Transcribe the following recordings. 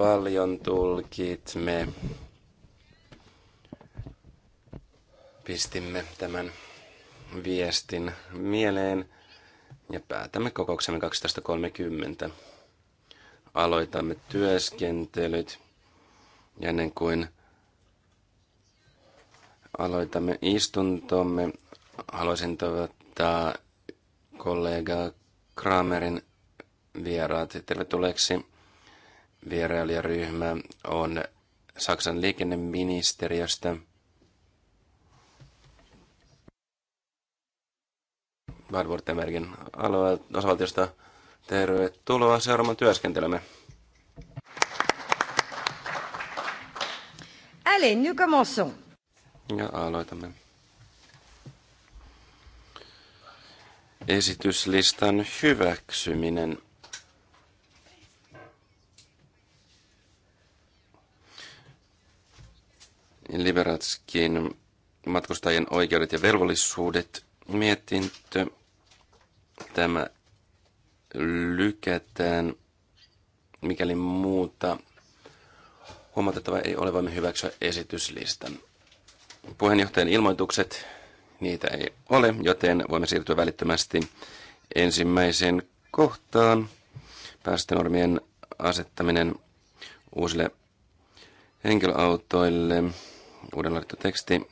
paljon tulkit me pistimme tämän viestin mieleen ja päätämme kokouksemme 12.30. Aloitamme työskentelyt ja ennen kuin aloitamme istuntomme, haluaisin toivottaa kollega Kramerin vieraat tervetulleeksi vierailijaryhmä on Saksan liikenneministeriöstä. Baden-Württembergin osavaltiosta. Tervetuloa seuraamaan työskentelemme. Allez, nous commençons. Ja aloitamme. Esityslistan hyväksyminen. Liberatskin matkustajien oikeudet ja velvollisuudet mietintö. Tämä lykätään, mikäli muuta huomatettava ei ole, voimme hyväksyä esityslistan. Puheenjohtajan ilmoitukset, niitä ei ole, joten voimme siirtyä välittömästi ensimmäiseen kohtaan. Päästönormien asettaminen uusille henkilöautoille uudenlaadittu teksti.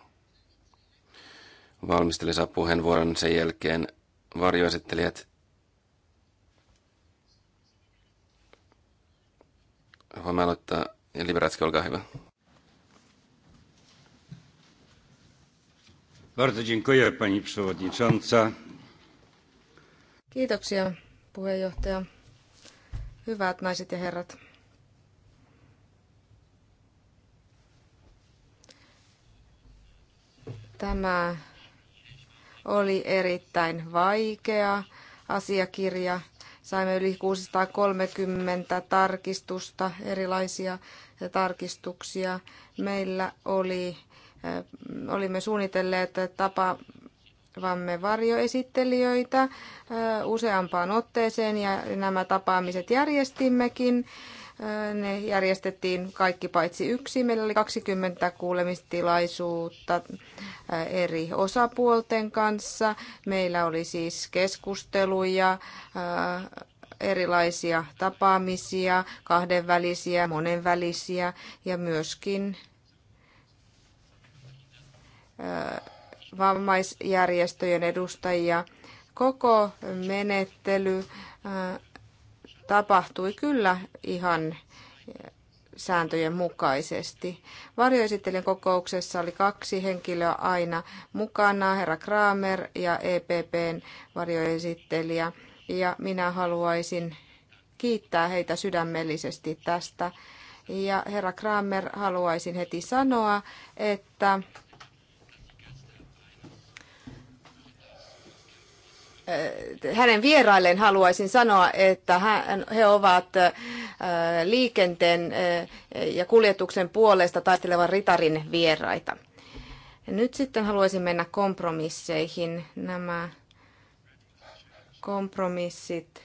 Valmisteli saa puheenvuoron sen jälkeen varjoesittelijät. Voimme aloittaa. Liberatski, olkaa hyvä. Bardzo dziękuję, pani przewodnicząca. Kiitoksia, puheenjohtaja. Hyvät naiset ja herrat. Tämä oli erittäin vaikea asiakirja. Saimme yli 630 tarkistusta, erilaisia tarkistuksia. Meillä oli, eh, olimme suunnitelleet tapa vamme varjoesittelijöitä eh, useampaan otteeseen ja nämä tapaamiset järjestimmekin. Ne järjestettiin kaikki paitsi yksi. Meillä oli 20 kuulemistilaisuutta eri osapuolten kanssa. Meillä oli siis keskusteluja, erilaisia tapaamisia, kahdenvälisiä, monenvälisiä ja myöskin vammaisjärjestöjen edustajia. Koko menettely tapahtui kyllä ihan sääntöjen mukaisesti. Varjoesittelijän kokouksessa oli kaksi henkilöä aina mukana, herra Kramer ja EPPn varjoesittelijä. Ja minä haluaisin kiittää heitä sydämellisesti tästä. Ja herra Kramer haluaisin heti sanoa, että Äh, hänen vierailleen haluaisin sanoa, että he ovat äh, liikenteen äh, ja kuljetuksen puolesta taistelevan ritarin vieraita. Nyt sitten haluaisin mennä kompromisseihin. Nämä kompromissit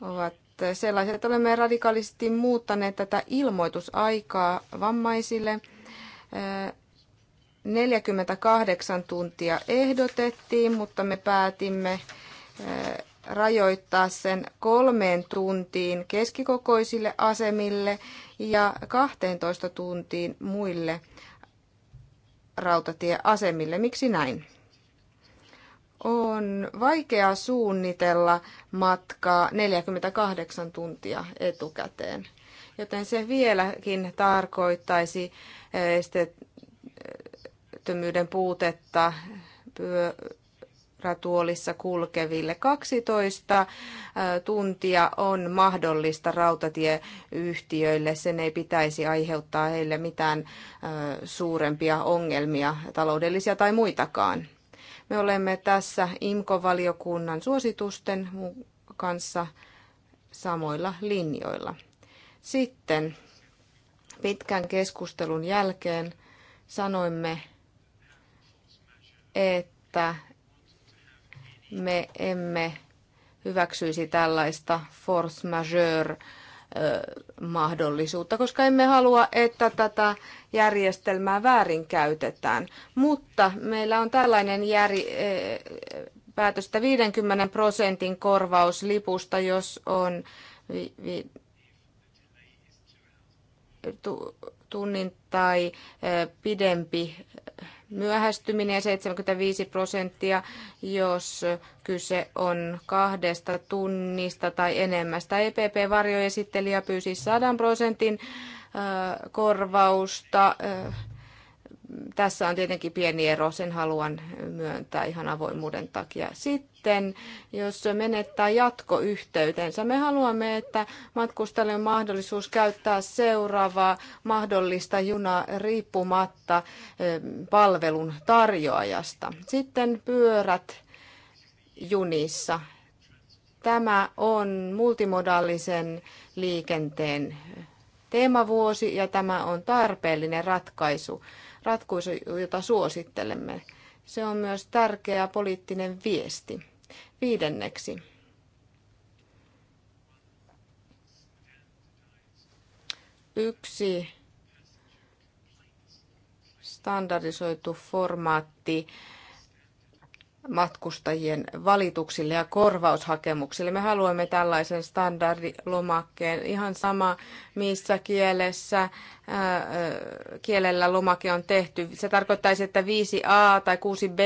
ovat sellaiset, että olemme radikaalisti muuttaneet tätä ilmoitusaikaa vammaisille 48 tuntia ehdotettiin, mutta me päätimme eh, rajoittaa sen kolmeen tuntiin keskikokoisille asemille ja 12 tuntiin muille rautatieasemille. Miksi näin? On vaikea suunnitella matkaa 48 tuntia etukäteen, joten se vieläkin tarkoittaisi eh, esteettömyyden puutetta pyörätuolissa kulkeville. 12 tuntia on mahdollista rautatieyhtiöille. Sen ei pitäisi aiheuttaa heille mitään suurempia ongelmia, taloudellisia tai muitakaan. Me olemme tässä IMKO-valiokunnan suositusten kanssa samoilla linjoilla. Sitten pitkän keskustelun jälkeen sanoimme että me emme hyväksyisi tällaista force majeure mahdollisuutta, koska emme halua, että tätä järjestelmää väärinkäytetään. Mutta meillä on tällainen järi, että 50 prosentin korvaus lipusta, jos on vi, vi, tu, tunnin tai pidempi myöhästyminen ja 75 prosenttia, jos kyse on kahdesta tunnista tai enemmästä. EPP-varjoesittelijä pyysi 100 prosentin korvausta tässä on tietenkin pieni ero, sen haluan myöntää ihan avoimuuden takia. Sitten, jos se menettää jatkoyhteytensä, me haluamme, että matkustajalle on mahdollisuus käyttää seuraavaa mahdollista junaa riippumatta palvelun tarjoajasta. Sitten pyörät junissa. Tämä on multimodaalisen liikenteen teemavuosi ja tämä on tarpeellinen ratkaisu ratkaisu, jota suosittelemme. Se on myös tärkeä poliittinen viesti. Viidenneksi. Yksi standardisoitu formaatti matkustajien valituksille ja korvaushakemuksille. Me haluamme tällaisen standardilomakkeen ihan sama, missä kielessä, ää, kielellä lomake on tehty. Se tarkoittaisi, että 5a tai 6b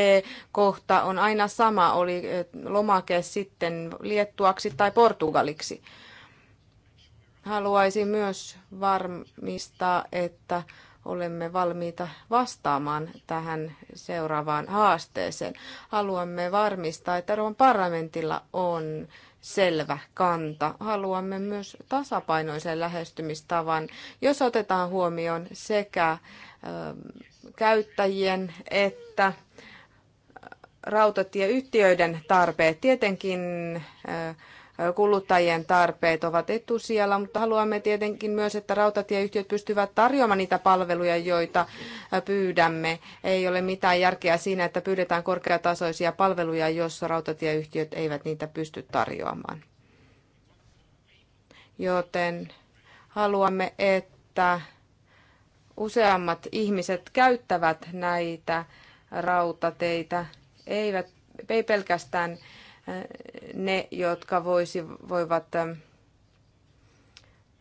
kohta on aina sama, oli lomake sitten liettuaksi tai portugaliksi. Haluaisin myös varmistaa, että olemme valmiita vastaamaan tähän seuraavaan haasteeseen. Haluamme varmistaa, että Euroopan parlamentilla on selvä kanta. Haluamme myös tasapainoisen lähestymistavan, jos otetaan huomioon sekä ähm, käyttäjien että äh, rautatieyhtiöiden tarpeet. Tietenkin äh, kuluttajien tarpeet ovat etusijalla, mutta haluamme tietenkin myös, että rautatieyhtiöt pystyvät tarjoamaan niitä palveluja, joita pyydämme. Ei ole mitään järkeä siinä, että pyydetään korkeatasoisia palveluja, jos rautatieyhtiöt eivät niitä pysty tarjoamaan. Joten haluamme, että useammat ihmiset käyttävät näitä rautateitä, eivät, ei pelkästään ne, jotka voisi, voivat, ähm,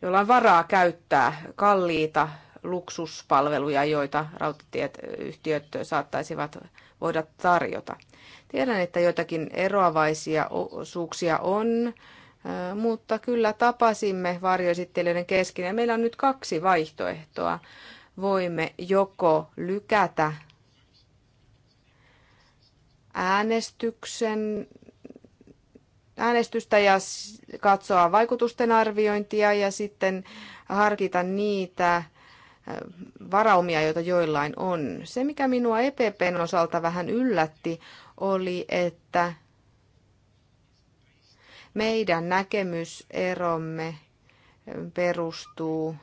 joilla on varaa käyttää kalliita luksuspalveluja, joita rautatieyhtiöt saattaisivat voida tarjota. Tiedän, että joitakin eroavaisia osuuksia on, äh, mutta kyllä tapasimme varjoesittelijöiden kesken ja meillä on nyt kaksi vaihtoehtoa. Voimme joko lykätä äänestyksen äänestystä ja katsoa vaikutusten arviointia ja sitten harkita niitä varaumia, joita joillain on. Se, mikä minua EPPn osalta vähän yllätti, oli, että meidän näkemyseromme perustuu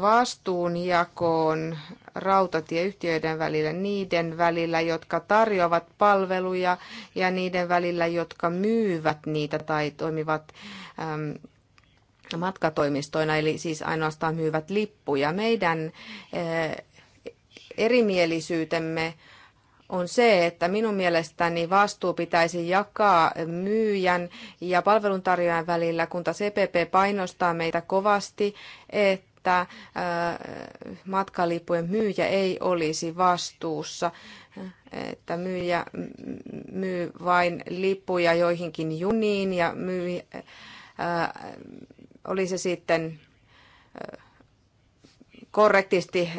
vastuunjakoon rautatieyhtiöiden välillä, niiden välillä, jotka tarjoavat palveluja ja niiden välillä, jotka myyvät niitä tai toimivat äm, matkatoimistoina, eli siis ainoastaan myyvät lippuja. Meidän ä, äh, erimielisyytemme on se, että minun mielestäni vastuu pitäisi jakaa myyjän ja palveluntarjoajan välillä, kun taas EPP painostaa meitä kovasti, että että äh, matkalipujen myyjä ei olisi vastuussa, että myyjä myy vain lippuja joihinkin juniin ja myy, äh, oli se sitten äh, korrektisti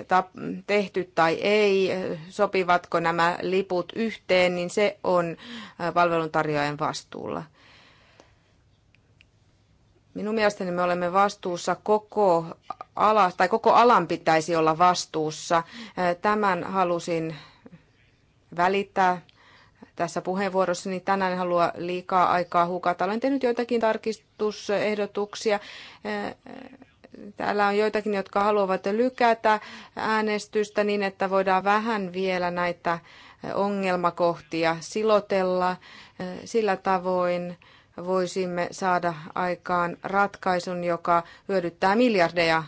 tehty tai ei, sopivatko nämä liput yhteen, niin se on palveluntarjoajan vastuulla. Minun mielestäni me olemme vastuussa koko ala, tai koko alan pitäisi olla vastuussa. Tämän halusin välittää tässä puheenvuorossani. Tänään en halua liikaa aikaa hukata. Olen tehnyt joitakin tarkistusehdotuksia. Täällä on joitakin, jotka haluavat lykätä äänestystä niin, että voidaan vähän vielä näitä ongelmakohtia silotella sillä tavoin voisimme saada aikaan ratkaisun, joka hyödyttää miljardeja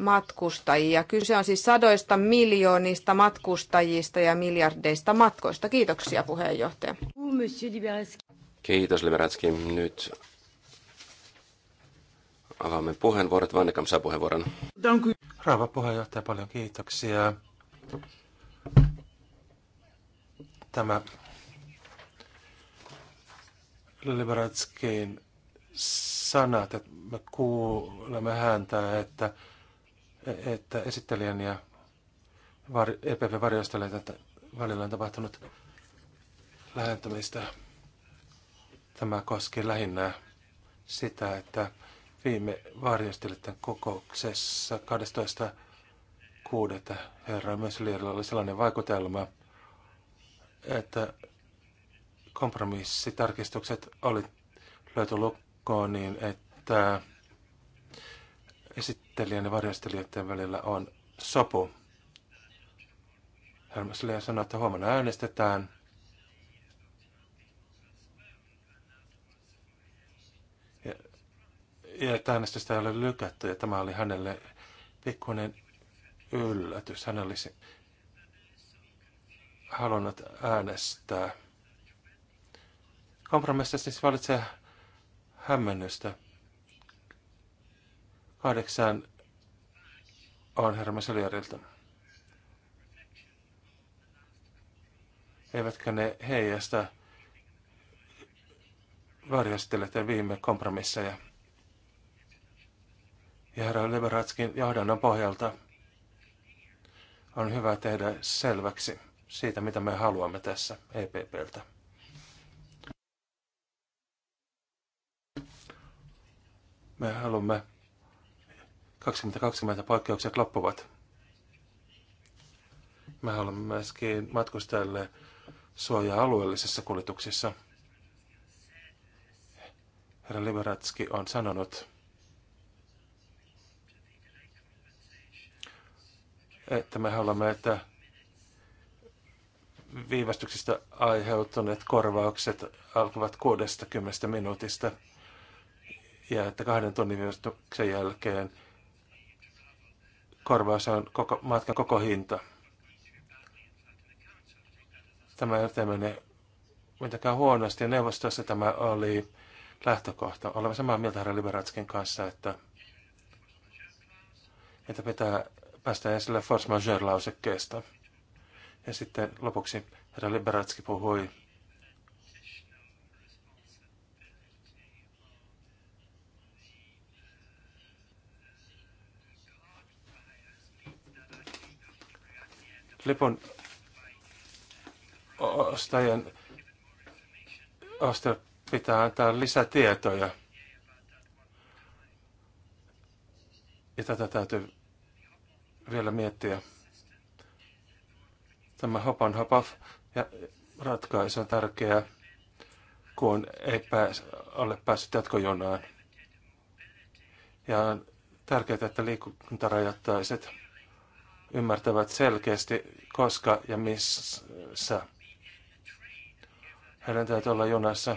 matkustajia. Kyse on siis sadoista miljoonista matkustajista ja miljardeista matkoista. Kiitoksia puheenjohtaja. Kiitos Liberatski. Nyt avaamme puheenvuorot. Vannikam saa puheenvuoron. Rauha puheenjohtaja, paljon kiitoksia. Tämä Liberatskin sanat, että me kuulemme häntä, että, että esittelijän ja var, EPP-varjostelijan välillä on tapahtunut lähentämistä. Tämä koski lähinnä sitä, että viime varjostelijan kokouksessa 12.6. herra Möslierillä oli sellainen vaikutelma, että kompromissitarkistukset oli löyty lukkoon niin, että esittelijän ja varjostelijoiden välillä on sopu. Hermes sanoi, että huomenna äänestetään. Ja, ja että äänestystä ei ole lykätty ja tämä oli hänelle pikkuinen yllätys. Hän olisi halunnut äänestää Kompromississa siis valitsee hämmennystä. Kahdeksan on herra Eivätkä ne heijasta varjostelijoiden viime kompromisseja. Ja herra Liberatskin johdannon pohjalta on hyvä tehdä selväksi siitä, mitä me haluamme tässä EPPltä. Me haluamme 2020 poikkeukset loppuvat. Me haluamme myöskin matkustajille suojaa alueellisissa kuljetuksissa. Herra Liberatski on sanonut, että me haluamme, että viivästyksistä aiheutuneet korvaukset alkavat 60 minuutista – ja että kahden tunnin sen jälkeen korvaus on koko, matkan koko hinta. Tämä ei mene mitenkään huonosti. ja Neuvostossa tämä oli lähtökohta. Olemme samaa mieltä herra Liberatskin kanssa, että, että pitää päästä esille force majeure-lausekkeesta. Ja sitten lopuksi herra Liberatski puhui lipun ostajan ostaja pitää antaa lisätietoja. Ja tätä täytyy vielä miettiä. Tämä hopan hopaf ja ratkaisu on tärkeä, kun ei pääs, ole päässyt jatkojonaan. Ja on tärkeää, että liikuntarajoittaiset ymmärtävät selkeästi, koska ja missä. Heidän täytyy olla junassa.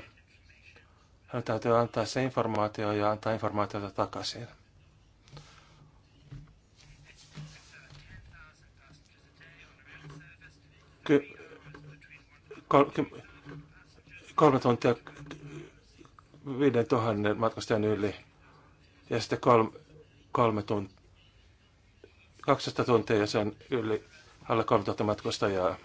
Hän täytyy antaa se informaatio ja antaa informaatiota takaisin. Ky- kol- ky- kolme tuntia viiden tuhannen matkustajan yli ja sitten kolme, kolme tuntia 12 tuntia ja se on yli alle 3000 matkustajaa.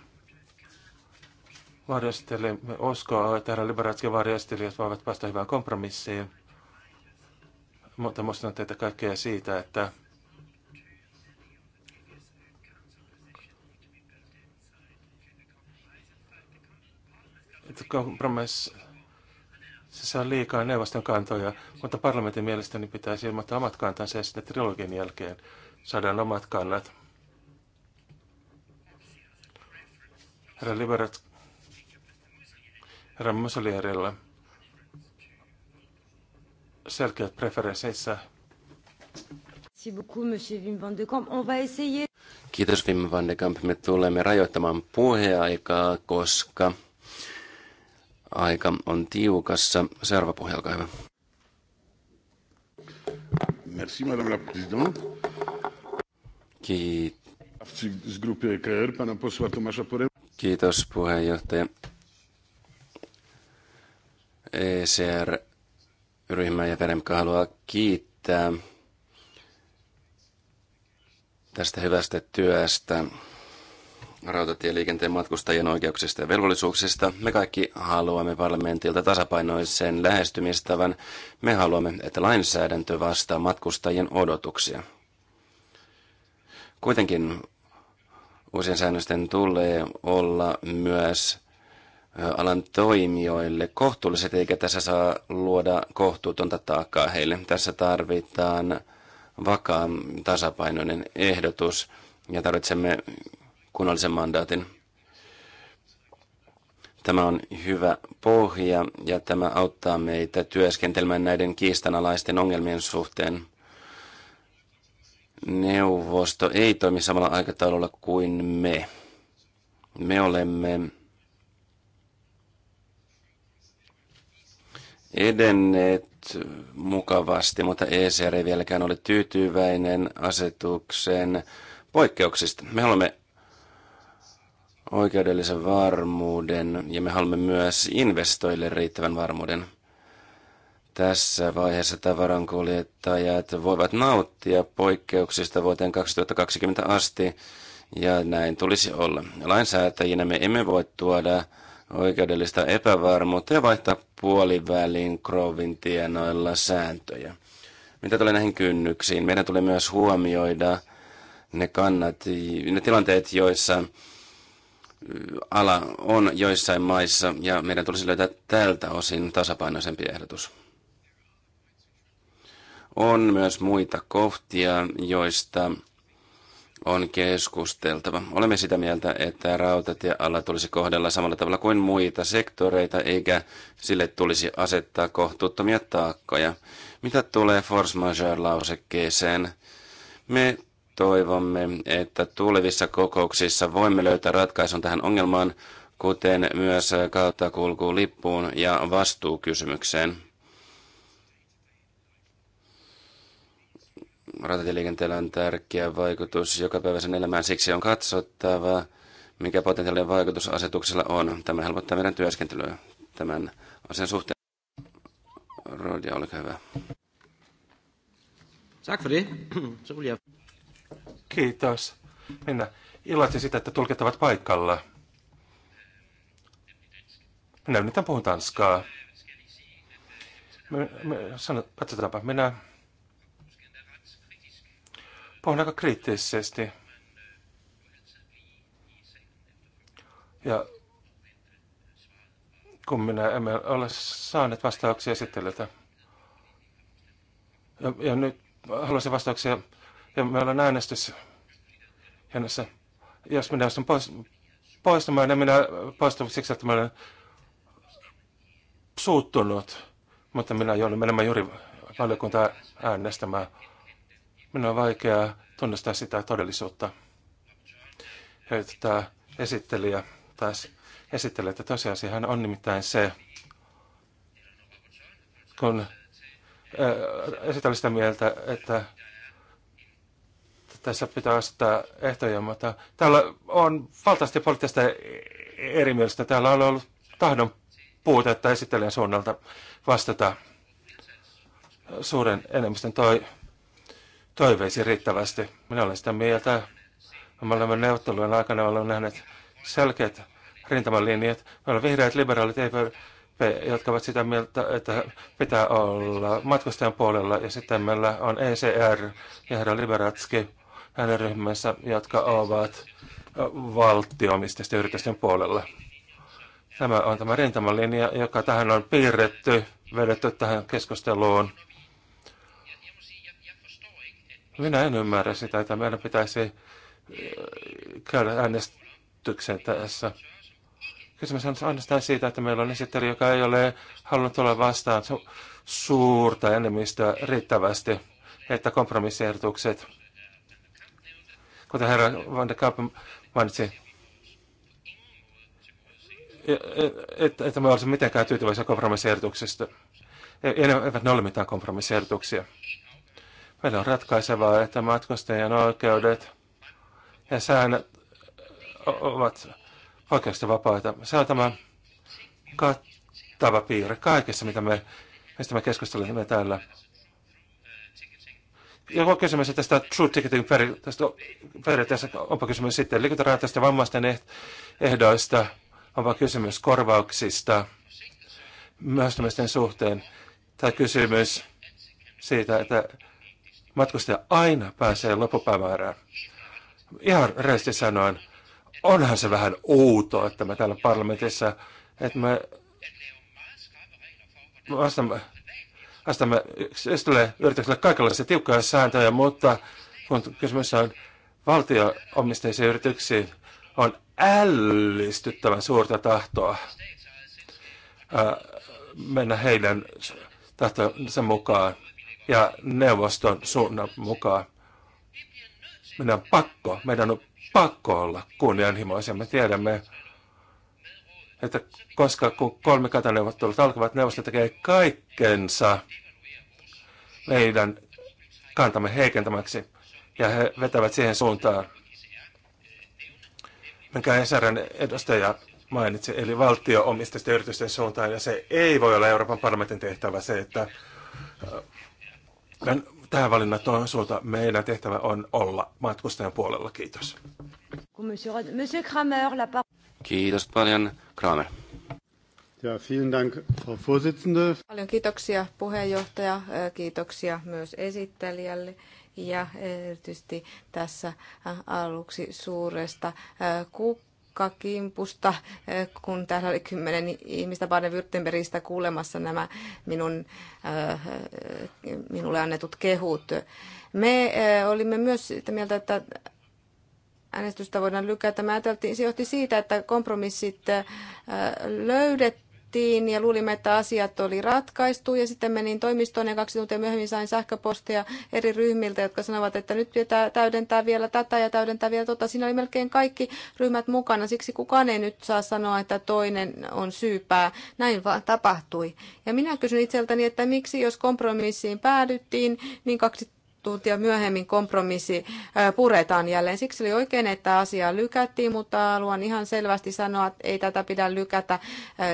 Varjostelimme uskoa, että herra Liberatskin varjostelijat voivat päästä hyvään kompromissiin. Mutta muistan teitä kaikkea siitä, että kompromissi saa liikaa neuvoston kantoja, mutta parlamentin mielestäni niin pitäisi ilmoittaa omat kantansa sinne trilogin jälkeen saadaan omat kannat. Herra Liberat, herra Musolierilla selkeät preferensseissä. Kiitos Wim van de Kamp. Me tulemme rajoittamaan puheaikaa, koska aika on tiukassa. Seuraava puhe, olkaa hyvä. Merci, madame la présidente. E Kiitos puheenjohtaja. ECR-ryhmä ja Veremka haluaa kiittää tästä hyvästä työstä rautatieliikenteen matkustajien oikeuksista ja velvollisuuksista. Me kaikki haluamme parlamentilta tasapainoisen lähestymistavan. Me haluamme, että lainsäädäntö vastaa matkustajien odotuksia. Kuitenkin uusien säännösten tulee olla myös alan toimijoille kohtuulliset, eikä tässä saa luoda kohtuutonta taakkaa heille. Tässä tarvitaan vakaa tasapainoinen ehdotus ja tarvitsemme kunnallisen mandaatin. Tämä on hyvä pohja ja tämä auttaa meitä työskentelemään näiden kiistanalaisten ongelmien suhteen – neuvosto ei toimi samalla aikataululla kuin me. Me olemme edenneet mukavasti, mutta ECR ei vieläkään ole tyytyväinen asetuksen poikkeuksista. Me haluamme oikeudellisen varmuuden ja me haluamme myös investoille riittävän varmuuden. Tässä vaiheessa tavarankuljettajat voivat nauttia poikkeuksista vuoteen 2020 asti, ja näin tulisi olla. Lainsäätäjinä me emme voi tuoda oikeudellista epävarmuutta ja vaihtaa puoliväliin Krovin tienoilla sääntöjä. Mitä tulee näihin kynnyksiin? Meidän tulee myös huomioida ne kannat, ne tilanteet, joissa ala on joissain maissa, ja meidän tulisi löytää tältä osin tasapainoisempi ehdotus. On myös muita kohtia, joista on keskusteltava. Olemme sitä mieltä, että rautatieala tulisi kohdella samalla tavalla kuin muita sektoreita, eikä sille tulisi asettaa kohtuuttomia taakkoja. Mitä tulee force majeure-lausekkeeseen? Me toivomme, että tulevissa kokouksissa voimme löytää ratkaisun tähän ongelmaan, kuten myös kautta kulkuu lippuun ja vastuukysymykseen. rautatieliikenteellä on tärkeä vaikutus joka päiväisen elämään. Siksi on katsottava, mikä potentiaalinen vaikutus asetuksella on. Tämä helpottaa meidän työskentelyä tämän asian suhteen. Rodia, olkaa hyvä. Tack för Kiitos. Minä iloitsin sitä, että tulkittavat paikalla. Minä nyt puhun tanskaa. Me, me, sanot, katsotaanpa, minä Puhun aika kriittisesti. Ja kun minä emme ole saaneet vastauksia esittelijältä. Ja, ja nyt haluaisin vastauksia. Ja meillä on äänestys Hänessä. Jos minä joudun pois, poistumaan, niin minä poistun siksi, että olen suuttunut. Mutta minä joudun menemään juuri valiokuntaa äänestämään. Minun on vaikea tunnustaa sitä todellisuutta, että esittelijä taas esittelee, että tosiasiahan on nimittäin se, kun esitellä sitä mieltä, että tässä pitää asettaa ehtoja, mutta täällä on valtavasti poliittista erimielistä. Täällä on ollut tahdon puutetta esittelijän suunnalta vastata suuren enemmistön toi toiveisiin riittävästi. Minä olen sitä mieltä, me olemme neuvottelujen aikana olemme nähneet selkeät rintamalinjat. Me olemme vihreät liberaalit EVP, jotka ovat sitä mieltä, että pitää olla matkustajan puolella. Ja sitten meillä on ECR ja herra Liberatski hänen ryhmänsä, jotka ovat valtioomistaisten yritysten puolella. Tämä on tämä rintamalinja, joka tähän on piirretty, vedetty tähän keskusteluun. Minä en ymmärrä sitä, että meidän pitäisi äh, käydä äänestyksen tässä. Kysymys on ainoastaan siitä, että meillä on esittely, joka ei ole halunnut olla vastaan suurta enemmistöä riittävästi, että kompromissiehdotukset, kuten herra Van de Kamp mainitsi, e-, e-, että, että me olisimme mitenkään tyytyväisiä kompromissiehdotuksista. E-, eivät ne ole mitään kompromissiehdotuksia. Meillä on ratkaisevaa, että matkustajan oikeudet ja säännöt ovat oikeasti vapaita. Se on tämä kattava piirre kaikessa, mitä me, mistä me keskustelemme täällä. kun kysymys tästä True Ticketing periaatteessa, onpa kysymys sitten liikuntarajoitteista vammaisten eh-, ehdoista, onpa kysymys korvauksista myöhästymisten suhteen, tai kysymys siitä, että matkustaja aina pääsee loppupäämäärään. Ihan reisti sanoen, onhan se vähän outoa, että me täällä parlamentissa, että me astamme, astamme yksityisille yrityksille kaikenlaisia tiukkoja sääntöjä, mutta kun kysymys on valtioomisteisiin yrityksiin, on ällistyttävän suurta tahtoa mennä heidän tahtonsa mukaan ja neuvoston suunnan mukaan. Meidän on pakko, meidän on pakko olla kunnianhimoisia. Me tiedämme, että koska kun kolme kataneuvottelut alkavat, neuvosto tekee kaikkensa meidän kantamme heikentämäksi ja he vetävät siihen suuntaan, minkä Esärän edustaja mainitsi, eli valtio-omistaisten yritysten suuntaan, ja se ei voi olla Euroopan parlamentin tehtävä se, että tähän valinnat on sulta. Meidän tehtävä on olla matkustajan puolella. Kiitos. Monsieur Kramer, la Kiitos paljon, Kramer. Ja, vielen Dank, Frau Vorsitzende. Paljon kiitoksia puheenjohtaja, kiitoksia myös esittelijälle ja erityisesti tässä aluksi suuresta kukkaan kakimpusta, eh, kun täällä oli kymmenen ihmistä Baden-Württembergistä kuulemassa nämä minun, eh, minulle annetut kehut. Me eh, olimme myös sitä mieltä, että äänestystä voidaan lykätä. Mä ajateltiin, se johti siitä, että kompromissit löydettiin valittiin ja luulimme, että asiat oli ratkaistu ja sitten menin toimistoon ja kaksi tuntia myöhemmin sain sähköpostia eri ryhmiltä, jotka sanovat, että nyt pitää täydentää vielä tätä ja täydentää vielä tota. Siinä oli melkein kaikki ryhmät mukana, siksi kukaan ei nyt saa sanoa, että toinen on syypää. Näin vaan tapahtui. Ja minä kysyn itseltäni, että miksi jos kompromissiin päädyttiin, niin kaksi tuntia myöhemmin kompromissi puretaan jälleen. Siksi oli oikein, että asiaa lykättiin, mutta haluan ihan selvästi sanoa, että ei tätä pidä lykätä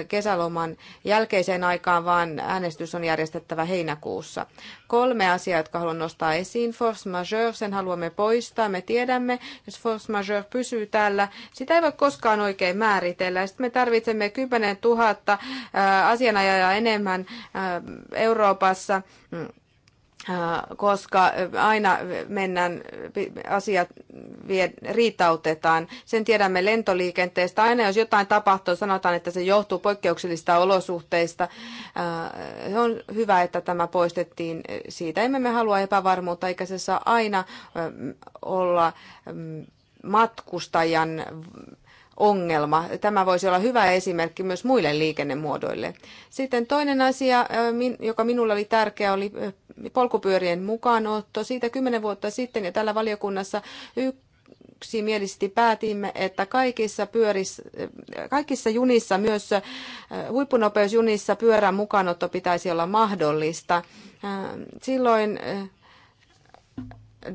kesäloman jälkeiseen aikaan, vaan äänestys on järjestettävä heinäkuussa. Kolme asiaa, jotka haluan nostaa esiin. Force majeure, sen haluamme poistaa. Me tiedämme, jos force majeure pysyy täällä, sitä ei voi koskaan oikein määritellä. Sitten me tarvitsemme 10 000 asianajajaa enemmän Euroopassa mm. Äh, koska äh, aina mennään, asiat vie, riitautetaan. Sen tiedämme lentoliikenteestä. Aina jos jotain tapahtuu, sanotaan, että se johtuu poikkeuksellisista olosuhteista. Äh, on hyvä, että tämä poistettiin siitä. Emme me halua epävarmuutta, eikä se saa aina olla matkustajan ongelma. Tämä voisi olla hyvä esimerkki myös muille liikennemuodoille. Sitten toinen asia, joka minulle oli tärkeä, oli polkupyörien mukaanotto. Siitä kymmenen vuotta sitten ja tällä valiokunnassa yksi yksimielisesti päätimme, että kaikissa, pyörissä, kaikissa junissa, myös huippunopeusjunissa pyörän mukaanotto pitäisi olla mahdollista. Silloin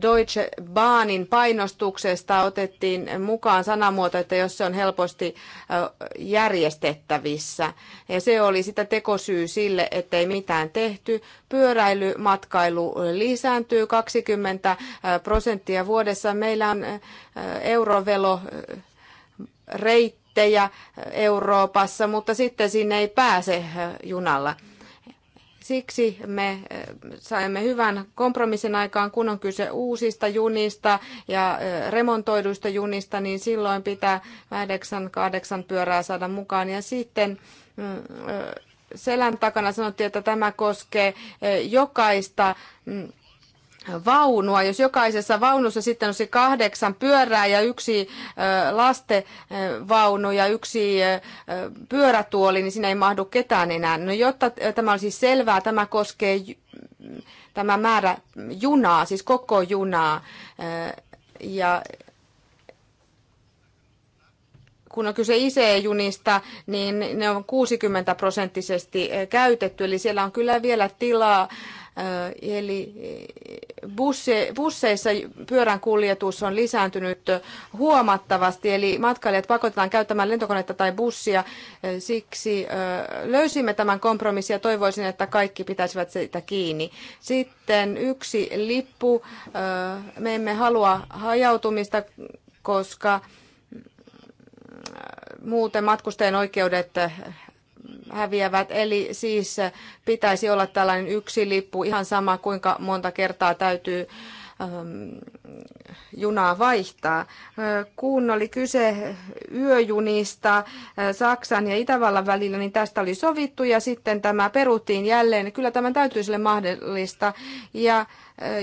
Deutsche Bahnin painostuksesta otettiin mukaan sanamuoto, että jos se on helposti järjestettävissä. Ja se oli sitä tekosyy sille, ettei mitään tehty. Pyöräily, matkailu lisääntyy 20 prosenttia vuodessa. Meillä on eurovelo reittejä Euroopassa, mutta sitten sinne ei pääse junalla. Siksi me eh, saimme hyvän kompromissin aikaan, kun on kyse uusista junista ja eh, remontoiduista junista, niin silloin pitää 8-8 pyörää saada mukaan. Ja sitten mm, eh, selän takana sanottiin, että tämä koskee jokaista mm, vaunua. Jos jokaisessa vaunussa sitten olisi kahdeksan pyörää ja yksi lastevaunu ja yksi pyörätuoli, niin siinä ei mahdu ketään enää. No jotta tämä olisi siis selvää, tämä koskee tämä määrä junaa, siis koko junaa. Ja kun on kyse ICE-junista, niin ne on 60 prosenttisesti käytetty, eli siellä on kyllä vielä tilaa Eli busseissa pyörän kuljetus on lisääntynyt huomattavasti, eli matkailijat pakotetaan käyttämään lentokonetta tai bussia. Siksi löysimme tämän kompromissin ja toivoisin, että kaikki pitäisivät sitä kiinni. Sitten yksi lippu. Me emme halua hajautumista, koska muuten matkustajien oikeudet häviävät. Eli siis pitäisi olla tällainen yksi lippu, ihan sama kuinka monta kertaa täytyy ähm, junaa vaihtaa. Äh, kun oli kyse yöjunista äh, Saksan ja Itävallan välillä, niin tästä oli sovittu ja sitten tämä peruttiin jälleen. Kyllä tämä täytyy sille mahdollista. Ja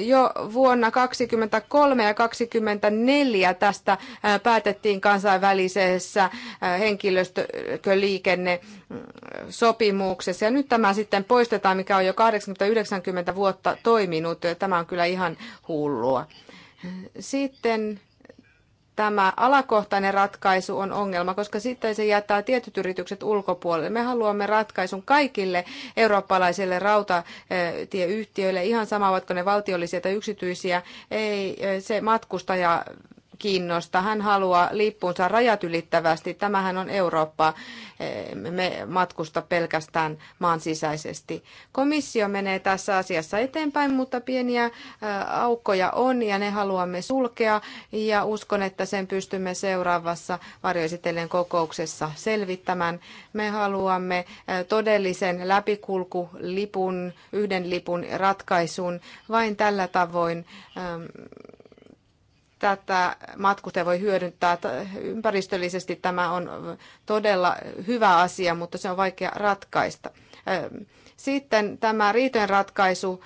jo vuonna 2023 ja 2024 tästä päätettiin kansainvälisessä henkilöstöliikennesopimuksessa. Ja nyt tämä sitten poistetaan, mikä on jo 80-90 vuotta toiminut. Tämä on kyllä ihan hullua. Sitten tämä alakohtainen ratkaisu on ongelma, koska sitten se jättää tietyt yritykset ulkopuolelle. Me haluamme ratkaisun kaikille eurooppalaisille rautatieyhtiöille, ihan sama ovatko ne valtiollisia tai yksityisiä. Ei se matkustaja kiinnosta. Hän haluaa lippuunsa rajat ylittävästi. Tämähän on Eurooppa Me matkusta pelkästään maan sisäisesti. Komissio menee tässä asiassa eteenpäin, mutta pieniä aukkoja on ja ne haluamme sulkea. Ja uskon, että sen pystymme seuraavassa varjoesitellen kokouksessa selvittämään. Me haluamme todellisen läpikulkulipun, yhden lipun ratkaisun. Vain tällä tavoin tätä matkustaja voi hyödyntää ympäristöllisesti. Tämä on todella hyvä asia, mutta se on vaikea ratkaista. Sitten tämä riitojen ratkaisu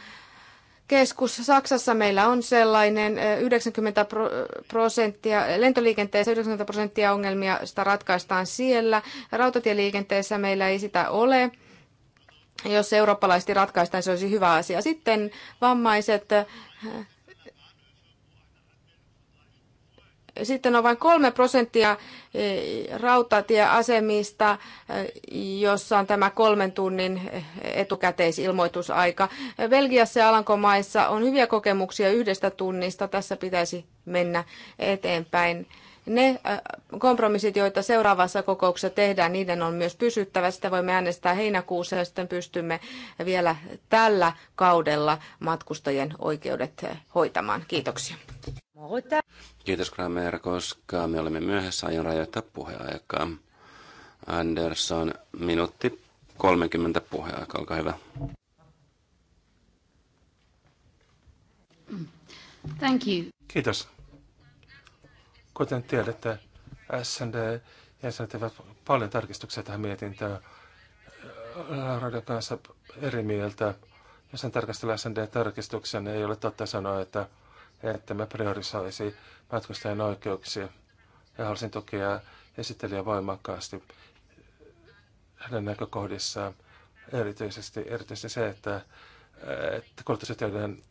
keskus. Saksassa meillä on sellainen 90 prosenttia, lentoliikenteessä 90 prosenttia ongelmia sitä ratkaistaan siellä. Rautatieliikenteessä meillä ei sitä ole. Jos eurooppalaisesti ratkaistaan, se olisi hyvä asia. Sitten vammaiset sitten on vain kolme prosenttia eh, rautatieasemista, eh, jossa on tämä kolmen tunnin eh, etukäteisilmoitusaika. Belgiassa ja Alankomaissa on hyviä kokemuksia yhdestä tunnista. Tässä pitäisi mennä eteenpäin. Ne kompromissit, joita seuraavassa kokouksessa tehdään, niiden on myös pysyttävä. Sitä voimme äänestää heinäkuussa ja sitten pystymme vielä tällä kaudella matkustajien oikeudet hoitamaan. Kiitoksia. Kiitos Kramer, koska me olemme myöhässä, aion rajoittaa puheaikaa. Andersson, minuutti 30 puheaikaa, olkaa hyvä. Thank you. Kiitos. Kuten tiedätte, SND jäsenet tekevät paljon tarkistuksia tähän mietintöön. Radio kanssa eri mieltä. Jos hän tarkastelee snd niin ei ole totta sanoa, että että mä priorisoisin matkustajan oikeuksia. Ja halusin tukea esittelijä voimakkaasti hänen näkökohdissaan erityisesti, erityisesti se, että, että kulutusjätiöiden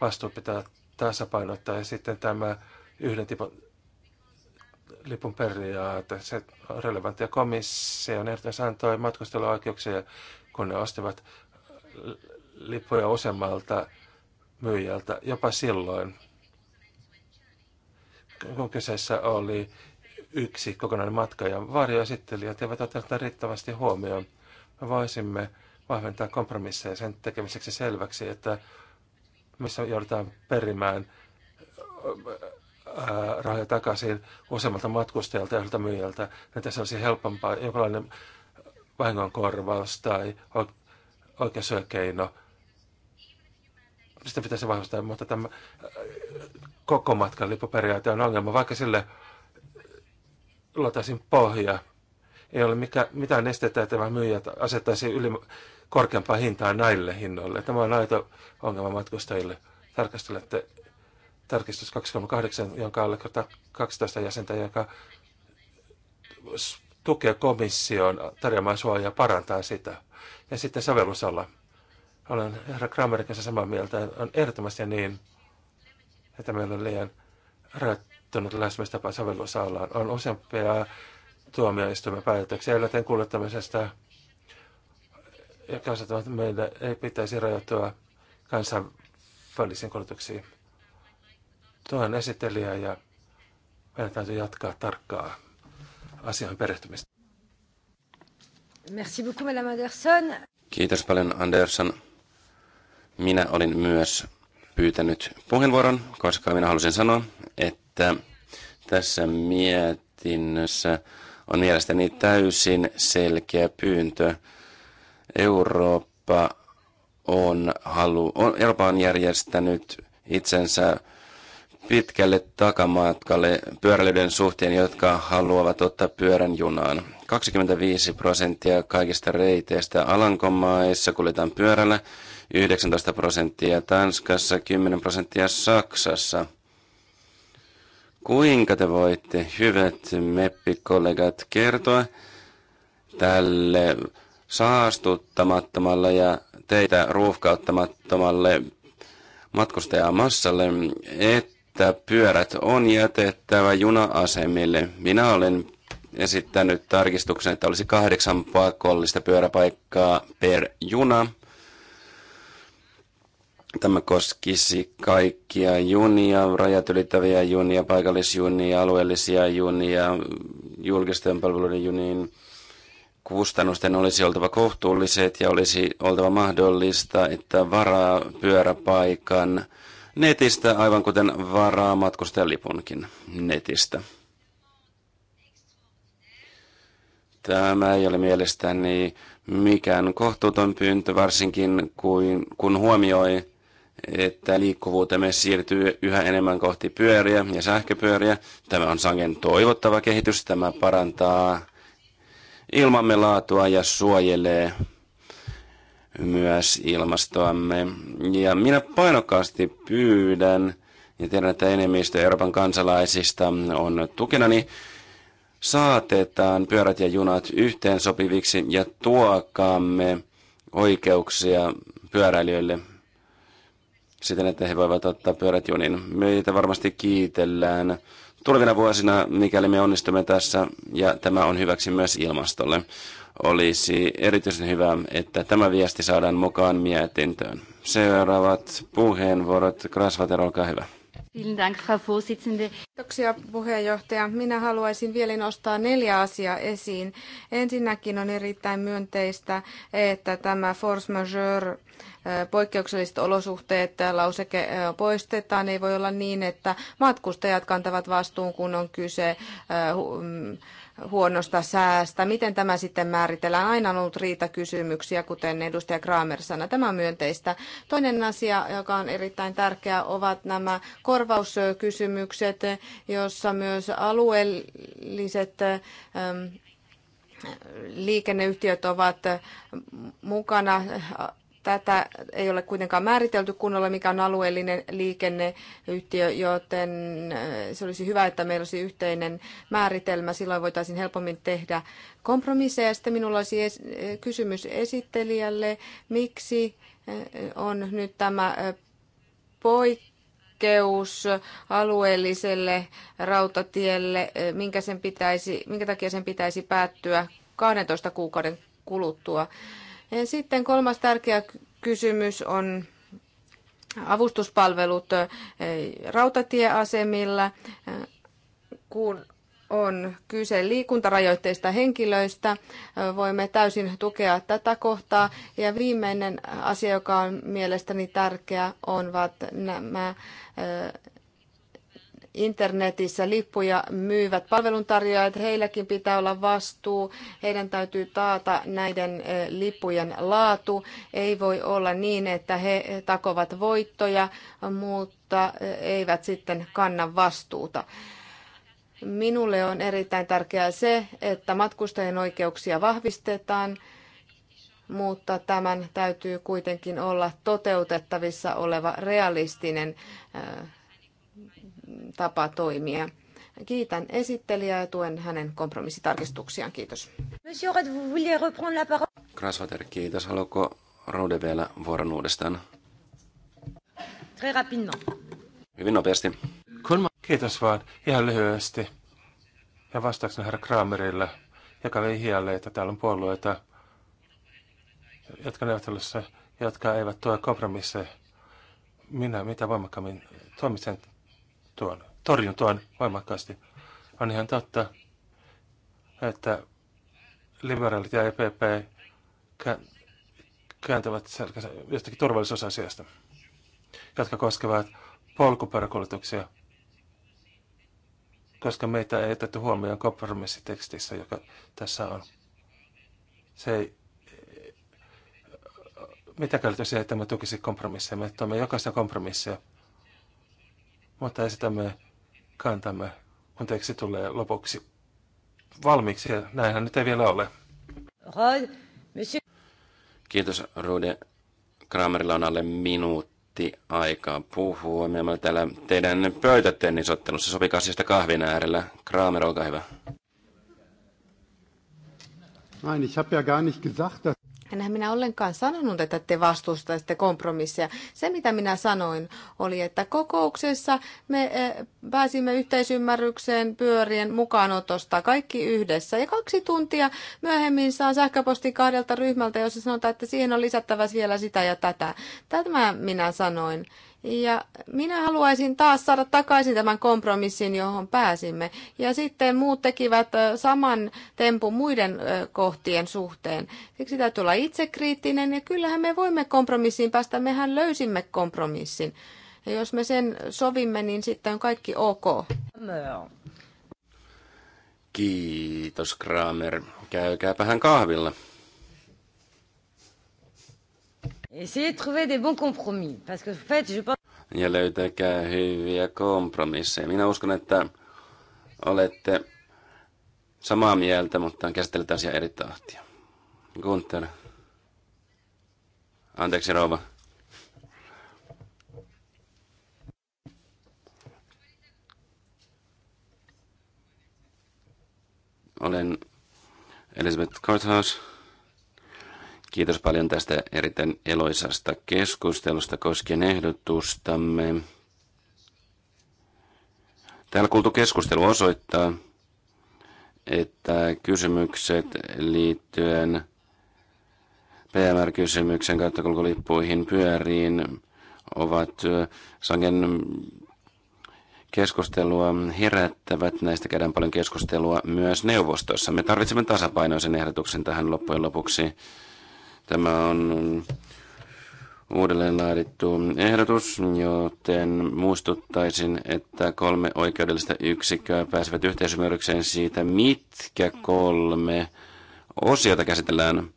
vastuu pitää tasapainottaa ja sitten tämä yhden tipon lipun periaate, se on relevantti. Ja komissio on erityisesti antoi oikeuksia, kun ne ostivat lippuja useammalta myyjältä, jopa silloin, kun kyseessä oli yksi kokonainen matka ja varjoesittelijät eivät ottaneet riittävästi huomioon. Me voisimme vahventaa kompromisseja sen tekemiseksi selväksi, että missä joudutaan perimään rahoja takaisin useammalta matkustajalta ja yhdeltä myyjältä, niin tässä olisi helpompaa jonkinlainen vahingonkorvaus tai oikeusyökeino sitä pitäisi vahvistaa, mutta tämä äh, koko matkan lippuperiaate on ongelma, vaikka sille luotaisiin pohja. Ei ole mikä, mitään estettä, että tämä myyjät asettaisi yli korkeampaa hintaa näille hinnoille. Tämä on aito ongelma matkustajille. Tarkastelette tarkistus 28, jonka alle 12 jäsentä, joka tukee komission tarjoamaan suojaa parantaa sitä. Ja sitten sovellusalla. Olen herra Kramerin kanssa samaa mieltä. On ehdottomasti niin, että meillä on liian rajoittunut lähestymistapa sovellusalaan. On useampia tuomioistuimen päätöksiä eläinten kuljettamisesta ja kansainvälisen, että ei pitäisi rajoittua kansainvälisiin kuljetuksiin. Tuohon esittelijä ja meidän täytyy jatkaa tarkkaa asian perehtymistä. Merci beaucoup, Madame Anderson. Kiitos paljon, Anderson. Minä olin myös pyytänyt puheenvuoron, koska minä halusin sanoa, että tässä mietinnössä on mielestäni täysin selkeä pyyntö. Eurooppa on, halu, on, Eurooppa on järjestänyt itsensä pitkälle takamatkalle pyöräilyiden suhteen, jotka haluavat ottaa pyörän junaan. 25 prosenttia kaikista reiteistä Alankomaissa kuljetaan pyörällä 19 prosenttia Tanskassa, 10 prosenttia Saksassa. Kuinka te voitte, hyvät meppikollegat, kertoa tälle saastuttamattomalle ja teitä ruuhkauttamattomalle matkustajamassalle, että pyörät on jätettävä juna-asemille. Minä olen esittänyt tarkistuksen, että olisi kahdeksan pakollista pyöräpaikkaa per juna – Tämä koskisi kaikkia junia, rajat ylittäviä junia, paikallisjunia, alueellisia junia, julkisten palveluiden juniin. Kustannusten olisi oltava kohtuulliset ja olisi oltava mahdollista, että varaa pyöräpaikan netistä, aivan kuten varaa matkustajalipunkin netistä. Tämä ei ole mielestäni mikään kohtuuton pyyntö, varsinkin kun huomioi että liikkuvuutemme siirtyy yhä enemmän kohti pyöriä ja sähköpyöriä. Tämä on sangen toivottava kehitys. Tämä parantaa ilmamme laatua ja suojelee myös ilmastoamme. Ja minä painokkaasti pyydän, ja tiedän, että enemmistö Euroopan kansalaisista on tukenani, saatetaan pyörät ja junat sopiviksi ja tuokaamme oikeuksia pyöräilijöille siten, että he voivat ottaa pyörät junin. Meitä varmasti kiitellään tulevina vuosina, mikäli me onnistumme tässä, ja tämä on hyväksi myös ilmastolle. Olisi erityisen hyvä, että tämä viesti saadaan mukaan mietintöön. Seuraavat puheenvuorot. Krasvater, olkaa hyvä. Kiitoksia puheenjohtaja. Minä haluaisin vielä nostaa neljä asiaa esiin. Ensinnäkin on erittäin myönteistä, että tämä force majeure poikkeukselliset olosuhteet lauseke poistetaan. Ei voi olla niin, että matkustajat kantavat vastuun, kun on kyse mm, huonosta säästä. Miten tämä sitten määritellään? Aina on ollut kysymyksiä, kuten edustaja Kramer sanoi. Tämä on myönteistä. Toinen asia, joka on erittäin tärkeä, ovat nämä korvauskysymykset, jossa myös alueelliset liikenneyhtiöt ovat mukana Tätä ei ole kuitenkaan määritelty kunnolla, mikä on alueellinen liikenneyhtiö, joten äh, se olisi hyvä, että meillä olisi yhteinen määritelmä. Silloin voitaisiin helpommin tehdä kompromisseja. Sitten minulla olisi äh, kysymys esittelijälle, miksi äh, on nyt tämä poikkeus alueelliselle rautatielle, minkä, sen pitäisi, minkä takia sen pitäisi päättyä 12 kuukauden kuluttua. Sitten kolmas tärkeä kysymys on avustuspalvelut rautatieasemilla, kun on kyse liikuntarajoitteista henkilöistä. Voimme täysin tukea tätä kohtaa. Ja viimeinen asia, joka on mielestäni tärkeä, on nämä internetissä lippuja myyvät palveluntarjoajat, heilläkin pitää olla vastuu, heidän täytyy taata näiden eh, lippujen laatu. Ei voi olla niin, että he takovat voittoja, mutta eh, eivät sitten kanna vastuuta. Minulle on erittäin tärkeää se, että matkustajien oikeuksia vahvistetaan, mutta tämän täytyy kuitenkin olla toteutettavissa oleva realistinen eh, tapa toimia. Kiitän esittelijää ja tuen hänen kompromissitarkistuksiaan. Kiitos. Monsieur vous vouliez reprendre la parole? Grasvater, kiitos. Haluatko Rode vielä vuoron uudestaan? Très rapidement. Hyvin nopeasti. Kiitos vaan. Ihan lyhyesti. Ja vastauksena herra Kramerille, joka hialle, että täällä on puolueita, jotka neuvottelussa, jotka eivät tue kompromisseja. Minä mitä voimakkaammin toimisen tuon, tuon voimakkaasti. On ihan totta, että liberaalit ja EPP kääntävät selkänsä jostakin turvallisuusasiasta, jotka koskevat polkupyöräkuljetuksia, koska meitä ei otettu huomioon kompromissitekstissä, joka tässä on. Se ei, mitä käytetään se, että me tukisi kompromisseja. Me tuomme jokaista kompromisseja mutta esitämme kantamme, kun teksti tulee lopuksi valmiiksi, ja näinhän nyt ei vielä ole. Kiitos, Rude. Kramerilla on alle minuutti aikaa puhua. Me olemme täällä teidän pöytätennisottelussa. Niin Sopikaa siis kahvin äärellä. Kramer, olkaa hyvä. Nein, ich habe ja gar nicht gesagt, dass Enhän minä ollenkaan sanonut, että te vastustaisitte kompromissia. Se, mitä minä sanoin, oli, että kokouksessa me eh, pääsimme yhteisymmärrykseen pyörien mukaanotosta kaikki yhdessä. Ja kaksi tuntia myöhemmin saan sähköposti kahdelta ryhmältä, jossa sanotaan, että siihen on lisättävä vielä sitä ja tätä. Tätä minä sanoin. Ja minä haluaisin taas saada takaisin tämän kompromissin, johon pääsimme. Ja sitten muut tekivät saman tempun muiden kohtien suhteen. Siksi täytyy olla itsekriittinen ja kyllähän me voimme kompromissiin päästä. Mehän löysimme kompromissin. Ja jos me sen sovimme, niin sitten on kaikki ok. Kiitos Kramer. hän kahvilla. Essayez de trouver des bons compromis, parce que en fait, je pense ja löytäkää hyviä kompromisseja. Minä uskon, että olette samaa mieltä, mutta käsittelette asiaa eri tahtia. Gunther. Anteeksi, rouva. Olen Elizabeth Courthouse. Kiitos paljon tästä erittäin eloisasta keskustelusta koskien ehdotustamme. Täällä kuultu keskustelu osoittaa, että kysymykset liittyen PMR-kysymyksen kauttakulkulippuihin pyöriin ovat sangen keskustelua herättävät. Näistä käydään paljon keskustelua myös neuvostossa. Me tarvitsemme tasapainoisen ehdotuksen tähän loppujen lopuksi. Tämä on uudelleen laadittu ehdotus, joten muistuttaisin, että kolme oikeudellista yksikköä pääsevät yhteisymmärrykseen siitä, mitkä kolme osiota käsitellään,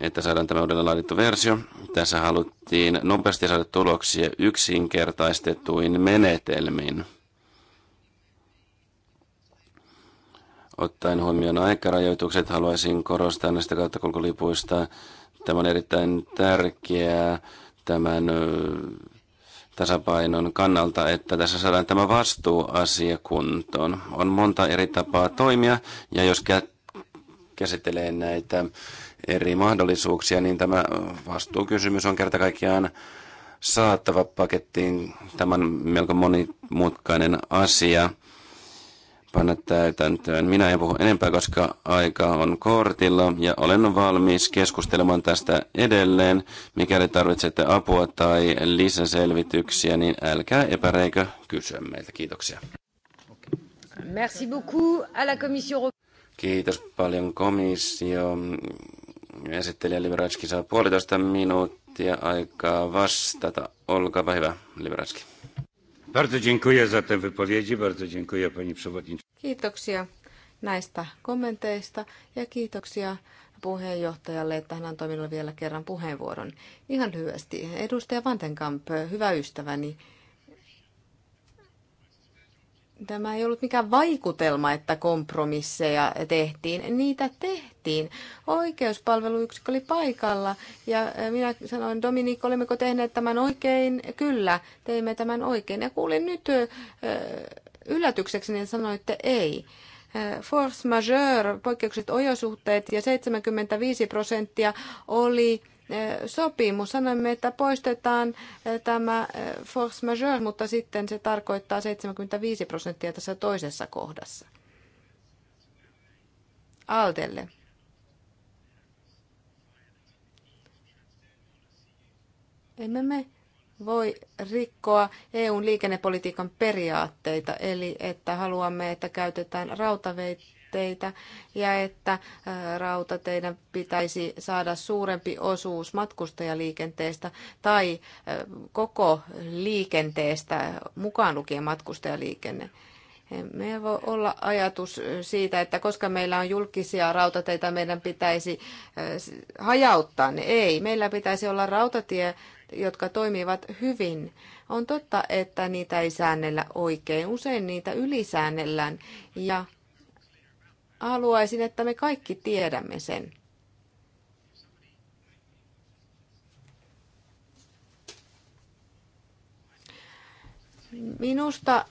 että saadaan tämä uudelleen laadittu versio. Tässä haluttiin nopeasti saada tuloksia yksinkertaistetuin menetelmin. Ottaen huomioon aikarajoitukset, haluaisin korostaa näistä kauttakulkulipuista. Tämä on erittäin tärkeää tämän tasapainon kannalta, että tässä saadaan tämä vastuuasia kuntoon. On monta eri tapaa toimia, ja jos käsittelee näitä eri mahdollisuuksia, niin tämä vastuukysymys on kerta kaikkiaan saattava pakettiin tämän melko monimutkainen asia panna täytäntöön. Minä en puhu enempää, koska aika on kortilla ja olen valmis keskustelemaan tästä edelleen. Mikäli tarvitsette apua tai lisäselvityksiä, niin älkää epäreikö kysyä meiltä. Kiitoksia. Merci beaucoup à la commission. Kiitos paljon komissio. Esittelijä Liberatski saa puolitoista minuuttia aikaa vastata. Olkaapa hyvä, Liberatski. Bardzo dziękuję za te wypowiedzi, bardzo dziękuję pani Kiitoksia näistä kommenteista ja kiitoksia puheenjohtajalle, että hän antoi minulle vielä kerran puheenvuoron. Ihan lyhyesti. Edustaja Vantenkamp hyvä ystäväni, tämä ei ollut mikään vaikutelma, että kompromisseja tehtiin. Niitä tehtiin. Oikeuspalveluyksikkö oli paikalla ja eh, minä sanoin, Dominik, olemmeko tehneet tämän oikein? Kyllä, teimme tämän oikein. Ja kuulin nyt eh, sanoin, että sanoitte ei eh, force majeure, poikkeukset ojosuhteet ja 75 prosenttia oli sopimus. Sanoimme, että poistetaan tämä force majeure, mutta sitten se tarkoittaa 75 prosenttia tässä toisessa kohdassa. Aldelle. Emme me voi rikkoa EUn liikennepolitiikan periaatteita, eli että haluamme, että käytetään rautaveitä rautateitä ja että rautateiden pitäisi saada suurempi osuus matkustajaliikenteestä tai koko liikenteestä, mukaan lukien matkustajaliikenne. Me voi olla ajatus siitä, että koska meillä on julkisia rautateitä, meidän pitäisi hajauttaa ne. Ei, meillä pitäisi olla rautatie, jotka toimivat hyvin. On totta, että niitä ei säännellä oikein. Usein niitä ylisäännellään ja haluaisin, että me kaikki tiedämme sen. Minusta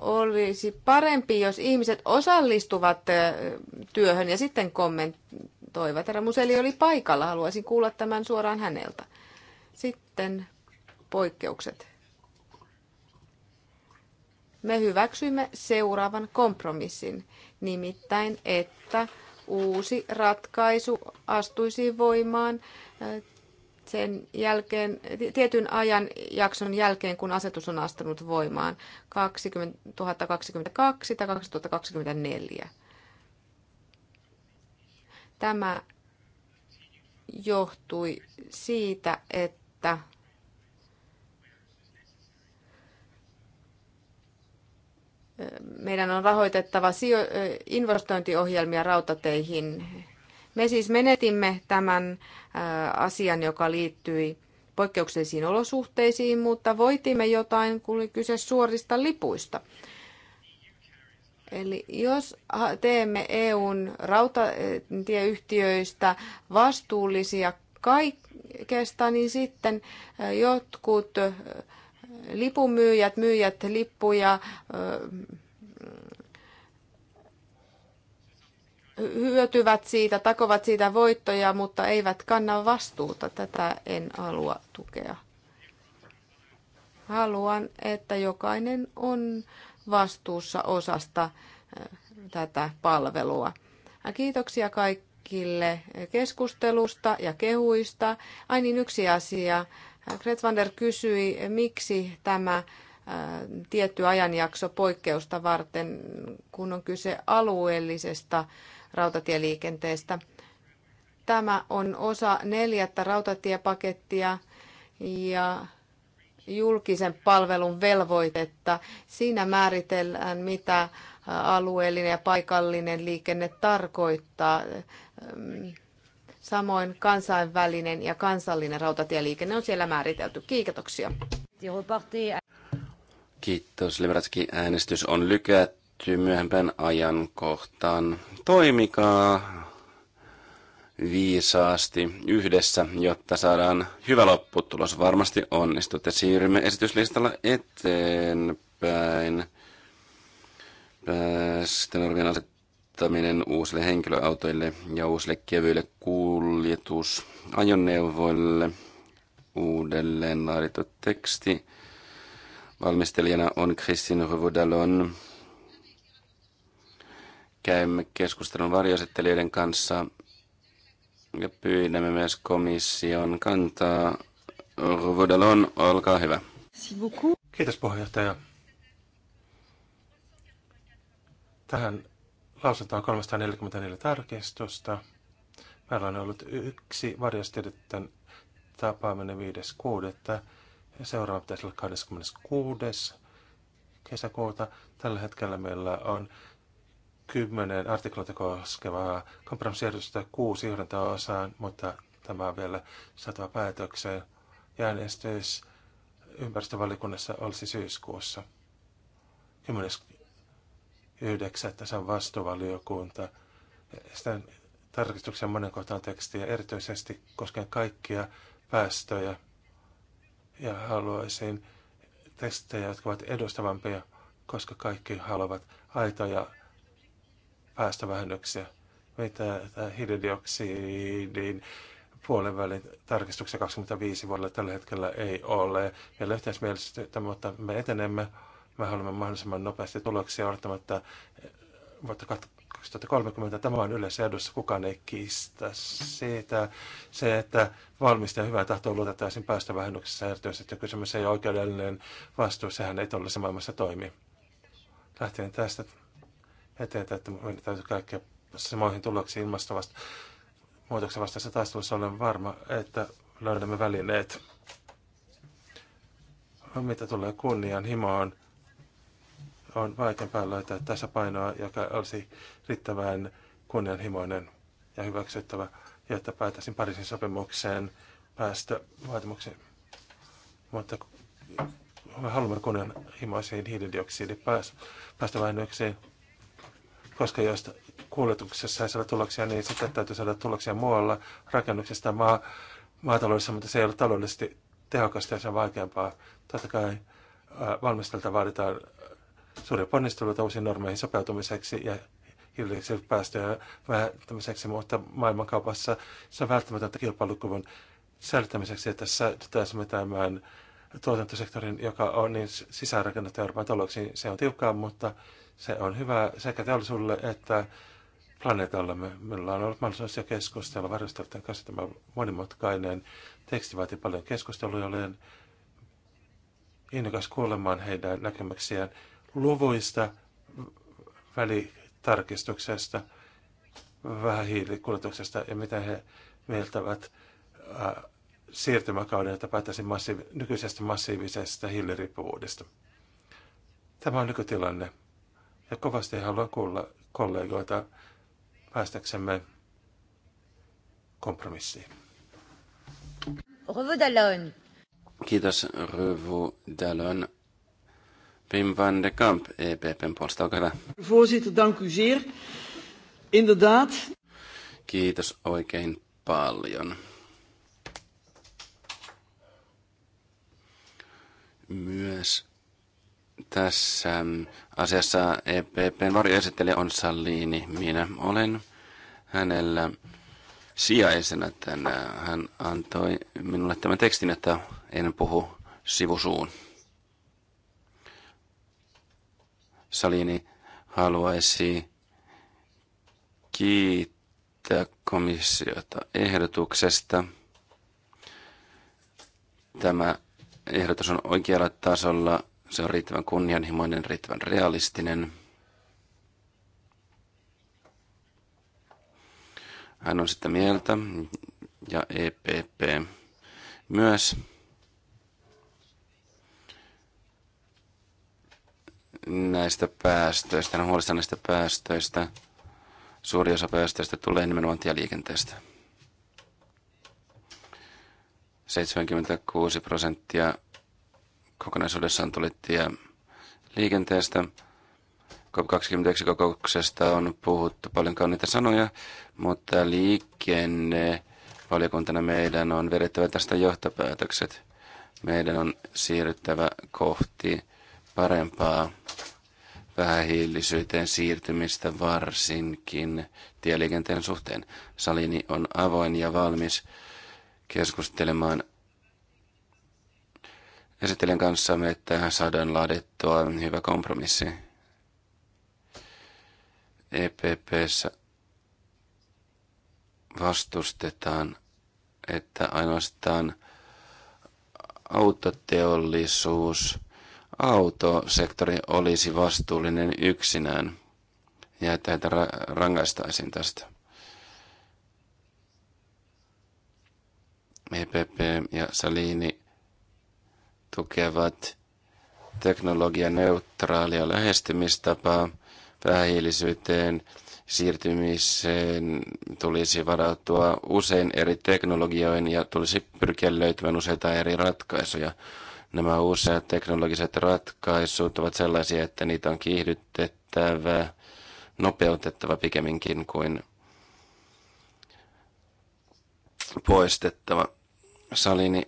olisi parempi, jos ihmiset osallistuvat työhön ja sitten kommentoivat. Herra Museli oli paikalla, haluaisin kuulla tämän suoraan häneltä. Sitten poikkeukset. Me hyväksymme seuraavan kompromissin nimittäin että uusi ratkaisu astuisi voimaan sen jälkeen, tietyn ajan jakson jälkeen, kun asetus on astunut voimaan 2022 tai 2024. Tämä johtui siitä, että meidän on rahoitettava investointiohjelmia rautateihin. Me siis menetimme tämän asian, joka liittyi poikkeuksellisiin olosuhteisiin, mutta voitimme jotain, kun oli kyse suorista lipuista. Eli jos teemme EUn rautatieyhtiöistä vastuullisia kaikesta, niin sitten jotkut lipunmyyjät, myyjät lippuja, hyötyvät siitä, takovat siitä voittoja, mutta eivät kanna vastuuta. Tätä en halua tukea. Haluan, että jokainen on vastuussa osasta tätä palvelua. Kiitoksia kaikille keskustelusta ja kehuista. Ainin yksi asia. Kretvander kysyi, miksi tämä äh, tietty ajanjakso poikkeusta varten, kun on kyse alueellisesta rautatieliikenteestä. Tämä on osa neljättä rautatiepakettia ja julkisen palvelun velvoitetta. Siinä määritellään, mitä alueellinen ja paikallinen liikenne tarkoittaa. Samoin kansainvälinen ja kansallinen rautatieliikenne on siellä määritelty. Kiitoksia. Kiitos. Liberatski äänestys on lykätty myöhempään ajankohtaan. Toimikaa viisaasti yhdessä, jotta saadaan hyvä lopputulos. Varmasti onnistutte. Siirrymme esityslistalla eteenpäin. Sitten arvioin asettaminen uusille henkilöautoille ja uusille kevyille kuljetusajoneuvoille. Uudelleen laadittu teksti. Valmistelijana on Christine Revaudalon. Käymme keskustelun varjoasettelijoiden kanssa ja pyydämme myös komission kantaa. Revaudalon, olkaa hyvä. Kiitos puheenjohtaja. Tähän lausuntoa 344 tarkistusta. Meillä on ollut yksi varjostelijoiden tapaaminen 5.6. Ja Seuraava pitäisi olla 26. kesäkuuta. Tällä hetkellä meillä on 10 artikloita koskevaa kompromissijärjestöstä kuusi johdantoa osaan, mutta tämä on vielä saatava päätökseen. Jäänestys äänestys ympäristövaliokunnassa olisi syyskuussa. 10 yhdeksän tässä on vastuuvaliokunta. Sitten tarkistuksia monen kohtaan tekstiä, erityisesti koskien kaikkia päästöjä. Ja haluaisin tekstejä, jotka ovat edustavampia, koska kaikki haluavat aitoja päästövähennyksiä. Mitä tämä hiilidioksidin puolen välin tarkistuksia 25 vuodella tällä hetkellä ei ole Ja yhteismielisyyttä, mutta me etenemme me haluamme mahdollisimman nopeasti tuloksia odottamatta eh, vuotta 2030. Tämä on yleensä edussa. Kukaan ei kiistä siitä. Se, että valmista ja hyvää tahtoa luotettaisiin päästövähennyksessä erityisesti, kysymys ei ole oikeudellinen vastuu. Sehän ei tuollaisessa maailmassa toimi. Lähtien tästä eteenpäin, että meidän täytyy kaikkea samoihin tuloksiin ilmastovasta muutoksen vastaisessa taistelussa olen varma, että löydämme välineet. Mitä tulee kunnianhimoon, on vaikeampaa löytää painoa joka olisi riittävän kunnianhimoinen ja hyväksyttävä, jotta päätäisin Pariisin sopimukseen päästövaatimuksiin. Mutta me haluamme kunnianhimoisiin hiilidioksidipäästövähennyksiin, koska jos kuljetuksessa ei saada tuloksia, niin sitten täytyy saada tuloksia muualla rakennuksesta maa, maataloudessa, mutta se ei ole taloudellisesti tehokasta ja se on vaikeampaa. Totta kai valmistelta vaaditaan suuria ponnisteluita uusiin normeihin sopeutumiseksi ja hiilidioksiden päästöjä vähentämiseksi, mutta maailmankaupassa se on välttämätöntä kilpailukyvyn säilyttämiseksi, että säilytetään tämän tuotantosektorin, joka on niin sisäänrakennettu Euroopan talouksiin. Se on tiukkaa, mutta se on hyvä sekä teollisuudelle että planeetalle. Meillä on ollut mahdollisuus jo keskustella varjostelijoiden kanssa tämä monimutkainen teksti vaatii paljon keskustelua, jolle innokas kuulemaan heidän näkemyksiään luvuista välitarkistuksesta, vähähiilikulutuksesta ja mitä he mieltävät siirtymäkauden, että massiiv- nykyisestä massiivisesta hiiliriippuvuudesta. Tämä on nykytilanne. Ja kovasti haluan kuulla kollegoita päästäksemme kompromissiin. Kiitos Revu Dallon. Pim van de Kamp, EPPn puolesta, olkaa hyvä. Voorzitter, dank u zeer. Inderdaad. Kiitos oikein paljon. Myös tässä asiassa EPPn varjoesittelijä on Salliini. Minä olen hänellä sijaisena tänään. Hän antoi minulle tämän tekstin, että en puhu sivusuun. Salini haluaisi kiittää komissiota ehdotuksesta. Tämä ehdotus on oikealla tasolla. Se on riittävän kunnianhimoinen, riittävän realistinen. Hän on sitä mieltä ja EPP myös näistä päästöistä, on huolissaan näistä päästöistä. Suuri osa päästöistä tulee nimenomaan tieliikenteestä. 76 prosenttia kokonaisuudessaan tuli tie liikenteestä. COP29-kokouksesta on puhuttu paljon kauniita sanoja, mutta liikenne valiokuntana meidän on vedettävä tästä johtopäätökset. Meidän on siirryttävä kohti parempaa vähähiilisyyteen siirtymistä varsinkin tieliikenteen suhteen. Salini on avoin ja valmis keskustelemaan esittelen kanssamme, että saadaan laadittua hyvä kompromissi. EPPssä vastustetaan, että ainoastaan autoteollisuus – autosektori olisi vastuullinen yksinään ja että heitä ra- rangaistaisiin tästä. EPP ja Salini tukevat teknologianeutraalia lähestymistapaa vähähiilisyyteen siirtymiseen tulisi varautua usein eri teknologioin ja tulisi pyrkiä löytämään useita eri ratkaisuja. Nämä useat teknologiset ratkaisut ovat sellaisia, että niitä on kiihdytettävä, nopeutettava pikemminkin kuin poistettava. Salini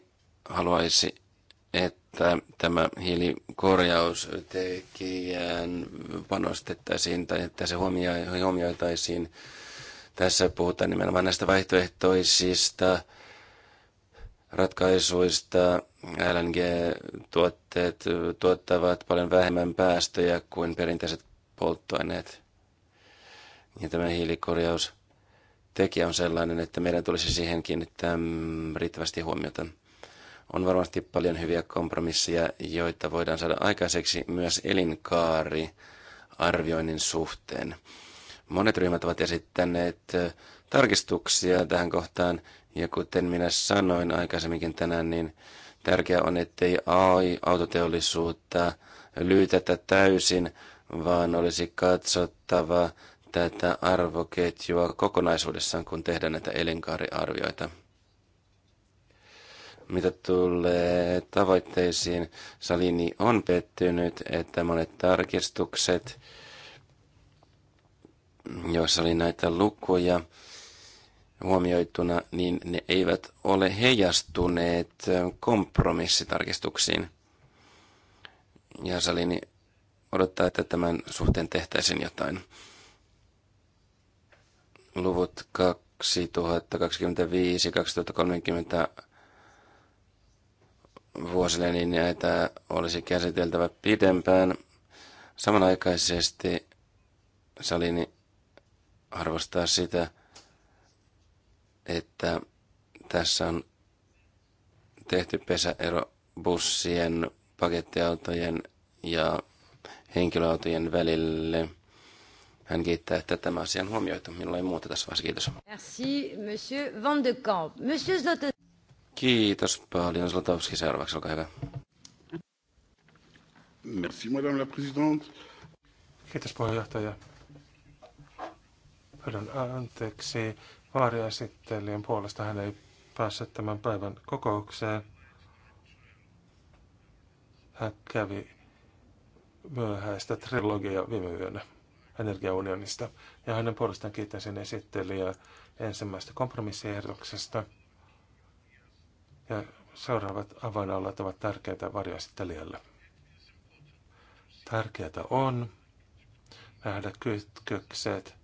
haluaisi, että tämä hiilikorjaustekijään panostettaisiin tai että se huomioitaisiin. Tässä puhutaan nimenomaan näistä vaihtoehtoisista ratkaisuista, LNG-tuotteet tuottavat paljon vähemmän päästöjä kuin perinteiset polttoaineet. Ja tämä hiilikorjaus tekijä on sellainen, että meidän tulisi siihen kiinnittää mm, riittävästi huomiota. On varmasti paljon hyviä kompromisseja, joita voidaan saada aikaiseksi myös elinkaari arvioinnin suhteen. Monet ryhmät ovat esittäneet tarkistuksia tähän kohtaan, ja kuten minä sanoin aikaisemminkin tänään, niin Tärkeää on, ettei AI-autoteollisuutta lyytetä täysin, vaan olisi katsottava tätä arvoketjua kokonaisuudessaan, kun tehdään näitä elinkaariarvioita. Mitä tulee tavoitteisiin, Salini on pettynyt, että monet tarkistukset, joissa oli näitä lukuja, huomioituna, niin ne eivät ole heijastuneet kompromissitarkistuksiin. Ja Salini odottaa, että tämän suhteen tehtäisiin jotain. Luvut 2025-2030 vuosille, niin näitä olisi käsiteltävä pidempään. Samanaikaisesti Salini arvostaa sitä, että tässä on tehty pesäero bussien, pakettiautojen ja henkilöautojen välille. Hän kiittää, että tämä asia on huomioitu. Minulla ei muuta tässä vaiheessa. Kiitos. Merci, monsieur Van de Kamp. Monsieur Zlote... Kiitos paljon. Zlotowski seuraavaksi, olkaa hyvä. Merci, madame la présidente. Kiitos puheenjohtaja. Pyydän anteeksi vaariesittelijän puolesta. Hän ei päässyt tämän päivän kokoukseen. Hän kävi myöhäistä trilogia viime yönä energiaunionista. Ja hänen puolestaan kiittäisin esittelijää ensimmäistä kompromissiehdotuksesta. Ja seuraavat avainalat ovat tärkeitä varjoesittelijälle. Tärkeää on nähdä kytkökset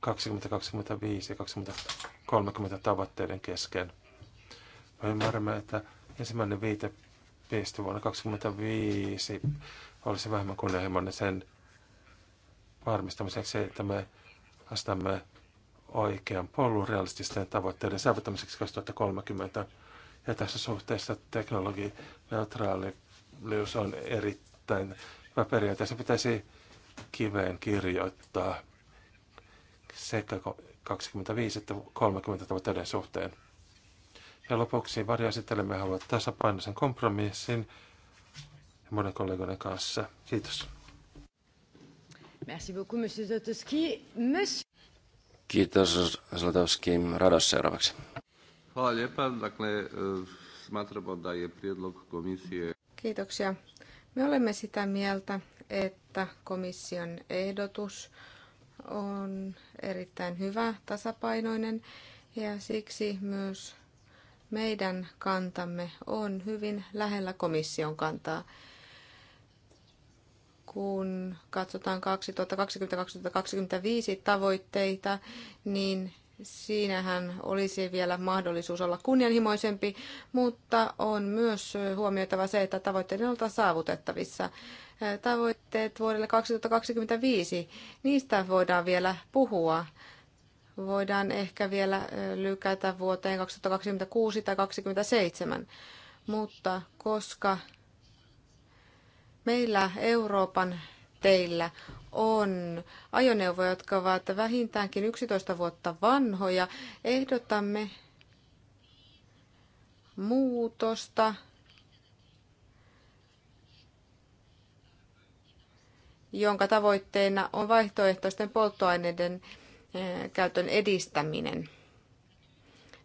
2025 ja 2030 tavoitteiden kesken. Me ymmärrämme, että ensimmäinen viitepiste vuonna 2025 olisi vähemmän kunnianhimoinen sen varmistamiseksi, että me astamme oikean polun realististen tavoitteiden saavuttamiseksi 2030. Ja tässä suhteessa teknologineutraalius on erittäin hyvä periaate. Se pitäisi kiveen kirjoittaa sekä 25 että 30 tavoitteiden suhteen. Ja lopuksi varjoesittelemme haluaa tasapainoisen kompromissin monen kollegoiden kanssa. Kiitos. Merci beaucoup, monsieur Zotowski. Monsieur... Kiitos, Zlotowski. Rados seuraavaksi. E, Kiitoksia. Me olemme sitä mieltä, että komission ehdotus on erittäin hyvä, tasapainoinen ja siksi myös meidän kantamme on hyvin lähellä komission kantaa. Kun katsotaan 2020-2025 tavoitteita, niin Siinähän olisi vielä mahdollisuus olla kunnianhimoisempi, mutta on myös huomioitava se, että tavoitteiden on saavutettavissa. Tavoitteet vuodelle 2025, niistä voidaan vielä puhua. Voidaan ehkä vielä lykätä vuoteen 2026 tai 2027, mutta koska meillä Euroopan teillä on ajoneuvoja, jotka ovat vähintäänkin 11 vuotta vanhoja. Ehdotamme muutosta jonka tavoitteena on vaihtoehtoisten polttoaineiden eh, käytön edistäminen.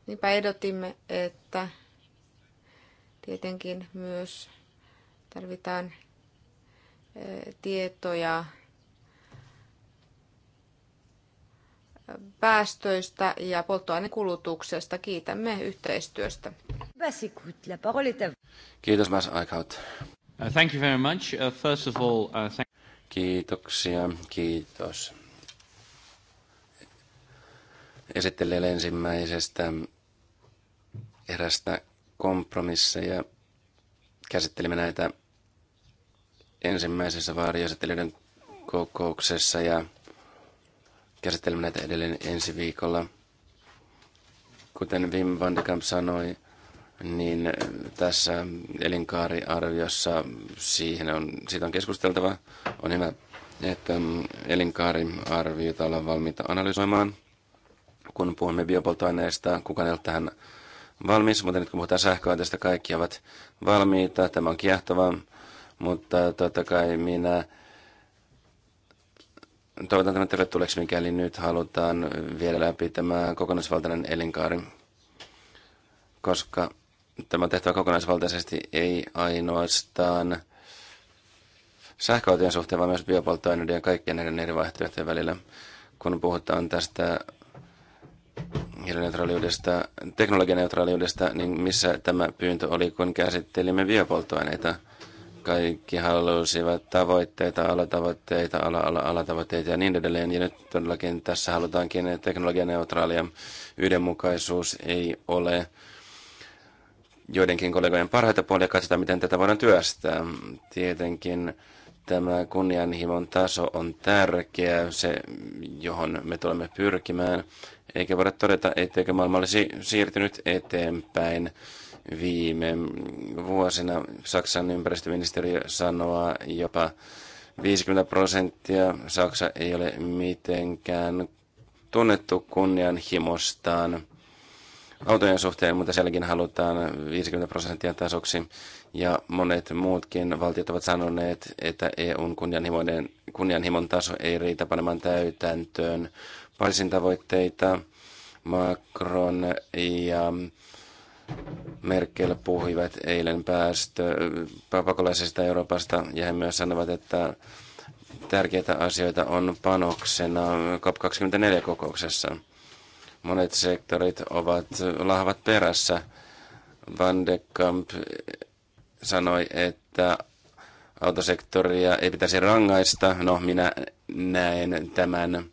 Niinpä ehdotimme, että tietenkin myös tarvitaan eh, tietoja päästöistä ja polttoainekulutuksesta. Kiitämme yhteistyöstä. Kiitos, Mas Aikaut. Uh, thank you very much. Uh, first of all, uh, thank... Kiitoksia, kiitos. Esittelen ensimmäisestä erästä kompromisseja. Käsittelimme näitä ensimmäisessä vaariesittelyiden kokouksessa ja Käsittelemme näitä edelleen ensi viikolla. Kuten Wim van de Kamp sanoi, niin tässä elinkaariarviossa siihen on, siitä on keskusteltava. On hyvä, että elinkaariarviota ollaan valmiita analysoimaan. Kun puhumme biopolttoaineista, kukaan ei ole tähän valmis, mutta nyt kun puhutaan tästä kaikki ovat valmiita. Tämä on kiehtovaa, mutta totta kai minä toivotan tämän tervetulleeksi, mikäli nyt halutaan vielä läpi tämä kokonaisvaltainen elinkaari, koska tämä tehtävä kokonaisvaltaisesti ei ainoastaan sähköautojen suhteen, vaan myös biopolttoaineiden ja kaikkien näiden eri vaihtoehtojen välillä. Kun puhutaan tästä hiilineutraaliudesta, teknologianeutraaliudesta, niin missä tämä pyyntö oli, kun käsittelimme biopolttoaineita – kaikki halusivat tavoitteita, alatavoitteita, ala, ala, alatavoitteita ja niin edelleen. Ja nyt todellakin tässä halutaankin teknologianeutraalia. Yhdenmukaisuus ei ole joidenkin kollegojen parhaita puolia. Katsotaan, miten tätä voidaan työstää. Tietenkin tämä kunnianhimon taso on tärkeä, se johon me tulemme pyrkimään. Eikä voida todeta, etteikö maailma olisi siirtynyt eteenpäin viime vuosina Saksan ympäristöministeriö sanoo jopa 50 prosenttia. Saksa ei ole mitenkään tunnettu kunnianhimostaan autojen suhteen, mutta sielläkin halutaan 50 prosenttia tasoksi. Ja monet muutkin valtiot ovat sanoneet, että EUn kunnianhimoinen, kunnianhimon taso ei riitä panemaan täytäntöön Pariisin tavoitteita. Macron ja Merkel puhuivat eilen päästö, pakolaisesta Euroopasta ja he myös sanovat, että tärkeitä asioita on panoksena COP24-kokouksessa. Monet sektorit ovat lahvat perässä. Van de Kamp sanoi, että autosektoria ei pitäisi rangaista. No, minä näen tämän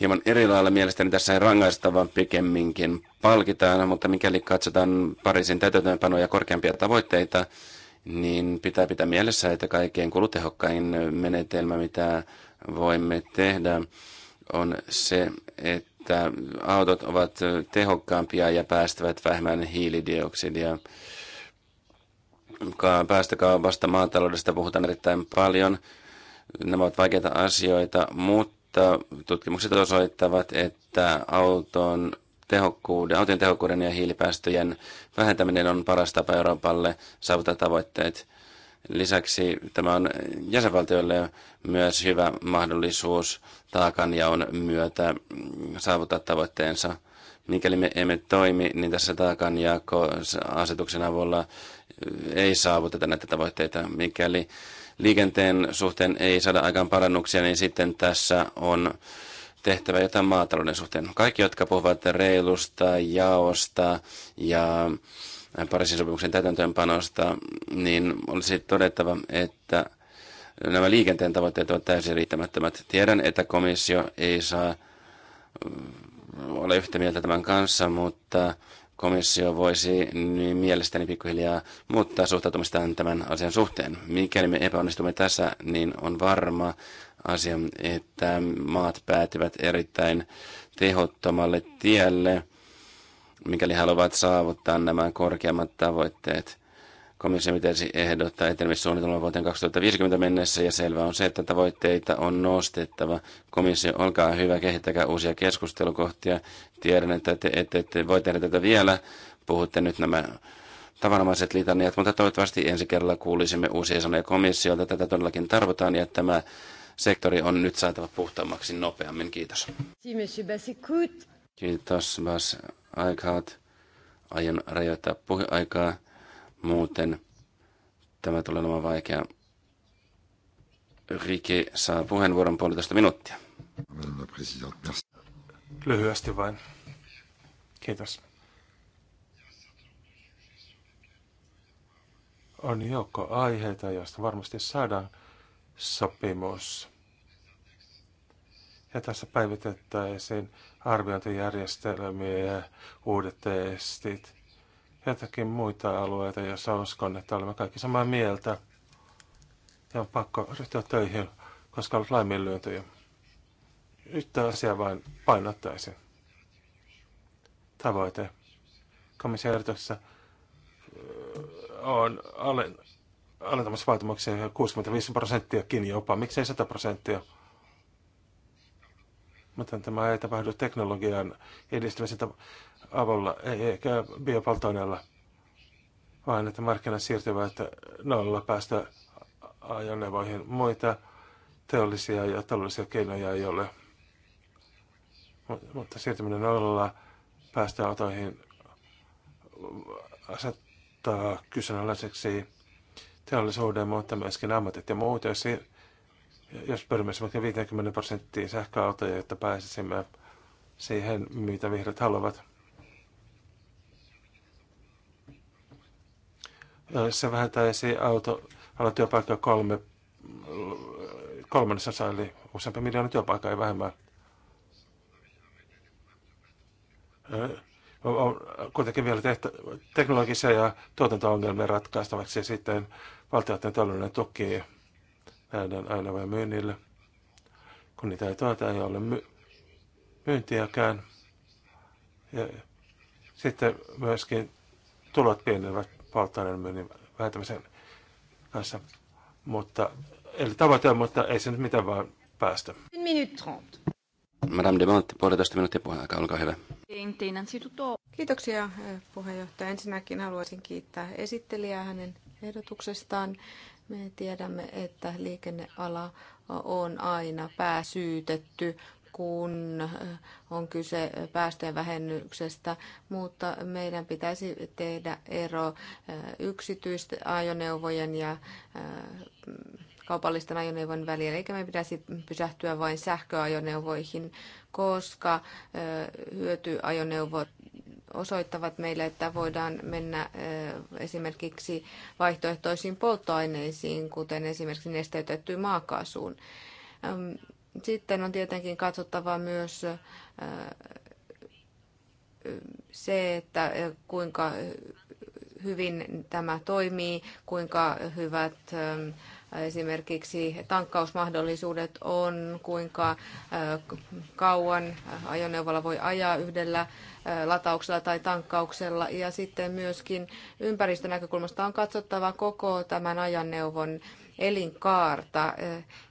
hieman eri lailla. Mielestäni tässä ei rangaista, vaan pikemminkin palkitaan, mutta mikäli katsotaan Pariisin täytäntöönpanoja korkeampia tavoitteita, niin pitää pitää mielessä, että kaikkein kulutehokkain menetelmä, mitä voimme tehdä, on se, että autot ovat tehokkaampia ja päästävät vähemmän hiilidioksidia. Päästökaupasta maataloudesta puhutaan erittäin paljon. Nämä ovat vaikeita asioita, mutta mutta tutkimukset osoittavat, että auton tehokkuuden, autojen tehokkuuden ja hiilipäästöjen vähentäminen on paras tapa Euroopalle saavuttaa tavoitteet. Lisäksi tämä on jäsenvaltioille myös hyvä mahdollisuus taakanjaon myötä saavuttaa tavoitteensa. Mikäli me emme toimi, niin tässä taakanjako-asetuksen avulla ei saavuteta näitä tavoitteita. Mikäli liikenteen suhteen ei saada aikaan parannuksia, niin sitten tässä on tehtävä jotain maatalouden suhteen. Kaikki, jotka puhuvat reilusta, jaosta ja Pariisin sopimuksen täytäntöönpanosta, niin olisi todettava, että nämä liikenteen tavoitteet ovat täysin riittämättömät. Tiedän, että komissio ei saa ole yhtä mieltä tämän kanssa, mutta komissio voisi niin mielestäni pikkuhiljaa muuttaa suhtautumistaan tämän asian suhteen. Mikäli me epäonnistumme tässä, niin on varma asia, että maat päätyvät erittäin tehottomalle tielle, mikäli haluavat saavuttaa nämä korkeammat tavoitteet komissio pitäisi ehdottaa etenemissuunnitelma vuoteen 2050 mennessä ja selvä on se, että tavoitteita on nostettava. Komissio, olkaa hyvä, kehittäkää uusia keskustelukohtia. Tiedän, että te ette ette voi tehdä tätä vielä. Puhutte nyt nämä tavanomaiset litaniat, mutta toivottavasti ensi kerralla kuulisimme uusia sanoja komissiolta. Tätä todellakin tarvitaan ja tämä sektori on nyt saatava puhtaammaksi nopeammin. Kiitos. Kiitos, Bas Aikhaat. Aion rajoittaa puheaikaa Muuten tämä tulee olemaan vaikea. Rike saa puheenvuoron puolitoista minuuttia. Lyhyesti vain. Kiitos. On joukko aiheita, joista varmasti saadaan sopimus. Ja tässä päivitettäisiin arviointijärjestelmiä, uudet testit, jotakin muita alueita, joissa uskon, että olemme kaikki samaa mieltä. Ja on pakko ryhtyä töihin, koska on laiminlyöntöjä. Yhtä asiaa vain painottaisin. Tavoite. Komission ehdotuksessa äh, on alen, alentamassa vaatimuksia 65 prosenttiakin jopa. Miksei 100 prosenttia? Mutta tämä ei tapahdu teknologian edistymisen avulla ei ehkä biopolttoaineella, vaan että markkinat siirtyvät nolla päästä ajoneuvoihin muita teollisia ja taloudellisia keinoja ei ole. Mutta siirtyminen nolla päästä autoihin asettaa kyseenalaiseksi teollisuuden, mutta myöskin ammatit ja muut. Jos, jos pyrimme 50 prosenttia sähköautoja, että pääsisimme siihen, mitä vihreät haluavat, No, se vähentäisi alla työpaikkoja kolme, kolmannesosa, eli useampi miljoona työpaikkaa ei vähemmän. On kuitenkin vielä tehtä, teknologisia ja tuotanto-ongelmia ratkaistavaksi ja sitten valtioiden taloudellinen tuki näiden ajoneuvojen myynnille. Kun niitä ei tuota, ei ole my- myyntiäkään. Ja sitten myöskin tulot pienenevät polttoaineen myynnin vähentämisen kanssa. Mutta, eli tavoite mutta ei se nyt mitään vaan päästä. 30. Madame de Monte, puolitoista minuuttia aikaa, olkaa hyvä. Kiitoksia puheenjohtaja. Ensinnäkin haluaisin kiittää esittelijää hänen ehdotuksestaan. Me tiedämme, että liikenneala on aina pääsyytetty kun on kyse päästöjen vähennyksestä, mutta meidän pitäisi tehdä ero yksityisten ajoneuvojen ja kaupallisten ajoneuvojen välillä, eikä meidän pitäisi pysähtyä vain sähköajoneuvoihin, koska hyötyajoneuvot osoittavat meille, että voidaan mennä esimerkiksi vaihtoehtoisiin polttoaineisiin, kuten esimerkiksi nesteytettyyn maakaasuun sitten on tietenkin katsottava myös se, että kuinka hyvin tämä toimii, kuinka hyvät esimerkiksi tankkausmahdollisuudet on, kuinka kauan ajoneuvolla voi ajaa yhdellä latauksella tai tankkauksella. Ja sitten myöskin ympäristönäkökulmasta on katsottava koko tämän ajoneuvon elinkaarta.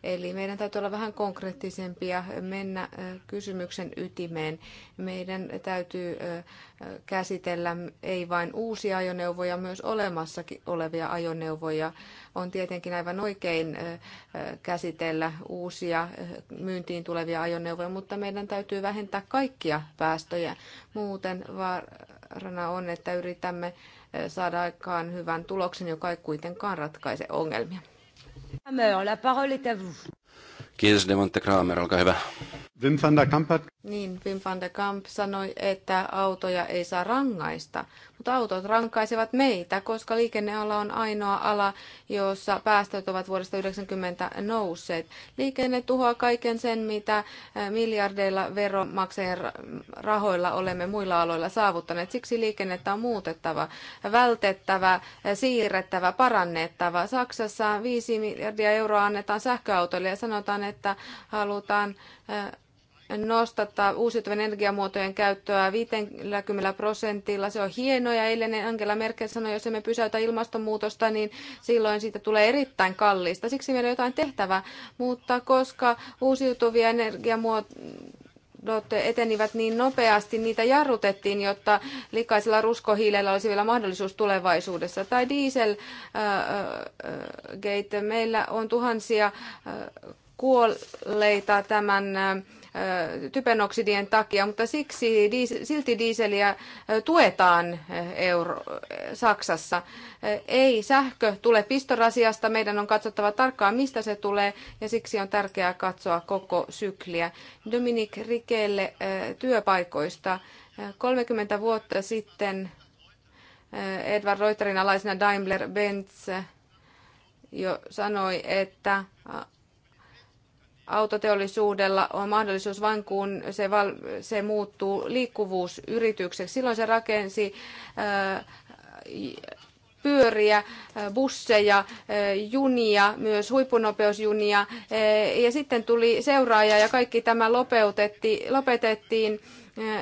Eli meidän täytyy olla vähän konkreettisempia, mennä kysymyksen ytimeen. Meidän täytyy käsitellä ei vain uusia ajoneuvoja, myös olemassakin olevia ajoneuvoja. On tietenkin aivan oikein käsitellä uusia myyntiin tulevia ajoneuvoja, mutta meidän täytyy vähentää kaikkia päästöjä. Muuten vaarana on, että yritämme saada aikaan hyvän tuloksen, joka ei kuitenkaan ratkaise ongelmia. Kramer, la parole est à vous. Kiitos, Demonte Kramer, olkaa hyvä. Wim van der Kamp niin, Wim van de Kamp sanoi, että autoja ei saa rangaista, mutta autot rankaisevat meitä, koska liikenneala on ainoa ala, jossa päästöt ovat vuodesta 90 nousseet. Liikenne tuhoaa kaiken sen, mitä miljardeilla veronmaksajien rahoilla olemme muilla aloilla saavuttaneet. Siksi liikennettä on muutettava, vältettävä, siirrettävä, parannettava. Saksassa 5 miljardia euroa annetaan sähköautoille ja sanotaan, että halutaan nostattaa uusiutuvien energiamuotojen käyttöä 50 prosentilla. Se on hienoa ja eilen Angela Merkel sanoi, että jos emme pysäytä ilmastonmuutosta, niin silloin siitä tulee erittäin kallista. Siksi meillä on jotain tehtävää, mutta koska uusiutuvia energiamuotoja etenivät niin nopeasti, niitä jarrutettiin, jotta likaisella ruskohiilellä olisi vielä mahdollisuus tulevaisuudessa. Tai dieselgate, äh, äh, meillä on tuhansia äh, kuolleita tämän typenoksidien takia, mutta siksi, silti diiseliä tuetaan Euro- Saksassa. Ei sähkö tule pistorasiasta, meidän on katsottava tarkkaan, mistä se tulee, ja siksi on tärkeää katsoa koko sykliä. Dominik Rikelle työpaikoista. 30 vuotta sitten Edward Reuterin alaisena Daimler-Benz jo sanoi, että autoteollisuudella on mahdollisuus vain kun se, val, se muuttuu liikkuvuusyritykseksi. Silloin se rakensi ää, äh, pyöriä, äh, busseja, äh, junia, myös huippunopeusjunia. Ja sitten tuli seuraaja ja kaikki tämä lopetettiin. lopetettiin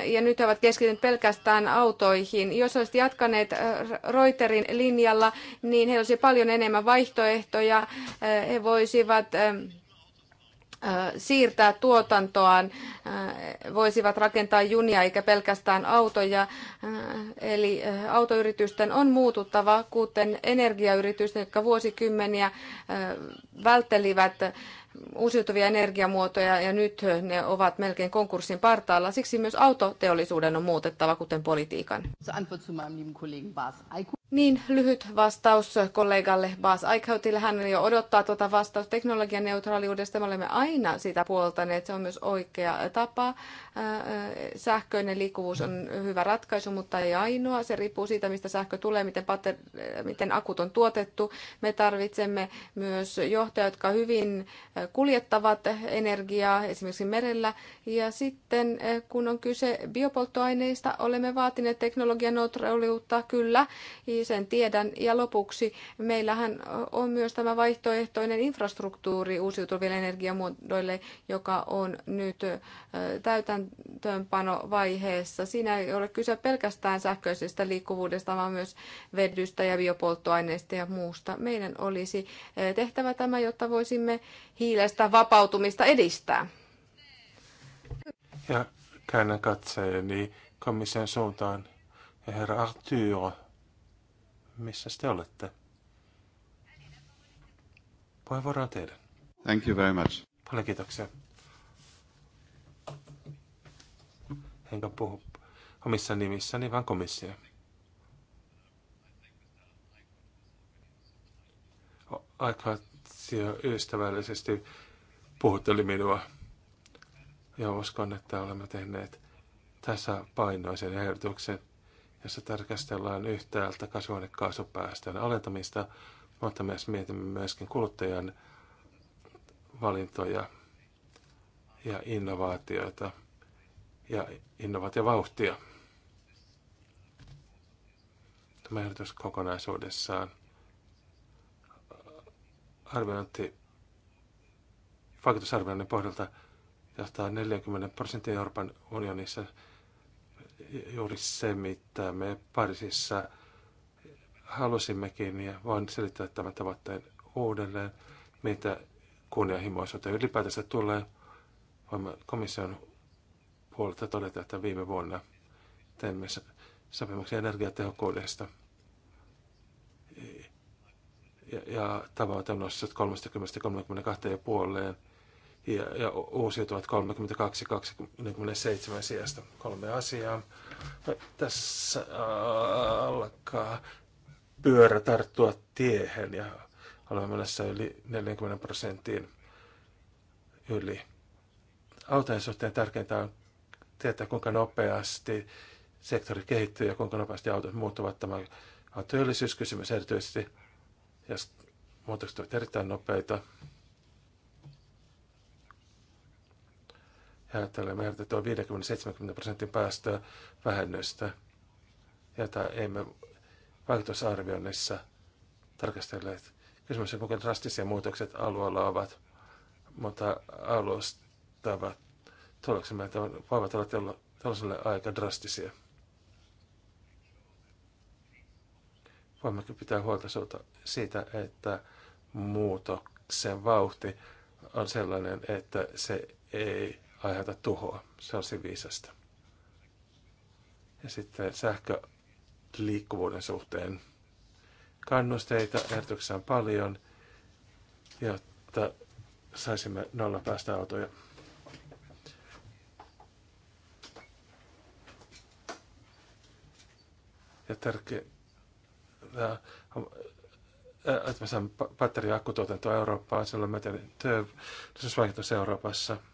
ja nyt he ovat keskittyneet pelkästään autoihin. Jos olisit jatkaneet Reuterin linjalla, niin heillä olisi paljon enemmän vaihtoehtoja. He voisivat siirtää tuotantoaan, voisivat rakentaa junia eikä pelkästään autoja. Eli autoyritysten on muututtava, kuten energiayritysten, jotka vuosikymmeniä välttelivät uusiutuvia energiamuotoja ja nyt ne ovat melkein konkurssin partaalla. Siksi myös autoteollisuuden on muutettava, kuten politiikan. Niin, lyhyt vastaus kollegalle Baas Aikautille. Hän jo odottaa tuota vastausta teknologian neutraaliudesta. Me olemme aina sitä puoltaneet. Se on myös oikea tapa. Sähköinen liikkuvuus on hyvä ratkaisu, mutta ei ainoa. Se riippuu siitä, mistä sähkö tulee, miten, pater, miten akut on tuotettu. Me tarvitsemme myös johtajia, jotka hyvin kuljettavat energiaa esimerkiksi merellä. Ja sitten, kun on kyse biopolttoaineista, olemme vaatineet teknologian neutraaliutta, kyllä sen tiedän. Ja lopuksi meillähän on myös tämä vaihtoehtoinen infrastruktuuri uusiutuville energiamuodoille, joka on nyt täytäntöönpanovaiheessa. Siinä ei ole kyse pelkästään sähköisestä liikkuvuudesta, vaan myös vedystä ja biopolttoaineista ja muusta. Meidän olisi tehtävä tämä, jotta voisimme hiilestä vapautumista edistää. Ja käännän katseeni komission suuntaan. herra Arturo missä te olette? Puheenvuoro on teidän. Thank you very much. Paljon kiitoksia. Enkä puhu omissa nimissäni, vaan komissio. Aika ystävällisesti puhutteli minua. Ja uskon, että olemme tehneet painoisen ehdotuksen jossa tarkastellaan yhtäältä kasvihuonekaasupäästöjen alentamista, mutta myös mietimme myöskin kuluttajan valintoja ja innovaatioita ja innovaatiovauhtia. Tämä ehdotus kokonaisuudessaan arviointi vaikutusarvioinnin pohjalta johtaa 40 prosenttia Euroopan unionissa juuri se, mitä me Pariisissa halusimmekin, ja voin selittää tämän tavoitteen uudelleen, mitä kunnianhimoisuuteen ylipäätänsä tulee. Voimme komission puolelta todeta, että viime vuonna teemme sopimuksen energiatehokkuudesta. Ja, ja tavoite on noussut 30-32,5 ja, ja uusiutuvat 32-27 sijasta. Kolme asiaa. No, tässä alkaa pyörä tarttua tiehen ja olemme menossa yli 40 prosenttiin yli. Autojen suhteen tärkeintä on tietää, kuinka nopeasti sektori kehittyy ja kuinka nopeasti autot muuttuvat. Tämä on työllisyyskysymys erityisesti, jos muutokset ovat erittäin nopeita. ajattelemme tuo 50-70 prosentin päästöä vähennystä, jota emme vaikutusarvioinnissa tarkastelleet. on, kuinka drastisia muutokset alueella ovat, mutta alustavat tuloksemme voivat olla tällaiselle aika drastisia. Voimmeko pitää huolta siitä, että muutoksen vauhti on sellainen, että se ei aiheuta tuhoa. Se olisi viisasta. Ja sitten sähkö liikkuvuuden suhteen. Kannusteita ehdotuksia paljon, jotta saisimme nolla päästöautoja. Ja tärkeää äh, äh, että me saamme batteriakkutuotantoa Eurooppaan, sillä on meidän työllisyysvaikutus Euroopassa –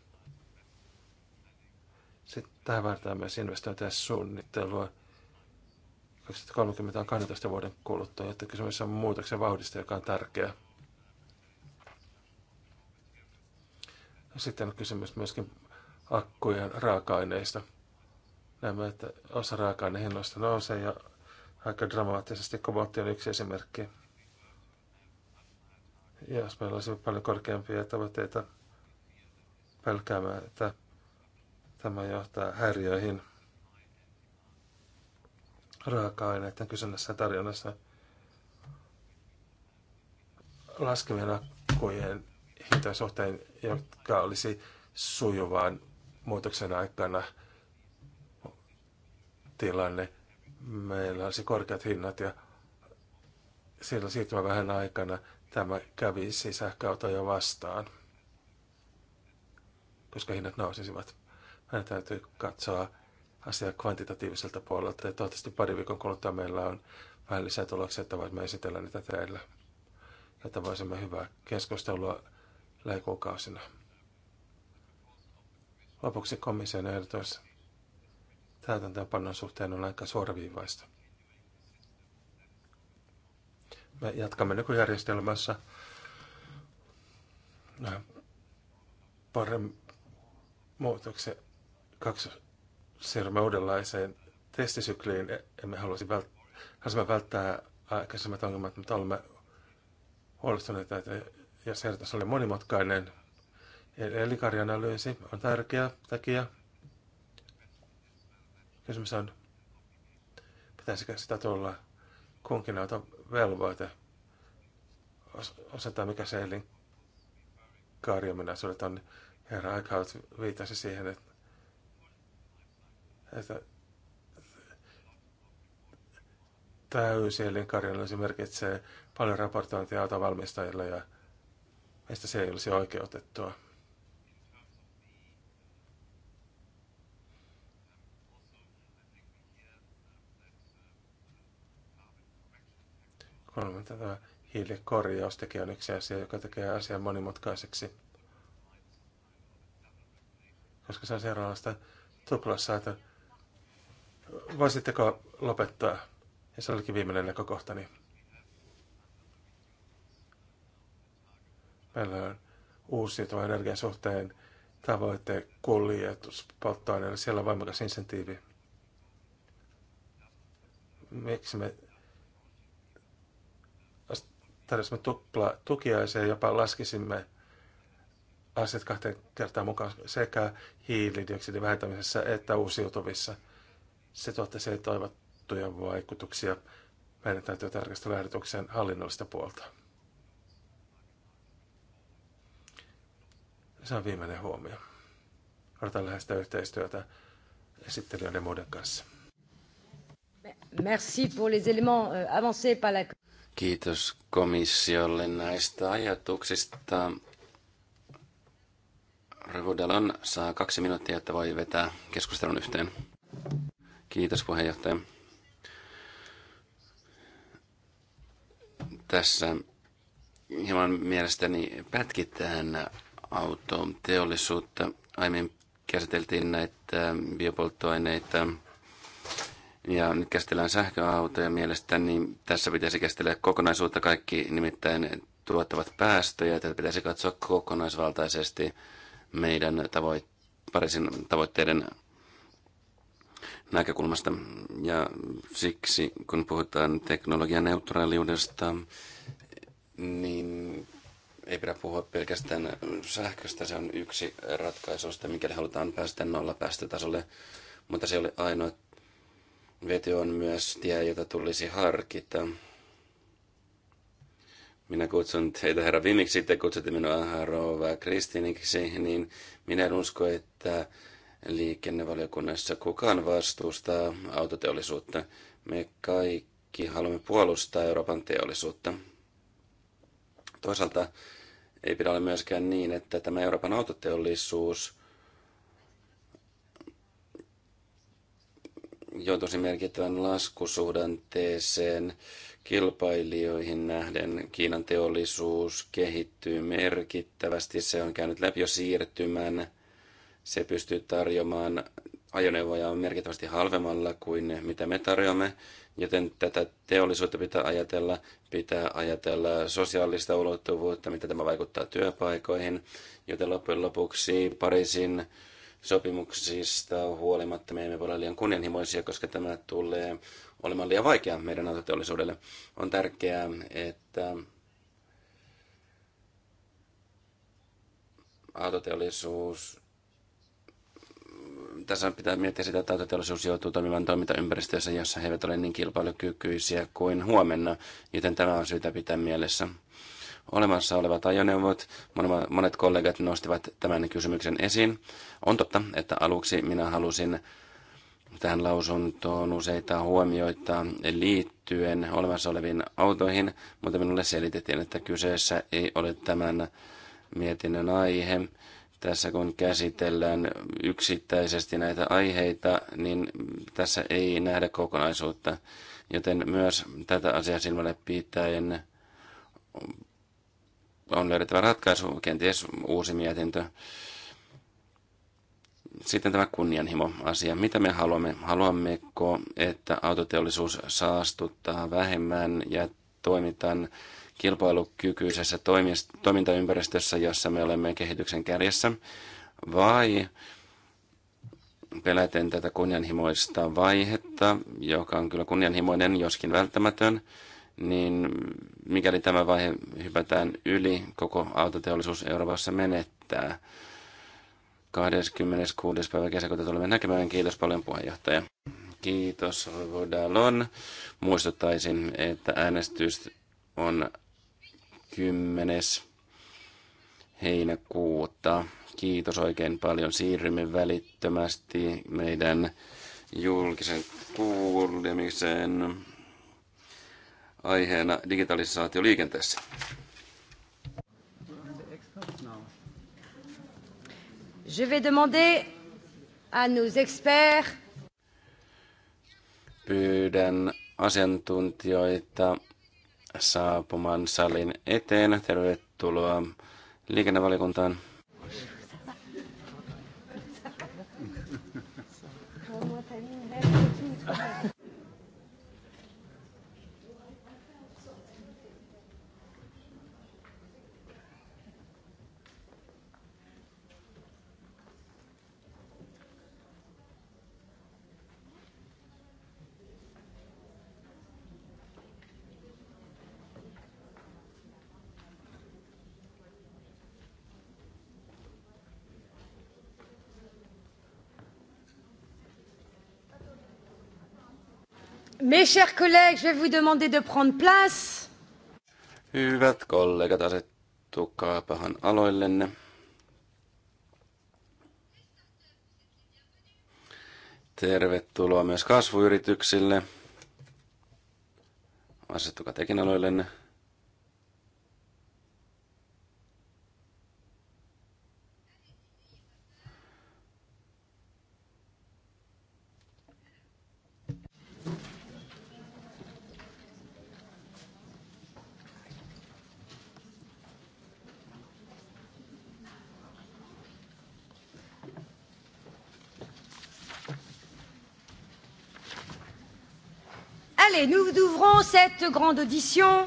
sitten tähän vaaditaan myös investointeja suunnittelua. 2030 on 12 vuoden kuluttua, jotta kysymys on muutoksen vauhdista, joka on tärkeä. Sitten on kysymys myöskin akkujen raaka-aineista. Näemme, että osa raaka-ainehinnoista nousee ja aika dramaattisesti. Kobaltti on yksi esimerkki. Ja jos meillä olisi paljon korkeampia tavoitteita pelkäämään, että Tämä johtaa häiriöihin raaka-aineiden kysynnässä ja tarjonnassa. Laskevien akkujen hintojen suhteen, jotka olisi sujuvaan muutoksen aikana tilanne. Meillä olisi korkeat hinnat ja sillä siirtymä vähän aikana tämä kävisi sähköautoja vastaan, koska hinnat nousisivat. Meidän täytyy katsoa asiaa kvantitatiiviselta puolelta. Ja toivottavasti pari viikon kuluttua meillä on vähän lisää tuloksia, että voimme esitellä niitä teille. Että voisimme hyvää keskustelua lähikuukausina. Lopuksi komission ehdotus täytäntöönpannon suhteen on aika suoraviivaista. Me jatkamme nykyjärjestelmässä paremmin muutoksia kaksi siirrymme uudenlaiseen testisykliin. Emme haluaisi vält- välttää aikaisemmat ongelmat, mutta olemme huolestuneita, että jos herätys oli monimutkainen, elikarianalyysi on tärkeä tekijä. Kysymys on, pitäisikö sitä tulla kunkin auton velvoite osataan, mikä se elinkaariominaisuudet on. Herra Aikaut viitasi siihen, että että täysi karjalla, se merkitsee paljon raportointia autovalmistajille ja meistä se ei olisi oikeutettua. Kolme tätä hiilikorjaustekijä on yksi asia, joka tekee asian monimutkaiseksi. Koska se on seuraavasta tuplassa, että Voisitteko lopettaa? Ja se olikin viimeinen niin... Meillä on uusiutuvan energian suhteen tavoite kuljetus polttoaineella. Siellä on voimakas insentiivi. Miksi me tarjosimme tupla tukiaisia jopa laskisimme asiat kahteen kertaan mukaan sekä hiilidioksidin vähentämisessä että uusiutuvissa – se tuottaisi toivottuja vaikutuksia. Meidän täytyy tarkastella ehdotuksen hallinnollista puolta. Se on viimeinen huomio. Odotan läheistä yhteistyötä esittelijöiden ja muiden kanssa. Merci pour les éléments euh, avancés par la... Kiitos komissiolle näistä ajatuksista. Revudalon saa kaksi minuuttia, että voi vetää keskustelun yhteen. Kiitos puheenjohtaja. Tässä hieman mielestäni pätkittään autoteollisuutta. Aiemmin käsiteltiin näitä biopolttoaineita ja nyt käsitellään sähköautoja. Mielestäni tässä pitäisi käsitellä kokonaisuutta. Kaikki nimittäin tuottavat päästöjä. Tätä pitäisi katsoa kokonaisvaltaisesti meidän tavoit- Pariisin tavoitteiden näkökulmasta. Ja siksi, kun puhutaan teknologian neutraaliudesta, niin ei pidä puhua pelkästään sähköstä. Se on yksi ratkaisusta, mikäli halutaan päästä nolla päästötasolle, mutta se oli ainoa. Vety on myös tie, jota tulisi harkita. Minä kutsun teitä herra Vimiksi, te kutsutte minua rouva Kristiniksi, niin minä en usko, että liikennevaliokunnassa kukaan vastustaa autoteollisuutta. Me kaikki haluamme puolustaa Euroopan teollisuutta. Toisaalta ei pidä olla myöskään niin, että tämä Euroopan autoteollisuus joutuisi merkittävän laskusuhdanteeseen kilpailijoihin nähden. Kiinan teollisuus kehittyy merkittävästi, se on käynyt läpi jo siirtymän – se pystyy tarjoamaan ajoneuvoja merkittävästi halvemmalla kuin mitä me tarjoamme, joten tätä teollisuutta pitää ajatella, pitää ajatella sosiaalista ulottuvuutta, mitä tämä vaikuttaa työpaikoihin, joten loppujen lopuksi Pariisin sopimuksista huolimatta me emme voi olla liian kunnianhimoisia, koska tämä tulee olemaan liian vaikea meidän autoteollisuudelle. On tärkeää, että autoteollisuus tässä pitää miettiä sitä, että autoteollisuus joutuu toimimaan toimintaympäristössä, jossa he eivät ole niin kilpailukykyisiä kuin huomenna, joten tämä on syytä pitää mielessä. Olemassa olevat ajoneuvot, monet kollegat nostivat tämän kysymyksen esiin. On totta, että aluksi minä halusin tähän lausuntoon useita huomioita liittyen olemassa oleviin autoihin, mutta minulle selitettiin, että kyseessä ei ole tämän mietinnön aihe tässä kun käsitellään yksittäisesti näitä aiheita, niin tässä ei nähdä kokonaisuutta. Joten myös tätä asiaa silmälle pitäen on löydettävä ratkaisu, kenties uusi mietintö. Sitten tämä kunnianhimo-asia. Mitä me haluamme? Haluammeko, että autoteollisuus saastuttaa vähemmän ja toimitaan kilpailukykyisessä toimintaympäristössä, jossa me olemme kehityksen kärjessä, vai peläten tätä kunnianhimoista vaihetta, joka on kyllä kunnianhimoinen, joskin välttämätön, niin mikäli tämä vaihe hypätään yli, koko autoteollisuus Euroopassa menettää. 26. päivä kesäkuuta tulemme näkemään. Kiitos paljon puheenjohtaja. Kiitos Vodalon. Muistuttaisin, että äänestys on 10. heinäkuuta. Kiitos oikein paljon. Siirrymme välittömästi meidän julkisen kuulemisen aiheena digitalisaatio liikenteessä. Je vais demander à nos experts. Pyydän asiantuntijoita saapumaan salin eteen. Tervetuloa liikennevalikuntaan. Mes chers collègues, je vais vous demander de prendre place. Hyvät kollegat, asettukaapahan aloillenne. Tervetuloa myös kasvuyrityksille. Asettukaa tekin aloillenne. cette grande audition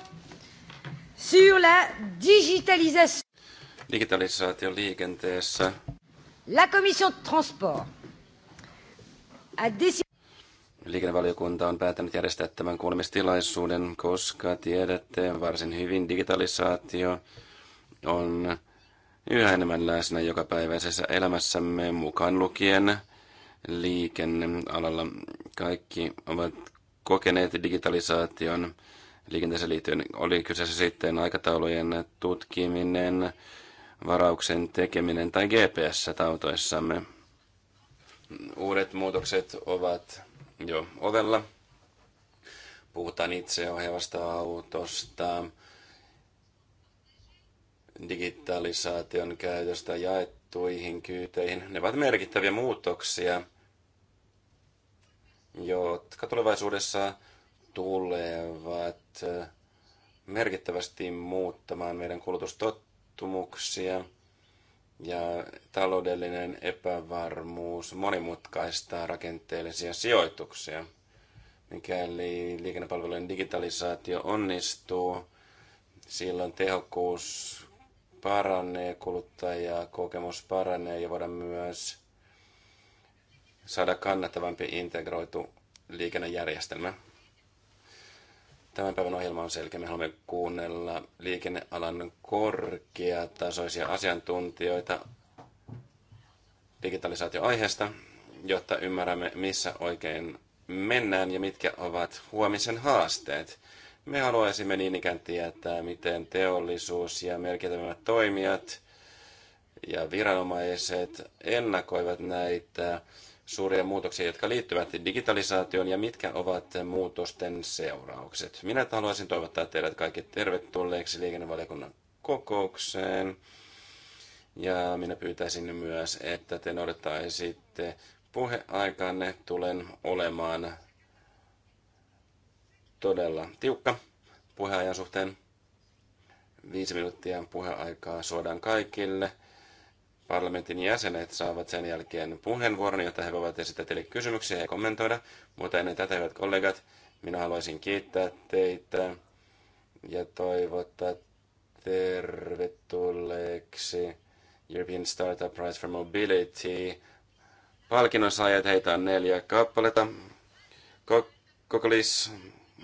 sur la digitalisation. Digitalisaation liikenteessä. La commission de transport a décidé Liikennevaliokunta on päättänyt järjestää tämän kuulemistilaisuuden, koska tiedätte varsin hyvin digitalisaatio on yhä enemmän läsnä jokapäiväisessä elämässämme mukaan lukien liikennealalla. Kaikki ovat kokeneet digitalisaation liikenteeseen liittyen. Oli kyseessä sitten aikataulujen tutkiminen, varauksen tekeminen tai GPS-tautoissamme. Uudet muutokset ovat jo ovella. Puhutaan itseohjaavasta autosta, digitalisaation käytöstä jaettuihin kyyteihin. Ne ovat merkittäviä muutoksia – jotka tulevaisuudessa tulevat äh, merkittävästi muuttamaan meidän kulutustottumuksia ja taloudellinen epävarmuus monimutkaistaa rakenteellisia sijoituksia. Mikäli liikennepalvelujen digitalisaatio onnistuu, silloin tehokkuus paranee, kuluttajakokemus paranee ja voidaan myös saada kannattavampi integroitu liikennejärjestelmä. Tämän päivän ohjelma on selkeä. Me haluamme kuunnella liikennealan korkeatasoisia asiantuntijoita digitalisaatioaiheesta, jotta ymmärrämme, missä oikein mennään ja mitkä ovat huomisen haasteet. Me haluaisimme niin ikään tietää, miten teollisuus ja merkittävät toimijat ja viranomaiset ennakoivat näitä suuria muutoksia, jotka liittyvät digitalisaatioon ja mitkä ovat muutosten seuraukset. Minä haluaisin toivottaa teidät kaikki tervetulleeksi liikennevaliokunnan kokoukseen. Ja minä pyytäisin myös, että te noudattaisitte puheaikanne. Tulen olemaan todella tiukka puheajan suhteen. Viisi minuuttia puheaikaa suodaan kaikille – Parlamentin jäsenet saavat sen jälkeen puheenvuoron, jotta he voivat esittää teille kysymyksiä ja kommentoida. Mutta ennen tätä, hyvät kollegat, minä haluaisin kiittää teitä ja toivottaa tervetulleeksi European Startup Prize for Mobility. Palkinnon saajat, heitä on neljä kappaletta. Kokolis,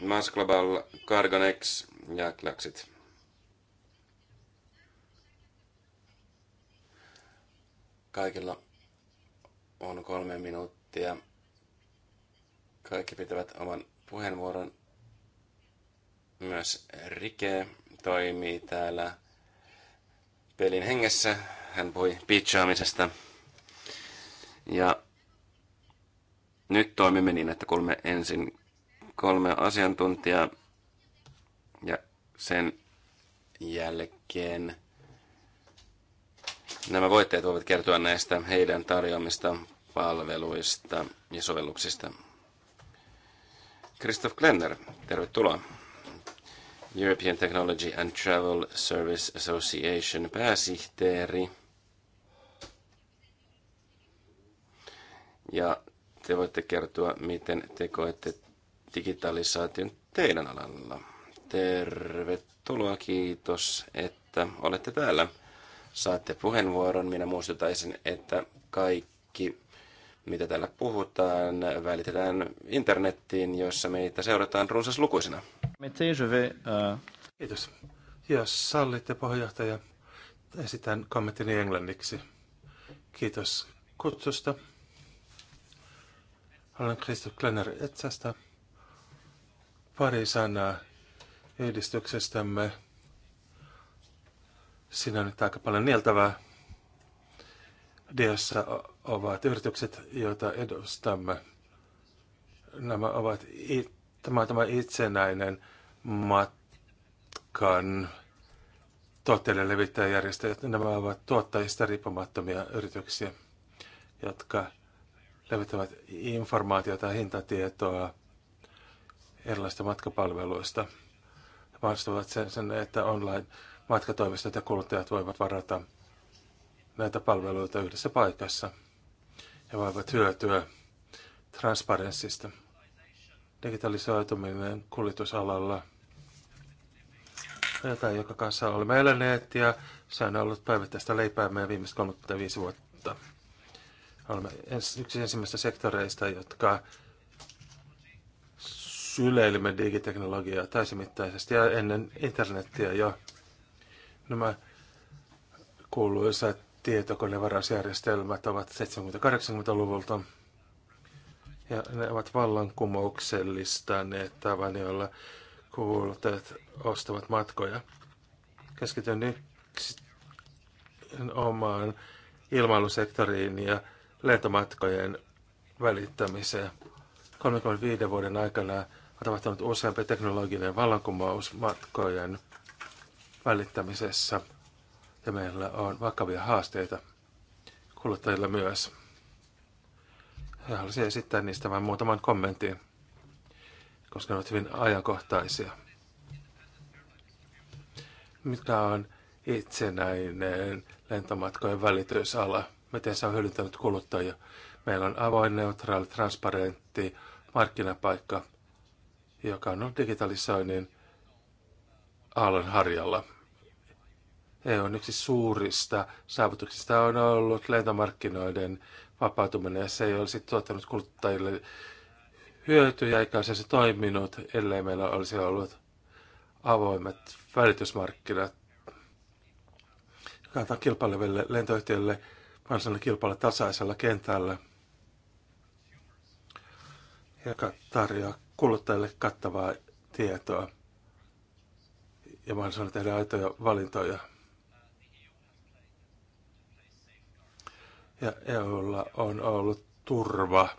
Mass Global, Cargonex ja Klaxit. Kaikilla on kolme minuuttia. Kaikki pitävät oman puheenvuoron. Myös Rike toimii täällä pelin hengessä. Hän puhui pitchaamisesta. Ja nyt toimimme niin, että kolme ensin kolme asiantuntijaa ja sen jälkeen Nämä voittajat voivat kertoa näistä heidän tarjoamista palveluista ja sovelluksista. Christoph Klenner, tervetuloa. European Technology and Travel Service Association pääsihteeri. Ja te voitte kertoa, miten te koette digitalisaation teidän alalla. Tervetuloa, kiitos, että olette täällä saatte puheenvuoron. Minä muistutaisin, että kaikki, mitä täällä puhutaan, välitetään internettiin, jossa meitä seurataan runsas lukuisena. Euh, Kiitos. Jos sallitte, puheenjohtaja, esitän kommenttini englanniksi. Kiitos kutsusta. Olen Christoph Klenner Etsästä. Pari sanaa yhdistyksestämme Siinä on nyt aika paljon nieltävää. Diassa ovat yritykset, joita edustamme. Nämä ovat tämä, tämä itsenäinen matkan tuotteiden levittäjäjärjestöjät. Nämä ovat tuottajista riippumattomia yrityksiä, jotka levittävät informaatiota ja hintatietoa erilaisista matkapalveluista. Mahdollistavat sen, sen, että online matkatoimistot ja kuluttajat voivat varata näitä palveluita yhdessä paikassa ja voivat hyötyä transparenssista. Digitalisoituminen kuljetusalalla jotain, joka kanssa olemme eläneet ja se on ollut päivittäistä meidän viimeiset 35 vuotta. Olemme yksi ensimmäistä sektoreista, jotka syleilimme digiteknologiaa täysimittaisesti ja ennen internettiä jo Nämä kuuluisat tietokonevarasjärjestelmät ovat 70-80-luvulta ja ne ovat ne tavan, joilla kuulutajat ostavat matkoja. Keskityn nyt omaan ilmailusektoriin ja lentomatkojen välittämiseen. 35 vuoden aikana on tapahtunut useampi teknologinen vallankumous matkojen välittämisessä ja meillä on vakavia haasteita kuluttajilla myös. Ja haluaisin esittää niistä vain muutaman kommentin, koska ne ovat hyvin ajankohtaisia. Mikä on itsenäinen lentomatkojen välitysala? Miten se on hyödyntänyt kuluttajia? Meillä on avoin, neutraali, transparentti markkinapaikka, joka on digitalisoinnin aallon harjalla. EU on yksi suurista saavutuksista on ollut lentomarkkinoiden vapautuminen ja se ei olisi tuottanut kuluttajille hyötyjä eikä olisi toiminut, ellei meillä olisi ollut avoimet välitysmarkkinat, joka antaa kilpaileville lentoyhtiöille kansalle kilpailla tasaisella kentällä, joka tarjoaa kuluttajille kattavaa tietoa ja mahdollisuuden tehdä aitoja valintoja. Ja EUlla on ollut turva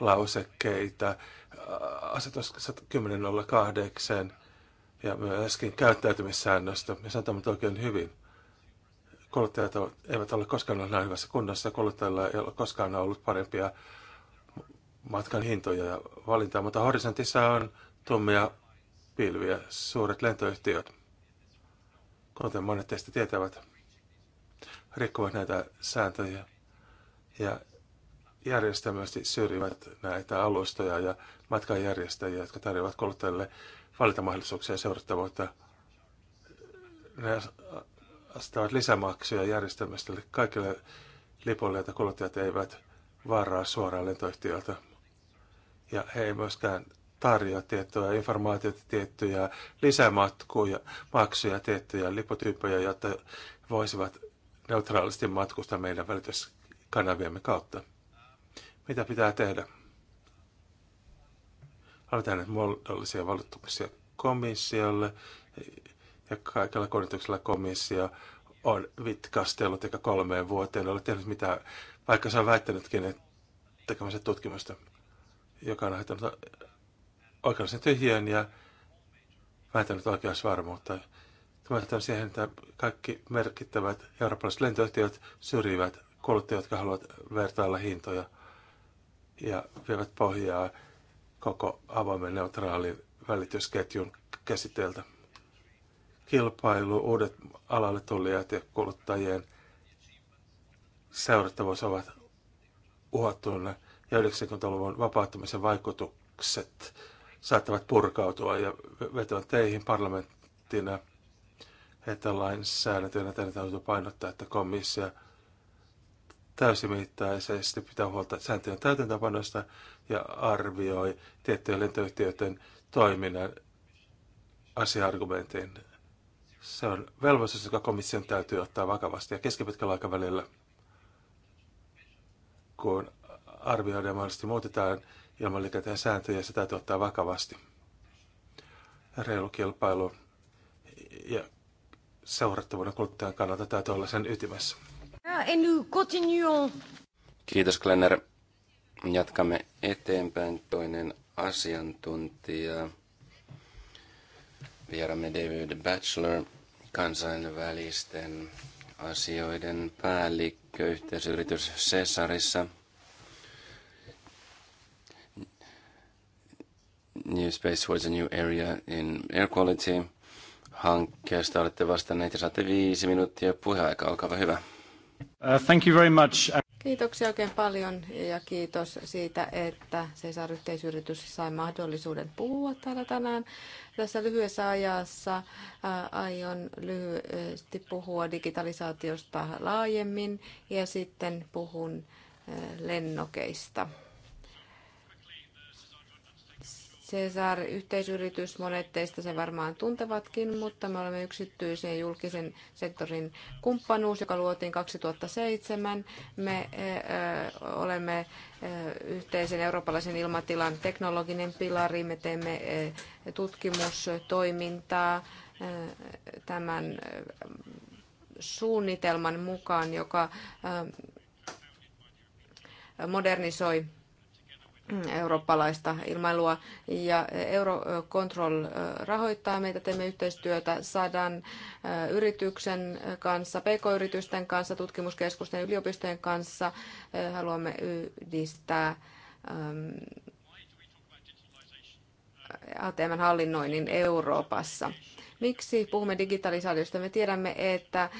lausekkeita äh, asetus 10.08 ja myöskin käyttäytymissäännöstä. Me sanotaan oikein hyvin. Kuluttajat eivät ole koskaan olleet näin hyvässä kunnossa. Kuluttajilla ei ole koskaan ollut parempia matkan hintoja ja valintaa, mutta horisontissa on tummia pilviä, suuret lentoyhtiöt kuten monet teistä tietävät, rikkovat näitä sääntöjä ja järjestelmästi syrjivät näitä alustoja ja matkanjärjestäjiä, jotka tarjoavat kuluttajille valintamahdollisuuksia ja seurattavuutta. Ne astavat lisämaksuja järjestelmästä kaikille lipuille, joita kuluttajat eivät varaa suoraan lentoyhtiöltä. Ja he eivät myöskään tarjoa tiettyä informaatiota, tiettyjä lisämatkuja, maksuja, tiettyjä liputyyppejä, jotta voisivat neutraalisti matkustaa meidän välityskanaviemme kautta. Mitä pitää tehdä? Annetaan nyt muodollisia valituksia komissiolle ja kaikella kohdituksella komissio on vitkastellut eikä kolmeen vuoteen ole tehnyt mitään, vaikka se on väittänytkin, että tekemässä tutkimusta, joka on aiheuttanut oikeudellisen tyhjön ja vähentänyt oikeusvarmuutta. Tämä siihen, että kaikki merkittävät eurooppalaiset lentoyhtiöt syrjivät kuluttajia, jotka haluavat vertailla hintoja ja vievät pohjaa koko avoimen neutraalin välitysketjun käsitteeltä. Kilpailu, uudet alalle tulijat ja kuluttajien seurattavuus ovat uhattuna ja 90-luvun vapauttamisen vaikutukset saattavat purkautua ja vetoa teihin parlamenttina, että lainsäädäntöönä tänne täytyy painottaa, että komissio täysimittaisesti pitää huolta sääntöjen täytäntöpanosta ja arvioi tiettyjen lentoyhtiöiden toiminnan asiaargumentin. Se on velvollisuus, joka komission täytyy ottaa vakavasti ja keskipitkällä aikavälillä, kun arvioidaan mahdollisesti muutetaan liikenteen sääntöjä, se täytyy ottaa vakavasti. Reilu kilpailu ja seurattavuuden kuluttajan kannalta täytyy olla sen ytimessä. Kiitos Glenner. Jatkamme eteenpäin. Toinen asiantuntija, vieramme David Bachelor, kansainvälisten asioiden päällikkö yhteisyritys Cesarissa – New Space Towards a New Area in Air Quality hankkeesta olette vastanneet ja saatte viisi minuuttia puheaika. Olkaa hyvä. Uh, thank you very much. Kiitoksia oikein paljon ja kiitos siitä, että Cesar-yhteisyritys sai mahdollisuuden puhua täällä tänään. Tässä lyhyessä ajassa uh, aion lyhyesti puhua digitalisaatiosta laajemmin ja sitten puhun uh, lennokeista. Cesar, yhteisyritys, monet teistä se varmaan tuntevatkin, mutta me olemme yksityisen julkisen sektorin kumppanuus, joka luotiin 2007. Me äh, olemme äh, yhteisen eurooppalaisen ilmatilan teknologinen pilari, me teemme äh, tutkimustoimintaa äh, tämän äh, suunnitelman mukaan, joka äh, modernisoi eurooppalaista ilmailua ja Eurocontrol rahoittaa meitä, teemme yhteistyötä sadan yrityksen kanssa, pk-yritysten kanssa, tutkimuskeskusten ja yliopistojen kanssa. Haluamme yhdistää ATM-hallinnoinnin Euroopassa. Miksi puhumme digitalisaatiosta? Me tiedämme, että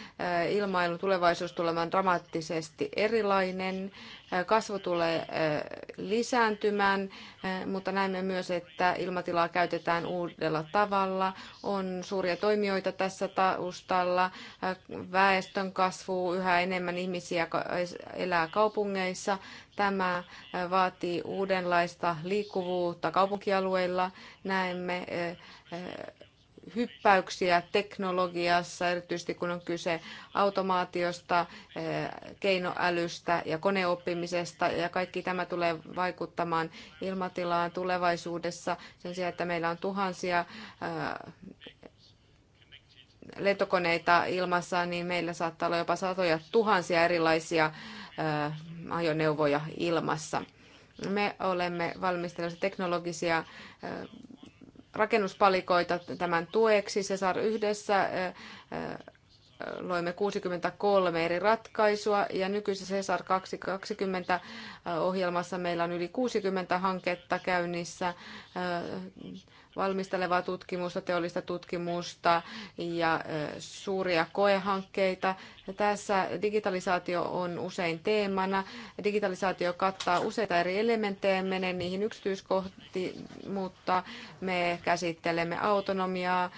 eh, ilmailun tulevaisuus tulee dramaattisesti erilainen, eh, kasvu tulee eh, lisääntymään, mutta näemme myös, että ilmatilaa käytetään uudella tavalla. On suuria toimijoita tässä taustalla, väestön kasvu, yhä enemmän ihmisiä elää kaupungeissa. Tämä vaatii uudenlaista liikkuvuutta kaupunkialueilla. Näemme hyppäyksiä teknologiassa, erityisesti kun on kyse automaatiosta, eh, keinoälystä ja koneoppimisesta. Ja kaikki tämä tulee vaikuttamaan ilmatilaan tulevaisuudessa sen sijaan, että meillä on tuhansia eh, lentokoneita ilmassa, niin meillä saattaa olla jopa satoja tuhansia erilaisia eh, ajoneuvoja ilmassa. Me olemme valmistelemassa teknologisia rakennuspalikoita tämän tueksi. Cesar yhdessä loimme 63 eri ratkaisua ja nykyisessä Cesar 2020 ohjelmassa meillä on yli 60 hanketta käynnissä valmistelevaa tutkimusta, teollista tutkimusta ja suuria koehankkeita. Tässä digitalisaatio on usein teemana. Digitalisaatio kattaa useita eri elementtejä, menen niihin yksityiskohtiin, mutta me käsittelemme autonomiaa,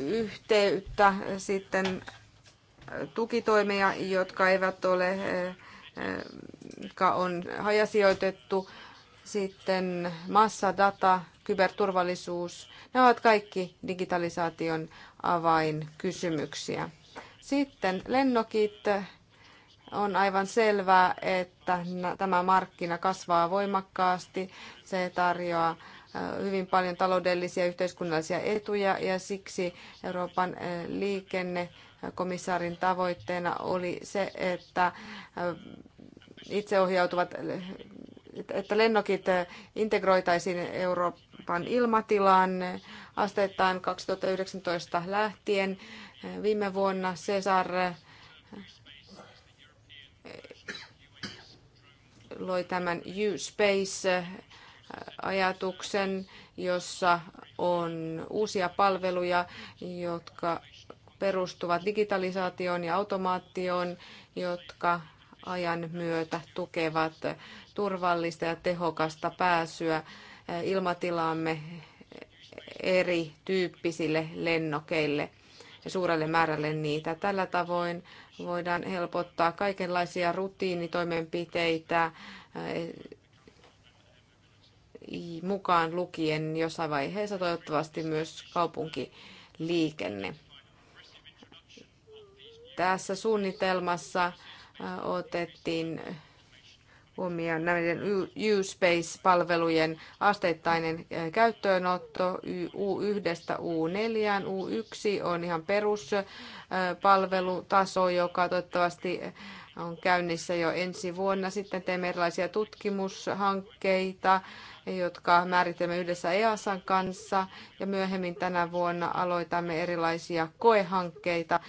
yhteyttä, sitten tukitoimia, jotka eivät ole jotka on hajasijoitettu, sitten massadata, kyberturvallisuus, nämä ovat kaikki digitalisaation avainkysymyksiä. Sitten lennokit, on aivan selvää, että tämä markkina kasvaa voimakkaasti. Se tarjoaa hyvin paljon taloudellisia ja yhteiskunnallisia etuja ja siksi Euroopan liikennekomissaarin tavoitteena oli se, että itseohjautuvat, että lennokit integroitaisiin Euroopan ilmatilaan asteittain 2019 lähtien. Viime vuonna Cesar loi tämän U-Space-ajatuksen, jossa on uusia palveluja, jotka perustuvat digitalisaatioon ja automaatioon, jotka ajan myötä tukevat turvallista ja tehokasta pääsyä ilmatilaamme erityyppisille lennokeille ja suurelle määrälle niitä. Tällä tavoin voidaan helpottaa kaikenlaisia rutiinitoimenpiteitä eh, mukaan lukien jossain vaiheessa toivottavasti myös kaupunkiliikenne. Tässä suunnitelmassa Äh, otettiin huomioon näiden U-Space-palvelujen asteittainen äh, käyttöönotto U1, U4. U1 on ihan peruspalvelutaso, äh, joka toivottavasti on käynnissä jo ensi vuonna. Sitten teemme erilaisia tutkimushankkeita, jotka määritämme yhdessä EASan kanssa. Ja myöhemmin tänä vuonna aloitamme erilaisia koehankkeita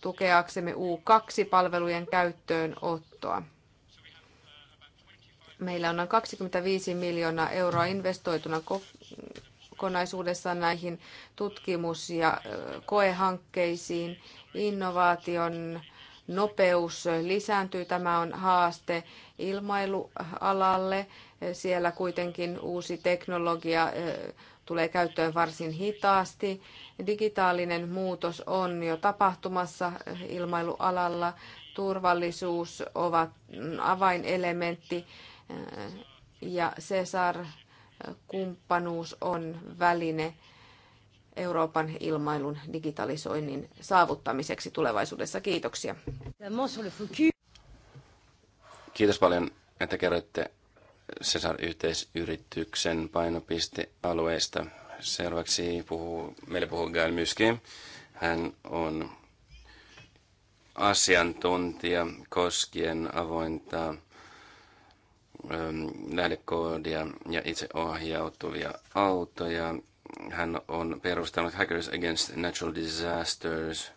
tukeaksemme U2-palvelujen käyttöönottoa. Meillä on noin 25 miljoonaa euroa investoituna kokonaisuudessaan näihin tutkimus- ja koehankkeisiin. Innovaation nopeus lisääntyy. Tämä on haaste ilmailualalle. Siellä kuitenkin uusi teknologia tulee käyttöön varsin hitaasti. Digitaalinen muutos on jo tapahtumassa ilmailualalla. Turvallisuus ovat avainelementti eh, ja CESAR-kumppanuus on väline Euroopan ilmailun digitalisoinnin saavuttamiseksi tulevaisuudessa. Kiitoksia. Kiitos paljon, että kerroitte Cesar-yhteisyrityksen painopistealueista. Seuraavaksi puhuu, meille puhuu Gail Myski. Hän on asiantuntija koskien avointa lähdekoodia ja itseohjautuvia autoja. Hän on perustanut Hackers Against Natural Disasters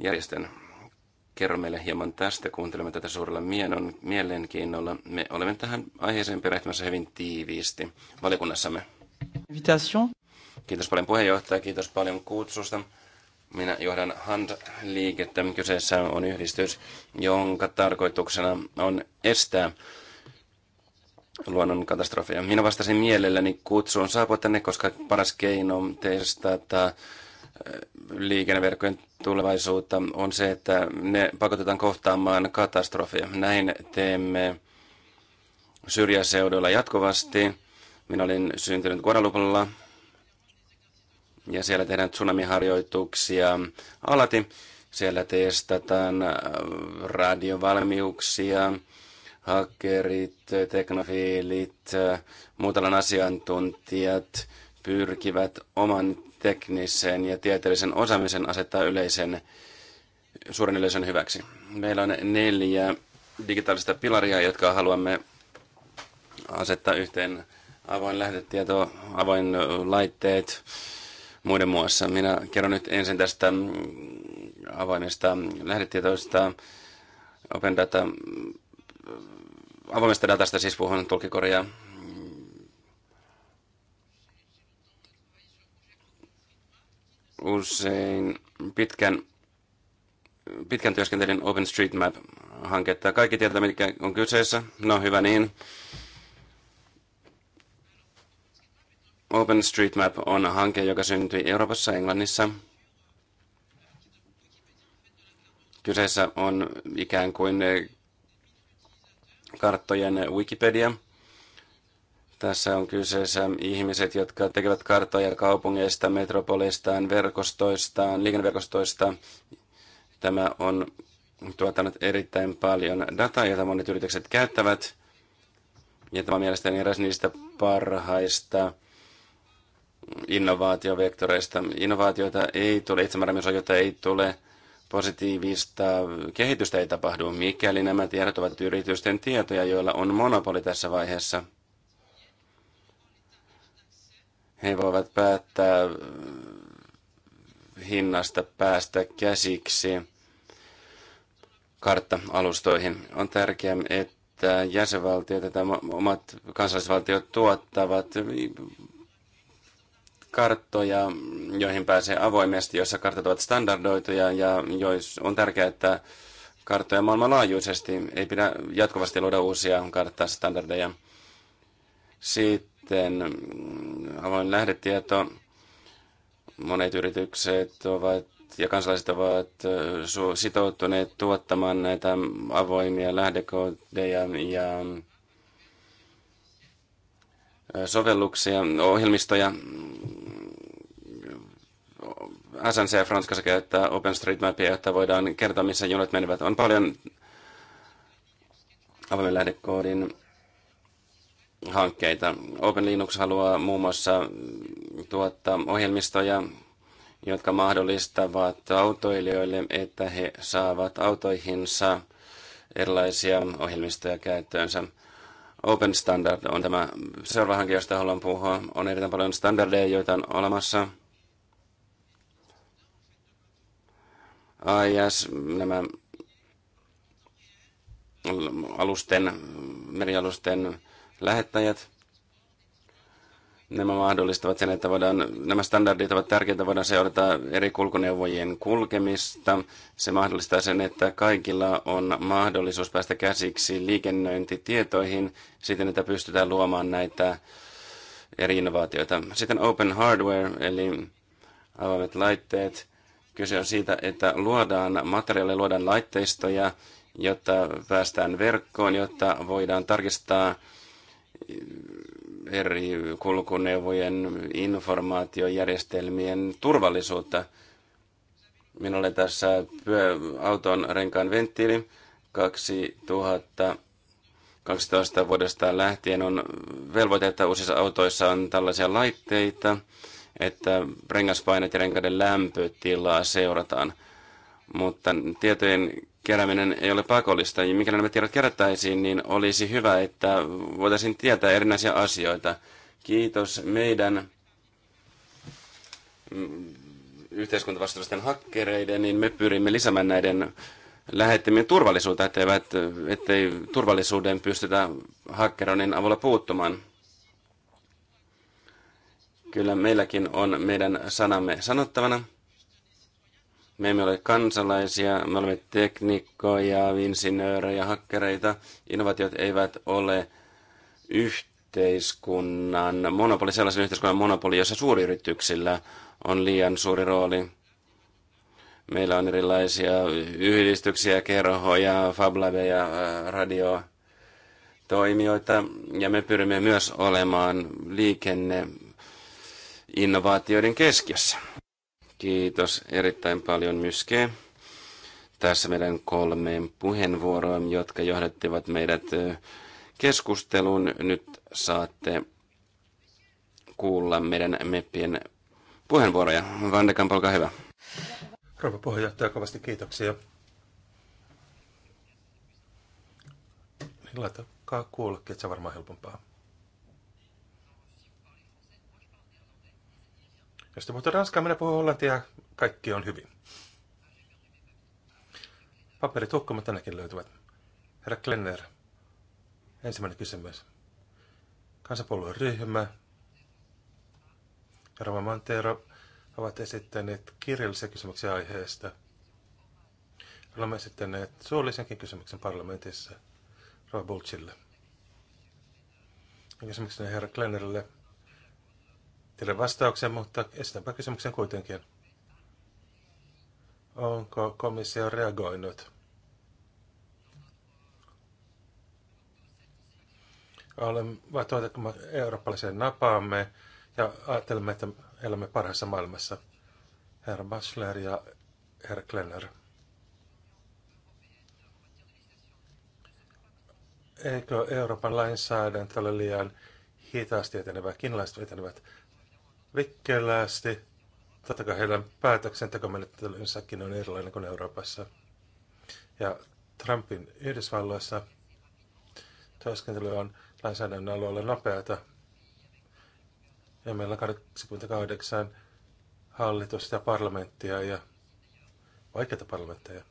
järjestön kerro meille hieman tästä. Kuuntelemme tätä suurella mienon, mielenkiinnolla. Me olemme tähän aiheeseen perehtymässä hyvin tiiviisti valikunnassamme. Invitation. Kiitos paljon puheenjohtaja, kiitos paljon kutsusta. Minä johdan Hand-liikettä. Kyseessä on yhdistys, jonka tarkoituksena on estää luonnon katastrofia. Minä vastasin mielelläni kutsuun saapua tänne, koska paras keino testata liikenneverkkojen tulevaisuutta on se, että ne pakotetaan kohtaamaan katastrofia. Näin teemme syrjäseudulla jatkuvasti. Minä olin syntynyt Guadalupalla ja siellä tehdään tsunamiharjoituksia alati. Siellä testataan radiovalmiuksia, hakkerit, teknofiilit, muutalan asiantuntijat pyrkivät oman teknisen ja tieteellisen osaamisen asettaa yleisen, suuren yleisön hyväksi. Meillä on neljä digitaalista pilaria, jotka haluamme asettaa yhteen avoin lähdetieto, avoin laitteet, muiden muassa. Minä kerron nyt ensin tästä avoimesta lähdetietoista Open Data, avoimesta datasta siis puhun tulkikorjaa usein pitkän, pitkän työskentelin OpenStreetMap-hanketta. Kaikki tietää, mitkä on kyseessä. No hyvä niin. OpenStreetMap on hanke, joka syntyi Euroopassa, Englannissa. Kyseessä on ikään kuin karttojen Wikipedia – tässä on kyseessä ihmiset, jotka tekevät karttoja kaupungeista, metropoleistaan, verkostoistaan, liikenneverkostoista. Tämä on tuottanut erittäin paljon dataa, jota monet yritykset käyttävät. Ja tämä on mielestäni eräs niistä parhaista innovaatiovektoreista. Innovaatioita ei tule, itsemääräämisoikeutta ei tule, positiivista kehitystä ei tapahdu, mikäli nämä tiedot ovat yritysten tietoja, joilla on monopoli tässä vaiheessa – he voivat päättää äh, hinnasta päästä käsiksi kartta-alustoihin. On tärkeää, että jäsenvaltiot ja omat kansallisvaltiot tuottavat karttoja, joihin pääsee avoimesti, joissa kartat ovat standardoituja ja jois on tärkeää, että karttoja maailmanlaajuisesti ei pidä jatkuvasti luoda uusia karttastandardeja. Sitten sitten mm, avoin lähdetieto. Monet yritykset ovat ja kansalaiset ovat sitoutuneet tuottamaan näitä avoimia lähdekoodeja ja sovelluksia, ohjelmistoja. SNC Franskassa käyttää OpenStreetMapia, jotta voidaan kertoa, missä junat menevät. On paljon avoimen lähdekoodin hankkeita. Open Linux haluaa muun muassa mm, tuottaa ohjelmistoja, jotka mahdollistavat autoilijoille, että he saavat autoihinsa erilaisia ohjelmistoja käyttöönsä. Open Standard on tämä seuraava hanke, josta haluan puhua. On erittäin paljon standardeja, joita on olemassa. AIS, nämä alusten, merialusten lähettäjät. Nämä mahdollistavat sen, että voidaan, nämä standardit ovat tärkeitä, voidaan seurata eri kulkuneuvojen kulkemista. Se mahdollistaa sen, että kaikilla on mahdollisuus päästä käsiksi liikennöintitietoihin siten, että pystytään luomaan näitä eri innovaatioita. Sitten open hardware, eli avaimet laitteet. Kyse on siitä, että luodaan materiaaleja, luodaan laitteistoja, jotta päästään verkkoon, jotta voidaan tarkistaa eri kulkuneuvojen, informaatiojärjestelmien turvallisuutta. Minulla on tässä auton renkaan venttiili 2012 vuodesta lähtien on velvoite, että uusissa autoissa on tällaisia laitteita, että rengaspainet ja renkaiden lämpötilaa seurataan – mutta tietojen kerääminen ei ole pakollista. Ja mikäli nämä tiedot kerättäisiin, niin olisi hyvä, että voitaisiin tietää erinäisiä asioita. Kiitos meidän mm, yhteiskuntavastuullisten hakkereiden, niin me pyrimme lisäämään näiden lähettimien turvallisuutta, etteivät, ettei turvallisuuden pystytä hakkeroinnin avulla puuttumaan. Kyllä meilläkin on meidän sanamme sanottavana. Me emme ole kansalaisia, me olemme teknikkoja, insinöörejä, hakkereita. Innovaatiot eivät ole yhteiskunnan monopoli, sellaisen yhteiskunnan monopoli, jossa suuryrityksillä on liian suuri rooli. Meillä on erilaisia yhdistyksiä, kerhoja, fablabeja, radio, toimijoita ja me pyrimme myös olemaan liikenne innovaatioiden keskiössä. Kiitos erittäin paljon Myske. Tässä meidän kolme puheenvuoroa, jotka johdattivat meidät keskusteluun. Nyt saatte kuulla meidän meppien puheenvuoroja. Vandekan, olkaa hyvä. Rouva puheenjohtaja, kovasti kiitoksia. Niin laitakaa kuulokkeet, se on varmaan helpompaa. Jos te puhutte ranskaa, minä puhun hollantia, kaikki on hyvin. Paperit hukkumat tännekin löytyvät. Herra Klenner, ensimmäinen kysymys. Kansanpuolueen ryhmä ja Rama Mantero ovat esittäneet kirjallisia kysymyksiä aiheesta. Olemme esittäneet suullisenkin kysymyksen parlamentissa Rova Bulchille. Ja kysymyksenä herra Klennerille teille vastauksen, mutta esitänpä kysymyksen kuitenkin. Onko komissio reagoinut? Olemme tuotamme eurooppalaisen napaamme ja ajattelemme, että elämme parhaassa maailmassa. Herr Basler ja Herr Klenner. Eikö Euroopan lainsäädäntö ole liian hitaasti etenevä? Kiinalaiset etenevät vikkelästi. Totta kai heidän päätöksentekomenettelynsäkin on erilainen kuin Euroopassa. Ja Trumpin Yhdysvalloissa työskentely on lainsäädännön alueella nopeata. Ja meillä on 88 hallitusta ja parlamenttia ja vaikeita parlamentteja.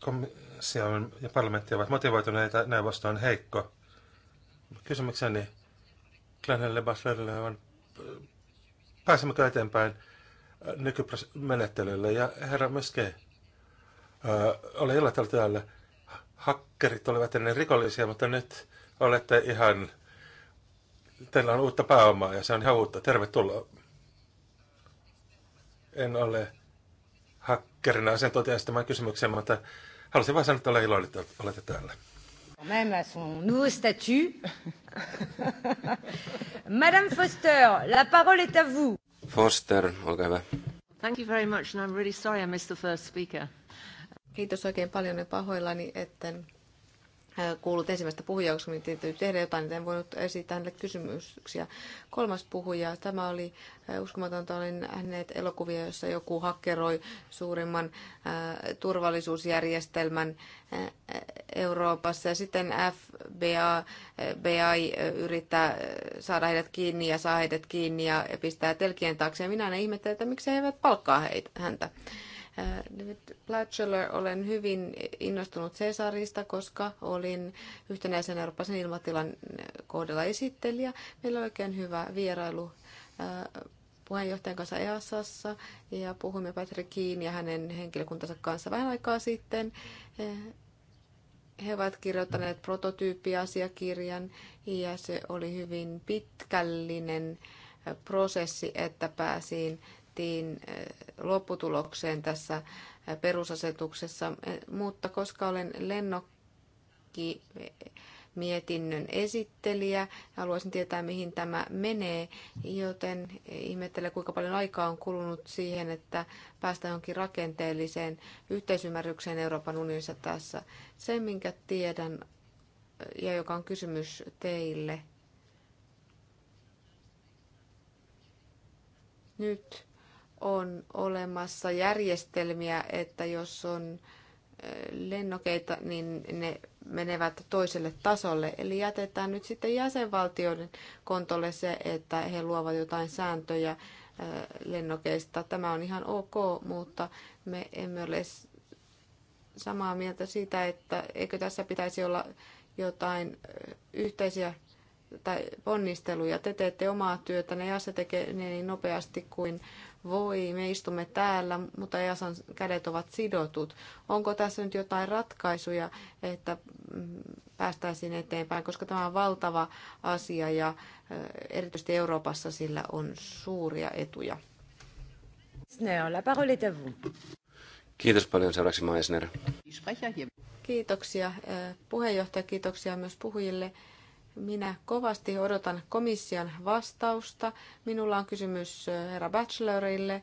Kom- komissio ja parlamentti ovat motivoituneita, neuvosto on heikko. Kysymykseni Glennelle Baslerille on, pääsemmekö eteenpäin äh, nykymenettelylle? Ja herra Möske, äh, oli illateltu täällä. Hakkerit olivat ennen rikollisia, mutta nyt olette ihan, teillä on uutta pääomaa ja se on ihan uutta. Tervetuloa. En ole hakkerina asiantuntija tämän kysymyksen, mutta Haluaisin vain sanoa, että olen iloinen, että olette täällä. Même à son nouveau statut. Madame Foster, la parole est à vous. Foster, olkaa hyvä. Thank you very much and I'm really sorry I missed the first speaker. Kiitos oikein paljon ja pahoillani, etten kuullut ensimmäistä puhujaa, koska minä täytyy tehdä jotain, niin en voinut esittää hänelle kysymyksiä. Kolmas puhuja, tämä oli uskomatonta, olin nähnyt elokuvia, jossa joku hakkeroi suurimman turvallisuusjärjestelmän Euroopassa ja sitten FBI BI yrittää saada heidät kiinni ja saa heidät kiinni ja pistää telkien taakse. Ja minä aina ihmettelen, että miksi he eivät palkkaa heitä, häntä. David Platcheller, olen hyvin innostunut Cesarista, koska olin yhtenäisen Euroopan ilmatilan kohdalla esittelijä. Meillä oli oikein hyvä vierailu äh, puheenjohtajan kanssa EASassa ja puhuimme Patrick Kiin ja hänen henkilökuntansa kanssa vähän aikaa sitten. Äh, he ovat kirjoittaneet prototyyppiasiakirjan ja se oli hyvin pitkällinen äh, prosessi, että pääsiin päästiin eh, lopputulokseen tässä eh, perusasetuksessa, eh, mutta koska olen lennokki mietinnön esittelijä. Haluaisin tietää, mihin tämä menee, joten ihmettelen, kuinka paljon aikaa on kulunut siihen, että päästään johonkin rakenteelliseen yhteisymmärrykseen Euroopan unionissa tässä. Se, minkä tiedän ja joka on kysymys teille. Nyt on olemassa järjestelmiä, että jos on lennokeita, niin ne menevät toiselle tasolle. Eli jätetään nyt sitten jäsenvaltioiden kontolle se, että he luovat jotain sääntöjä lennokeista. Tämä on ihan ok, mutta me emme ole samaa mieltä siitä, että eikö tässä pitäisi olla jotain yhteisiä tai ponnisteluja. Te teette omaa työtä, ja se tekee ne niin nopeasti kuin voi, me istumme täällä, mutta EASan kädet ovat sidotut. Onko tässä nyt jotain ratkaisuja, että mm, päästäisiin eteenpäin, koska tämä on valtava asia ja erityisesti Euroopassa sillä on suuria etuja. Kiitos paljon seuraavaksi Maisner. Kiitoksia puheenjohtaja, kiitoksia myös puhujille. Minä kovasti odotan komission vastausta. Minulla on kysymys äh, herra Bachelorille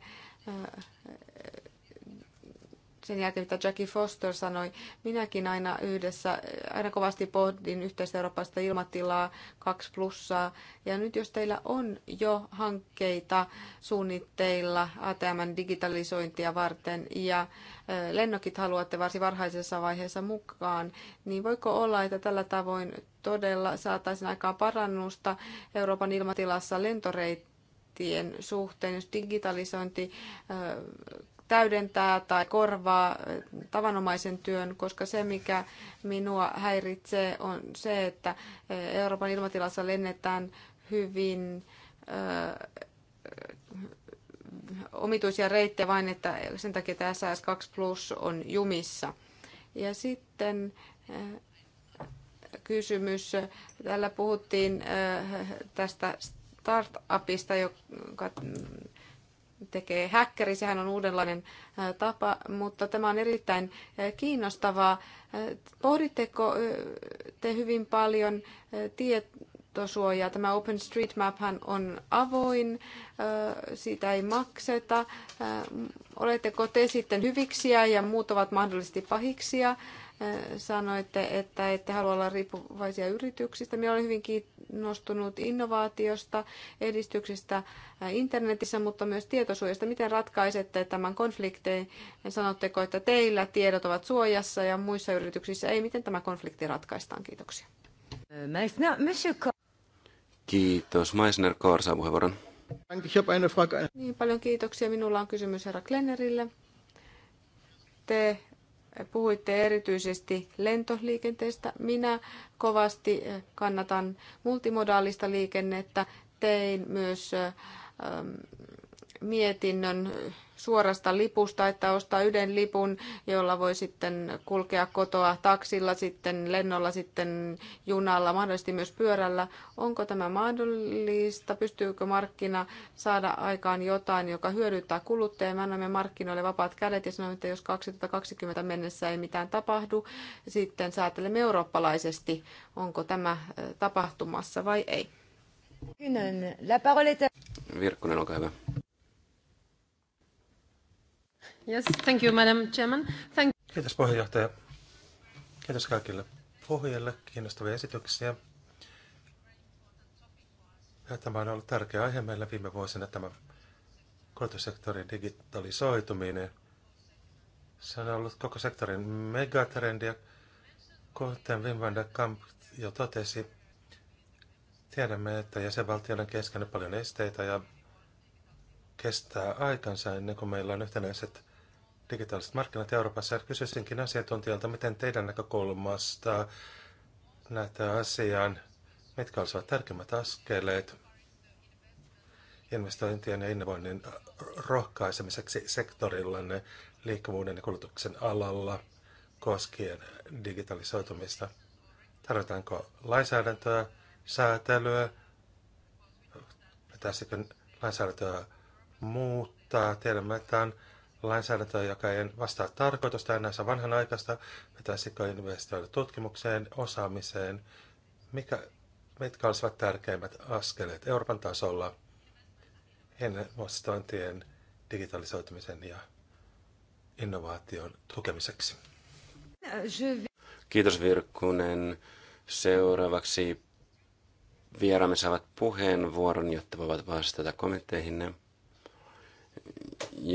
äh, sen jälkeen, mitä Jackie Foster sanoi, minäkin aina yhdessä, aina kovasti pohdin yhteistä euroopasta ilmatilaa, kaksi plussaa. Ja nyt jos teillä on jo hankkeita suunnitteilla ATMn digitalisointia varten ja lennokit haluatte varsin varhaisessa vaiheessa mukaan, niin voiko olla, että tällä tavoin todella saataisiin aikaan parannusta Euroopan ilmatilassa lentoreittien suhteen, jos digitalisointi täydentää tai korvaa tavanomaisen työn, koska se, mikä minua häiritsee, on se, että eh, Euroopan ilmatilassa lennetään hyvin eh, omituisia reittejä vain, että sen takia tämä SAS2 Plus on jumissa. Ja sitten eh, kysymys. Täällä puhuttiin tästä startupista, joka tekee häkkäri, sehän on uudenlainen tapa, mutta tämä on erittäin kiinnostavaa. Pohditteko te hyvin paljon tietosuojaa? Tämä OpenStreetMap on avoin, siitä ei makseta. Oletteko te sitten hyviksiä ja muut ovat mahdollisesti pahiksia? sanoitte, että ette halua olla riippuvaisia yrityksistä. Minä olen hyvin kiinnostunut innovaatiosta, edistyksistä internetissä, mutta myös tietosuojasta. Miten ratkaisette tämän konfliktin? Sanotteko, että teillä tiedot ovat suojassa ja muissa yrityksissä ei? Miten tämä konflikti ratkaistaan? Kiitoksia. Kiitos. Meissner saa puheenvuoron. Niin paljon kiitoksia. Minulla on kysymys herra Klennerille. Te Puhuitte erityisesti lentoliikenteestä. Minä kovasti kannatan multimodaalista liikennettä. Tein myös ähm, mietinnön suorasta lipusta, että ostaa yhden lipun, jolla voi sitten kulkea kotoa taksilla, sitten lennolla, sitten junalla, mahdollisesti myös pyörällä. Onko tämä mahdollista? Pystyykö markkina saada aikaan jotain, joka hyödyttää kuluttajia? Me annamme markkinoille vapaat kädet ja sanoin, että jos 2020 mennessä ei mitään tapahdu, sitten säätelemme eurooppalaisesti. Onko tämä äh, tapahtumassa vai ei? Virkkunen, olkaa hyvä. Yes, thank you, Madam Chairman. Thank... Kiitos puheenjohtaja. Kiitos kaikille puhujille kiinnostavia esityksiä. Ja tämä on ollut tärkeä aihe meillä viime vuosina, tämä koulutussektorin digitalisoituminen. Se on ollut koko sektorin megatrendi ja kuten Wim van der Kamp jo totesi, tiedämme, että jäsenvaltioiden kesken on paljon esteitä ja kestää aikansa ennen kuin meillä on yhtenäiset digitaaliset markkinat Euroopassa. Kysyisinkin asiantuntijalta, miten teidän näkökulmasta näitä asiaan, mitkä olisivat tärkeimmät askeleet investointien ja innovoinnin rohkaisemiseksi sektorillanne liikkuvuuden ja kulutuksen alalla koskien digitalisoitumista. Tarvitaanko lainsäädäntöä, säätelyä, pitäisikö lainsäädäntöä muuttaa? Tiedämme, että on lainsäädäntöä, joka ei vastaa tarkoitusta enää, se vanhanaikaista, pitäisikö investoida tutkimukseen, osaamiseen, mikä, mitkä olisivat tärkeimmät askeleet Euroopan tasolla investointien digitalisoitumisen ja innovaation tukemiseksi. Kiitos Virkkunen. Seuraavaksi vieraamme saavat puheenvuoron, jotta voivat vastata kommentteihinne.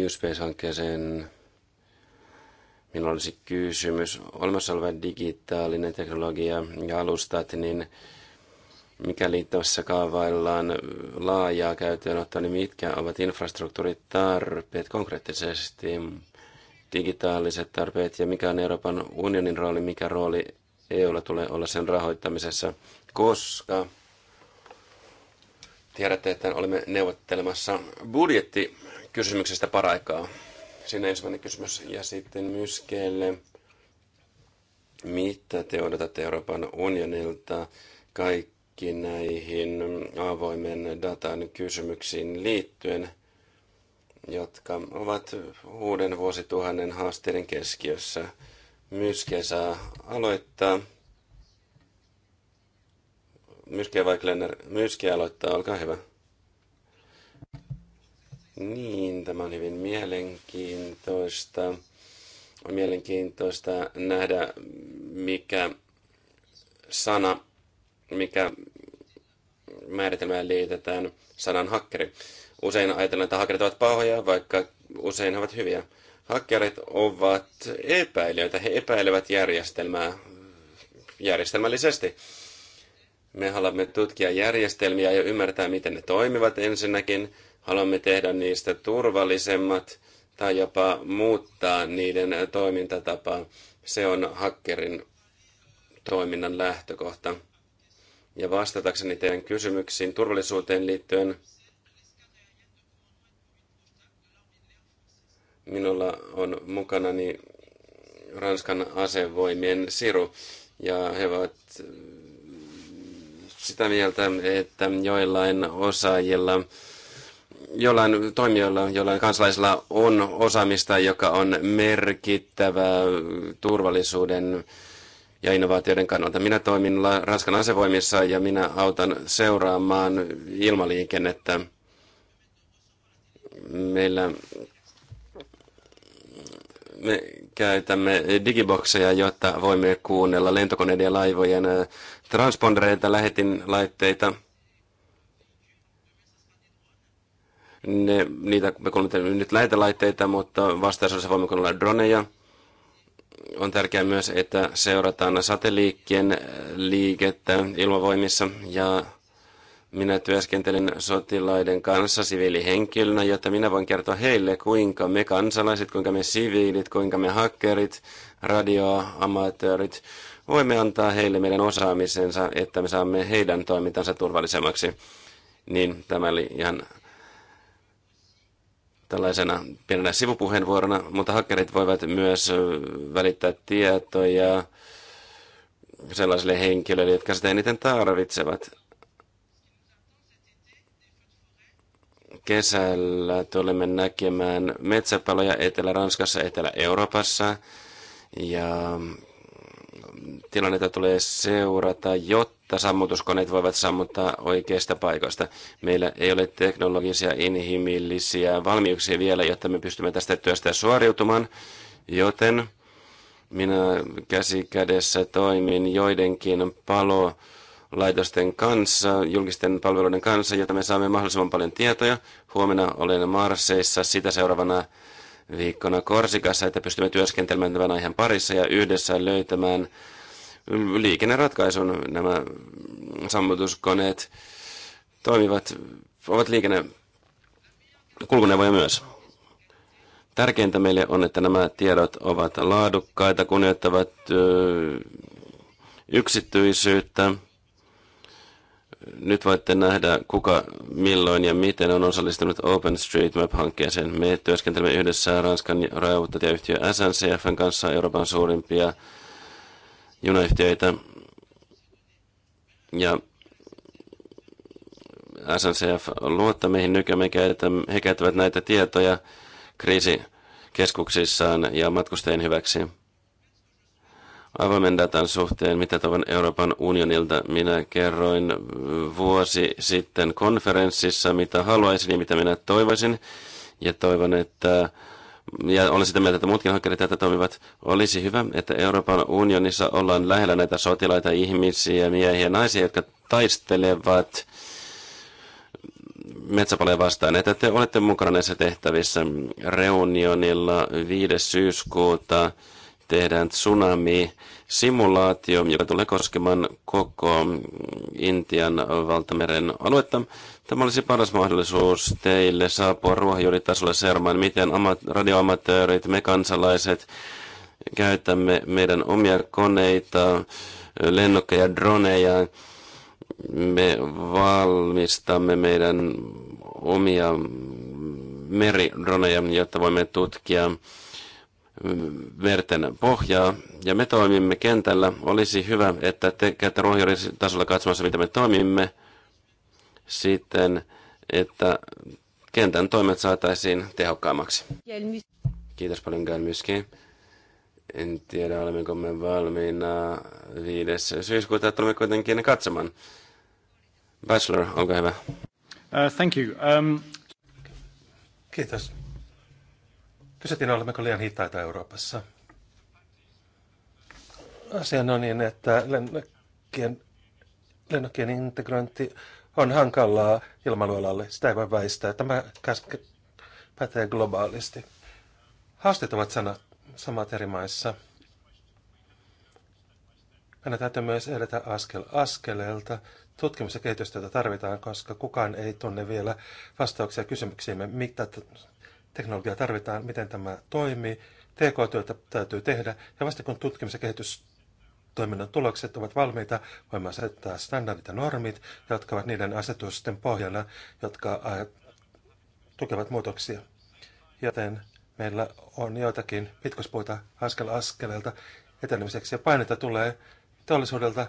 Uspace-hankkeeseen minulla olisi kysymys. Olemassa oleva digitaalinen teknologia ja alustat, niin mikä tuossa kaavaillaan laajaa käyttöönottoa, niin mitkä ovat infrastruktuuritarpeet konkreettisesti, digitaaliset tarpeet ja mikä on Euroopan unionin rooli, mikä rooli EUlla tulee olla sen rahoittamisessa, koska tiedätte, että olemme neuvottelemassa budjetti kysymyksestä paraikaa. Siinä ensimmäinen kysymys. Ja sitten Myskeelle. Mitä te odotatte Euroopan unionilta kaikki näihin avoimen datan kysymyksiin liittyen, jotka ovat uuden vuosituhannen haasteiden keskiössä? Myske saa aloittaa. Myske, Myske aloittaa, olkaa hyvä. Niin, tämä on hyvin mielenkiintoista. On mielenkiintoista nähdä, mikä sana, mikä määritelmään liitetään sanan hakkeri. Usein ajatellaan, että hakkerit ovat pahoja, vaikka usein he ovat hyviä. Hakkerit ovat epäilijöitä, he epäilevät järjestelmää järjestelmällisesti. Me haluamme tutkia järjestelmiä ja ymmärtää, miten ne toimivat ensinnäkin. Haluamme tehdä niistä turvallisemmat tai jopa muuttaa niiden toimintatapaa. Se on hakkerin toiminnan lähtökohta. Ja vastatakseni teidän kysymyksiin turvallisuuteen liittyen, minulla on mukana Ranskan asevoimien siru, ja he ovat sitä mieltä, että joillain osaajilla, jollain toimijoilla, jollain kansalaisilla on osaamista, joka on merkittävä turvallisuuden ja innovaatioiden kannalta. Minä toimin Ranskan asevoimissa ja minä autan seuraamaan ilmaliikennettä. Meillä me käytämme digibokseja, jotta voimme kuunnella lentokoneiden ja laivojen transpondereita, laitteita. Ne, niitä me kuulemme nyt lähetelaitteita, mutta vastaisuudessa voimme kuulla droneja. On tärkeää myös, että seurataan satelliikkien äh, liikettä ilmavoimissa ja minä työskentelen sotilaiden kanssa siviilihenkilönä, jotta minä voin kertoa heille, kuinka me kansalaiset, kuinka me siviilit, kuinka me hakkerit, radioamatöörit, voimme antaa heille meidän osaamisensa, että me saamme heidän toimintansa turvallisemmaksi. Niin tämä oli ihan tällaisena pienenä sivupuheenvuorona, mutta hakkerit voivat myös välittää tietoja sellaisille henkilöille, jotka sitä eniten tarvitsevat. Kesällä tulemme näkemään metsäpaloja Etelä-Ranskassa, Etelä-Euroopassa ja tilannetta tulee seurata, jotta sammutuskoneet voivat sammuttaa oikeista paikoista. Meillä ei ole teknologisia, inhimillisiä valmiuksia vielä, jotta me pystymme tästä työstä suoriutumaan, joten minä käsi kädessä toimin joidenkin palo laitosten kanssa, julkisten palveluiden kanssa, jotta me saamme mahdollisimman paljon tietoja. Huomenna olen Marseissa, sitä seuraavana viikkona Korsikassa, että pystymme työskentelemään tämän aiheen parissa ja yhdessä löytämään liikenneratkaisun nämä sammutuskoneet toimivat, ovat liikenne kulkuneuvoja myös. Tärkeintä meille on, että nämä tiedot ovat laadukkaita, kunnioittavat yksityisyyttä. Nyt voitte nähdä, kuka, milloin ja miten on osallistunut OpenStreetMap-hankkeeseen. Me työskentelemme yhdessä Ranskan rajauttajayhtiö SNCFn kanssa Euroopan suurimpia junayhtiöitä ja SNCF luottaa meihin nykyään, he käyttävät näitä tietoja kriisikeskuksissaan ja matkustajien hyväksi. Avoimen datan suhteen, mitä tavan Euroopan unionilta, minä kerroin vuosi sitten konferenssissa, mitä haluaisin ja mitä minä toivoisin. Ja toivon, että ja olen sitä mieltä, että muutkin hakkerit tätä toimivat, olisi hyvä, että Euroopan unionissa ollaan lähellä näitä sotilaita, ihmisiä, miehiä ja naisia, jotka taistelevat metsäpaleja vastaan, että te olette mukana näissä tehtävissä. Reunionilla 5. syyskuuta tehdään tsunami-simulaatio, joka tulee koskemaan koko Intian valtameren aluetta. Tämä olisi paras mahdollisuus teille saapua ruohonjuuritasolle seuraamaan, miten radioamatöörit, me kansalaiset käytämme meidän omia koneita, lennokkeja, droneja. Me valmistamme meidän omia meridroneja, jotta voimme tutkia merten pohjaa, ja me toimimme kentällä. Olisi hyvä, että te käytte ruohonjuuritasolla katsomassa, mitä me toimimme, sitten, että kentän toimet saataisiin tehokkaammaksi. Kiitos paljon Gail Myski. En tiedä, olemmeko me valmiina 5. syyskuuta, tulemme kuitenkin katsomaan. Bachelor, onko hyvä. Uh, thank you. Um... Kiitos. Kysytin, olemmeko liian hitaita Euroopassa. Asia on niin, että lennokkien, lennokkien integrointi on hankalaa ilmailualalle. Sitä ei voi väistää. Tämä käske pätee globaalisti. Haasteet ovat sanat, samat eri maissa. Meidän täytyy myös edetä askel askeleelta. Tutkimus- ja kehitystyötä tarvitaan, koska kukaan ei tunne vielä vastauksia kysymyksiimme, mitä teknologiaa tarvitaan, miten tämä toimii. TK-työtä täytyy tehdä, ja vasta kun tutkimus- ja kehitys toiminnan tulokset ovat valmiita, voimme asettaa standardit ja normit, jotka ovat niiden asetusten pohjana, jotka tukevat muutoksia. Joten meillä on joitakin pitkospuita askel askeleelta etenemiseksi ja painetta tulee teollisuudelta,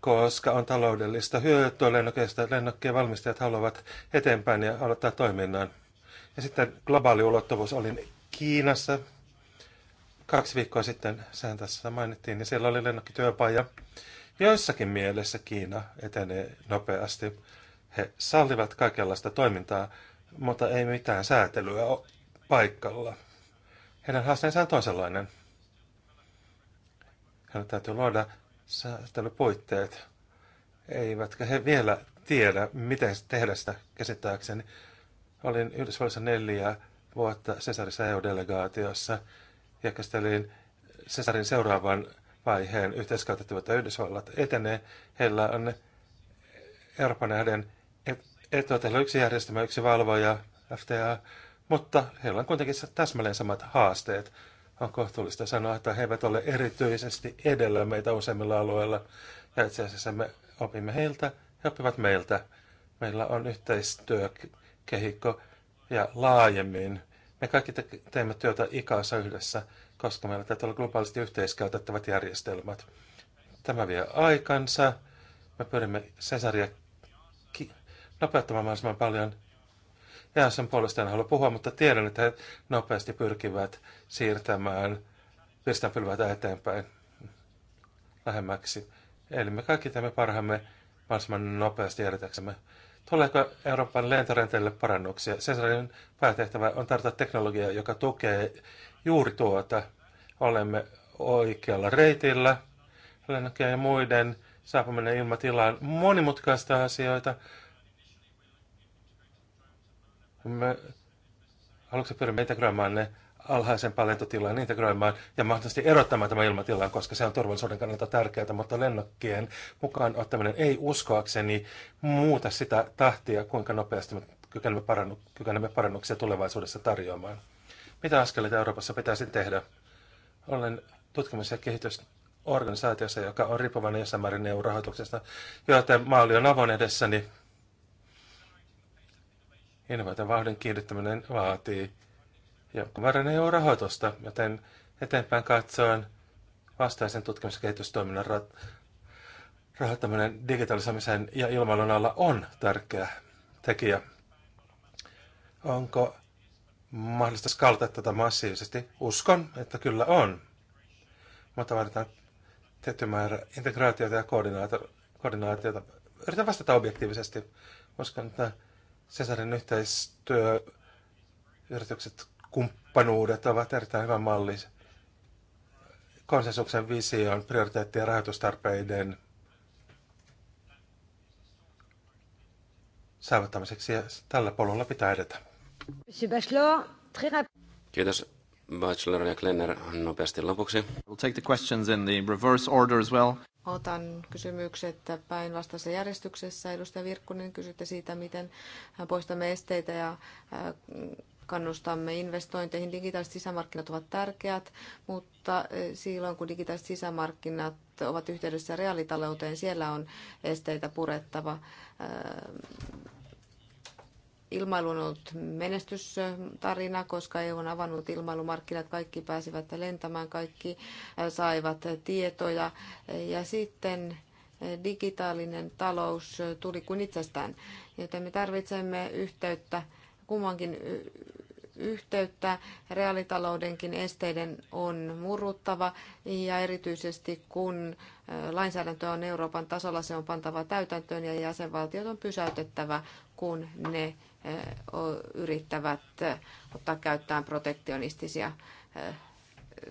koska on taloudellista hyötyä lennokeista. Lennokkien valmistajat haluavat eteenpäin ja aloittaa toiminnan. Ja sitten globaali ulottuvuus. Olin Kiinassa kaksi viikkoa sitten, sehän tässä mainittiin, niin siellä oli lennokkityöpaja. Joissakin mielessä Kiina etenee nopeasti. He sallivat kaikenlaista toimintaa, mutta ei mitään säätelyä ole paikalla. Heidän haasteensa on toisenlainen. Heidän täytyy luoda säätelypuitteet. Eivätkä he vielä tiedä, miten tehdä sitä käsittääkseni. Olin Yhdysvalloissa neljä vuotta Cesarissa EU-delegaatiossa – ja Cesarin seuraavan vaiheen yhteiskäytettävät Yhdysvallat etenee. Heillä on Euroopan nähden etua tehdä yksi järjestelmä, yksi valvoja, FTA, mutta heillä on kuitenkin täsmälleen samat haasteet. On kohtuullista sanoa, että he eivät ole erityisesti edellä meitä useimmilla alueilla. Ja itse asiassa me opimme heiltä he oppivat meiltä. Meillä on yhteistyökehikko ja laajemmin me kaikki te- teemme työtä ikässä yhdessä, koska meillä täytyy olla globaalisti yhteiskäytettävät järjestelmät. Tämä vie aikansa. Me pyrimme Cesaria ki- nopeuttamaan mahdollisimman paljon. Ja sen puolesta en halua puhua, mutta tiedän, että he nopeasti pyrkivät siirtämään virstanpylväitä eteenpäin lähemmäksi. Eli me kaikki teemme parhaamme mahdollisimman nopeasti edetäksemme. Tuleeko Euroopan lentorenteille parannuksia? Sensorin päätehtävä on tarjota teknologiaa, joka tukee juuri tuota. Olemme oikealla reitillä. Lennokkien ja muiden saapuminen ilmatilaan monimutkaista asioita. Me aluksi pyrimme integroimaan ne alhaisempaan lentotilaan integroimaan ja mahdollisesti erottamaan tämän ilmatilan, koska se on turvallisuuden kannalta tärkeää, mutta lennokkien mukaan ottaminen ei uskoakseni muuta sitä tahtia, kuinka nopeasti me kykenemme, parannu, kykenemme parannuksia tulevaisuudessa tarjoamaan. Mitä askeleita Euroopassa pitäisi tehdä? Olen tutkimus- ja kehitysorganisaatiossa, joka on riippuvainen jossain määrin EU-rahoituksesta, joten maali on avoin edessäni. Innovaatio vauhdin kiinnittäminen vaatii jonka verran EU-rahoitusta, joten eteenpäin katsoen vastaisen tutkimus- ja kehitystoiminnan ra- rahoittaminen digitalisoimisen ja ilmailun alla on tärkeä tekijä. Onko mahdollista skalata tätä massiivisesti? Uskon, että kyllä on. Mutta vaaditaan tietty määrä integraatiota ja koordinaatiota. Yritän vastata objektiivisesti. Uskon, että Cesarin yhteistyöyritykset kumppanuudet ovat erittäin hyvä malli konsensuksen vision, prioriteettien ja rahoitustarpeiden saavuttamiseksi ja tällä polulla pitää edetä. Kiitos. Bachelor ja Klenner nopeasti lopuksi. We'll take the questions in the reverse order as well. Otan kysymykset päinvastaisessa järjestyksessä. Edustaja Virkkunen, kysytte siitä, miten poistamme esteitä ja äh, kannustamme investointeihin. Digitaaliset sisämarkkinat ovat tärkeät, mutta eh, silloin kun digitaaliset sisämarkkinat ovat yhteydessä reaalitalouteen, siellä on esteitä purettava. Eh, ilmailu on ollut menestystarina, koska EU on avannut ilmailumarkkinat, kaikki pääsivät lentämään, kaikki eh, saivat tietoja ja sitten digitaalinen talous tuli kuin itsestään, joten me tarvitsemme yhteyttä kummankin yhteyttä. Reaalitaloudenkin esteiden on murruttava ja erityisesti kun lainsäädäntö on Euroopan tasolla, se on pantava täytäntöön ja jäsenvaltiot on pysäytettävä, kun ne yrittävät ottaa käyttöön protektionistisia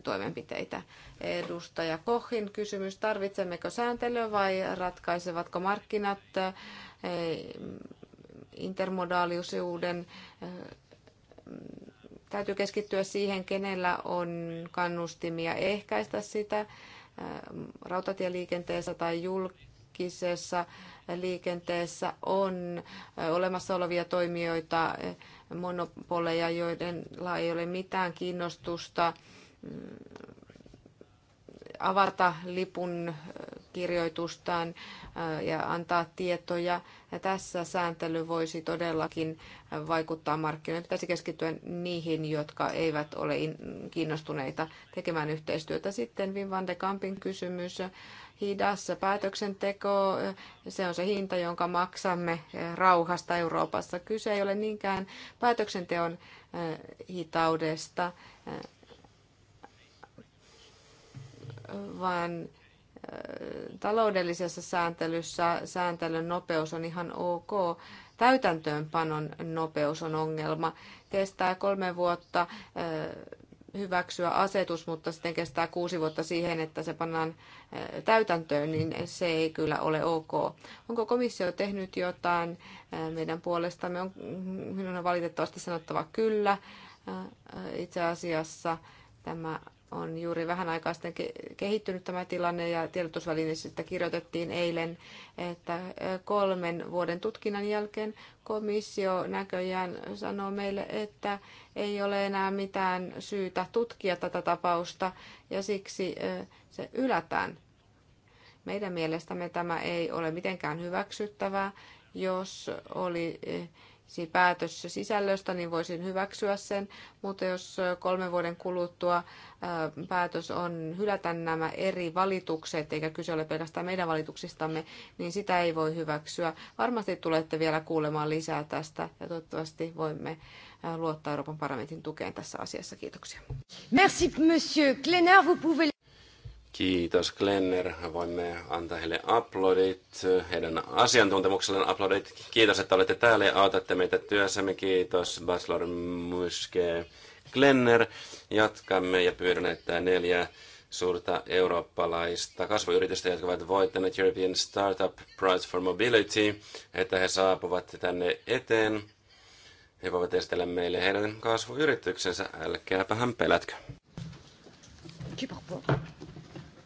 toimenpiteitä. Edustaja Kohin kysymys, tarvitsemmeko sääntelyä vai ratkaisevatko markkinat intermodaaliusiuden täytyy keskittyä siihen, kenellä on kannustimia ehkäistä sitä äh, rautatieliikenteessä tai julkisessa liikenteessä on äh, olemassa olevia toimijoita, äh, monopoleja, joiden ei ole mitään kiinnostusta mm, avata lipun kirjoitustaan äh, ja antaa tietoja. Ja tässä sääntely voisi todellakin äh, vaikuttaa markkinoille. Pitäisi keskittyä niihin, jotka eivät ole kiinnostuneita tekemään yhteistyötä. Sitten Wim van de Kampin kysymys. Hidas päätöksenteko, äh, se on se hinta, jonka maksamme rauhasta Euroopassa. Kyse ei ole niinkään päätöksenteon hitaudesta, vaan taloudellisessa sääntelyssä sääntelyn nopeus on ihan ok. Täytäntöönpanon nopeus on ongelma. Kestää kolme vuotta hyväksyä asetus, mutta sitten kestää kuusi vuotta siihen, että se pannaan täytäntöön, niin se ei kyllä ole ok. Onko komissio tehnyt jotain meidän puolestamme? On, minun on valitettavasti sanottava kyllä. Itse asiassa tämä on juuri vähän aikaa sitten kehittynyt tämä tilanne ja tiedotusvälineistä kirjoitettiin eilen, että kolmen vuoden tutkinnan jälkeen komissio näköjään sanoo meille, että ei ole enää mitään syytä tutkia tätä tapausta ja siksi se ylätään. Meidän mielestämme tämä ei ole mitenkään hyväksyttävää, jos oli Siis päätös sisällöstä, niin voisin hyväksyä sen, mutta jos kolmen vuoden kuluttua päätös on hylätä nämä eri valitukset, eikä kyse ole pelkästään meidän valituksistamme, niin sitä ei voi hyväksyä. Varmasti tulette vielä kuulemaan lisää tästä ja toivottavasti voimme luottaa Euroopan parlamentin tukeen tässä asiassa. Kiitoksia. Merci, monsieur Kleiner. Vous pouvez... Kiitos Glenner. Voimme antaa heille uploadit, heidän asiantuntemukselleen uploadit. Kiitos, että olette täällä ja autatte meitä työssämme. Kiitos Baslor Muske Glenner. Jatkamme ja pyydän, että neljä suurta eurooppalaista kasvuyritystä, jotka ovat voittaneet European Startup Prize for Mobility, että he saapuvat tänne eteen. He voivat esitellä meille heidän kasvuyrityksensä. hän pelätkö. Kiitos.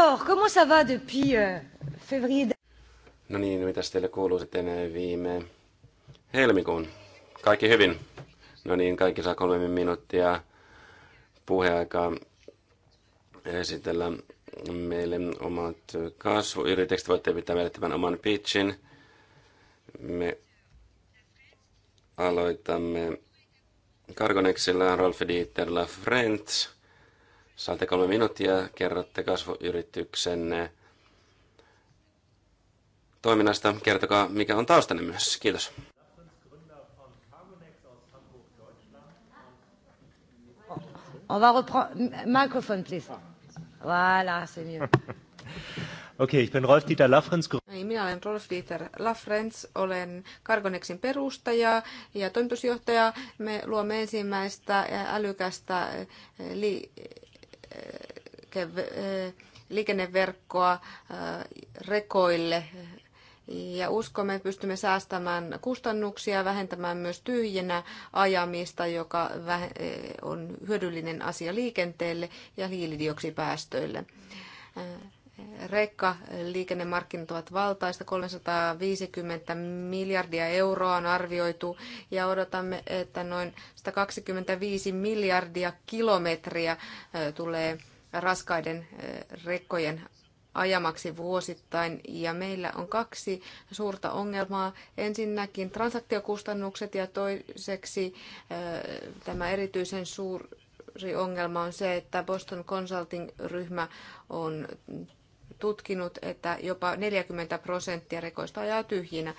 Alors, comment ça va depuis euh, février? No niin, mitäs teille kuuluu sitten eh, viime helmikuun? Kaikki hyvin. No niin, kaikki saa kolme minuuttia puheaikaa esitellä meille omat kasvuyritykset. Voitte pitää meille tämän oman pitchin. Me aloitamme Cargonexilla, Rolf Dieterla, Friends – Saatte kolme minuuttia, kerrotte kasvuyrityksenne toiminnasta. Kertokaa, mikä on taustanne myös. Kiitos. On va reprendre... Microphone, please. Voilà, c'est mieux. Okei, okay, Rolf Dieter Lafrenz. Niin, minä olen Rolf Dieter Lafrenz, olen Cargonexin perustaja ja toimitusjohtaja. Me luomme ensimmäistä älykästä eh, li- liikenneverkkoa rekoille ja uskomme, että pystymme säästämään kustannuksia, vähentämään myös tyhjänä ajamista, joka on hyödyllinen asia liikenteelle ja hiilidioksipäästöille. Rekka-liikennemarkkinat ovat valtaista, 350 miljardia euroa on arvioitu ja odotamme, että noin 125 miljardia kilometriä tulee raskaiden rekkojen ajamaksi vuosittain ja meillä on kaksi suurta ongelmaa. Ensinnäkin transaktiokustannukset ja toiseksi tämä erityisen suuri ongelma on se, että Boston Consulting-ryhmä on tutkinut, että jopa 40 prosenttia rekoista ajaa tyhjinä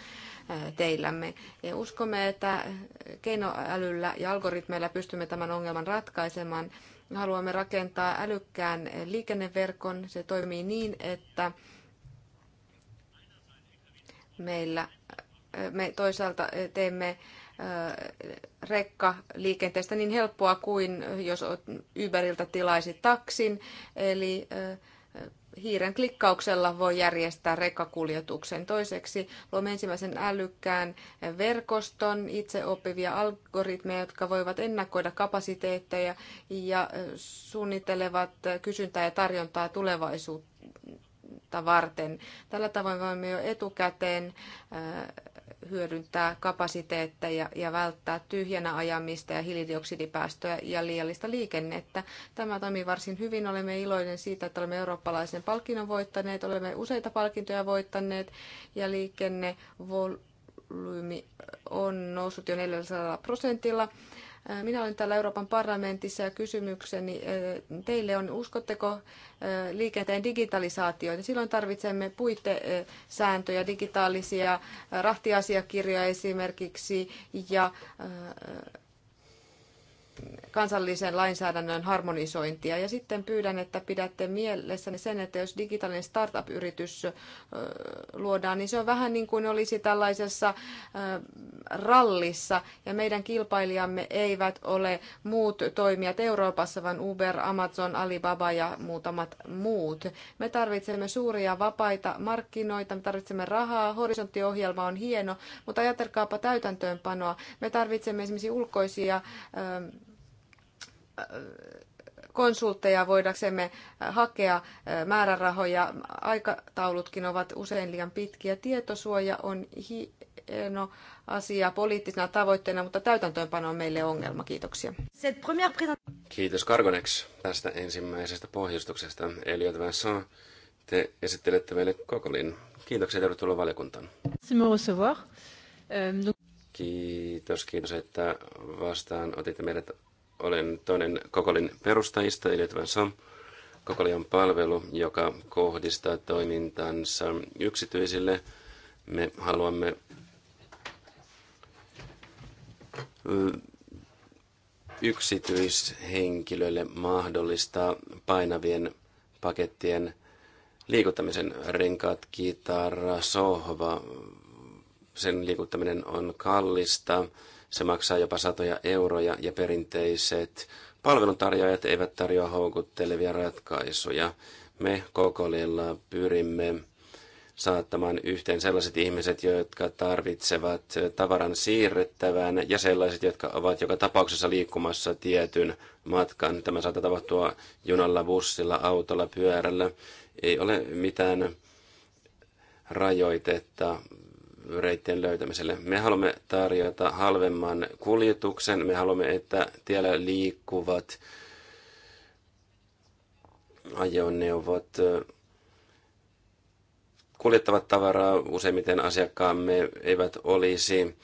teillämme. Ja uskomme, että keinoälyllä ja algoritmeilla pystymme tämän ongelman ratkaisemaan. Haluamme rakentaa älykkään liikenneverkon. Se toimii niin, että meillä me toisaalta teemme rekka liikenteestä niin helppoa kuin jos Uberilta tilaisi taksin. Eli hiiren klikkauksella voi järjestää rekkakuljetuksen. Toiseksi luomme ensimmäisen älykkään verkoston oppivia algoritmeja, jotka voivat ennakoida kapasiteetteja ja suunnittelevat kysyntää ja tarjontaa tulevaisuutta varten. Tällä tavoin voimme jo etukäteen äh, hyödyntää kapasiteetteja ja välttää tyhjänä ajamista ja hiilidioksidipäästöjä ja liiallista liikennettä. Tämä toimii varsin hyvin. Olemme iloinen siitä, että olemme eurooppalaisen palkinnon voittaneet. Olemme useita palkintoja voittaneet ja liikennevolyymi on noussut jo 400 prosentilla Äh, minä olen täällä Euroopan parlamentissa ja kysymykseni äh, teille on, uskotteko äh, liikenteen digitalisaatioon? Silloin tarvitsemme puitesääntöjä, digitaalisia rahtiasiakirjoja esimerkiksi ja kansallisen lainsäädännön harmonisointia. Ja sitten pyydän, että pidätte mielessäni sen, että jos digitaalinen startup-yritys luodaan, niin se on vähän niin kuin olisi tällaisessa rallissa. Ja meidän kilpailijamme eivät ole muut toimijat Euroopassa, vaan Uber, Amazon, Alibaba ja muutamat muut. Me tarvitsemme suuria vapaita markkinoita, me tarvitsemme rahaa, horisonttiohjelma on hieno, mutta ajatelkaapa täytäntöönpanoa. Me tarvitsemme esimerkiksi ulkoisia konsultteja voidaksemme hakea määrärahoja. Aikataulutkin ovat usein liian pitkiä. Tietosuoja on hieno asia poliittisena tavoitteena, mutta täytäntöönpano on meille ongelma. Kiitoksia. Kiitos Kargonex tästä ensimmäisestä pohjustuksesta. Eliot Vincent, te esittelette meille Kokolin. Kiitoksia ja tervetuloa valiokuntaan. Euh, kiitos, kiitos, että vastaan otitte meidät olen toinen Kokolin perustajista, eli Sam. Kokoli on palvelu, joka kohdistaa toimintansa yksityisille. Me haluamme yksityishenkilöille mahdollistaa painavien pakettien liikuttamisen. Renkaat, kitara, sohva, sen liikuttaminen on kallista se maksaa jopa satoja euroja ja perinteiset palveluntarjoajat eivät tarjoa houkuttelevia ratkaisuja. Me kokolilla pyrimme saattamaan yhteen sellaiset ihmiset, jotka tarvitsevat tavaran siirrettävän ja sellaiset, jotka ovat joka tapauksessa liikkumassa tietyn matkan. Tämä saattaa tapahtua junalla, bussilla, autolla, pyörällä. Ei ole mitään rajoitetta reittien löytämiselle. Me haluamme tarjota halvemman kuljetuksen, me haluamme, että tiellä liikkuvat ajoneuvot kuljettavat tavaraa, useimmiten asiakkaamme eivät olisi,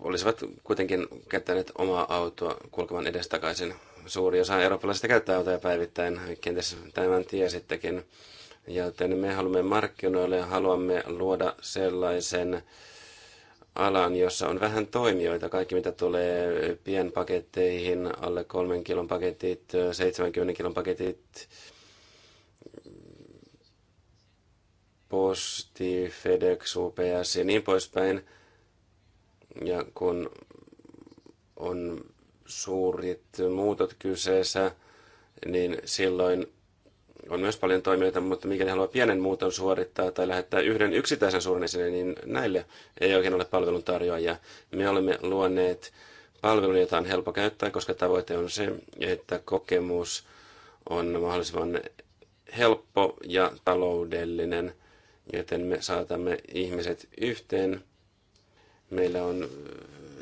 olisivat kuitenkin käyttäneet omaa autoa kulkevan edestakaisin. Suuri osa eurooppalaisista käyttää autoja päivittäin, kenties tämän tiesittekin. sittenkin Joten me haluamme markkinoille ja haluamme luoda sellaisen alan, jossa on vähän toimijoita. Kaikki mitä tulee pienpaketteihin, alle kolmen kilon paketit, 70 kilon paketit, posti, FedEx, UPS ja niin poispäin. Ja kun on suurit muutot kyseessä, niin silloin on myös paljon toimijoita, mutta mikäli haluaa pienen muuton suorittaa tai lähettää yhden yksittäisen suuren esineen, niin näille ei oikein ole palveluntarjoajia. Me olemme luoneet palvelun, jota on helppo käyttää, koska tavoite on se, että kokemus on mahdollisimman helppo ja taloudellinen, joten me saatamme ihmiset yhteen. Meillä on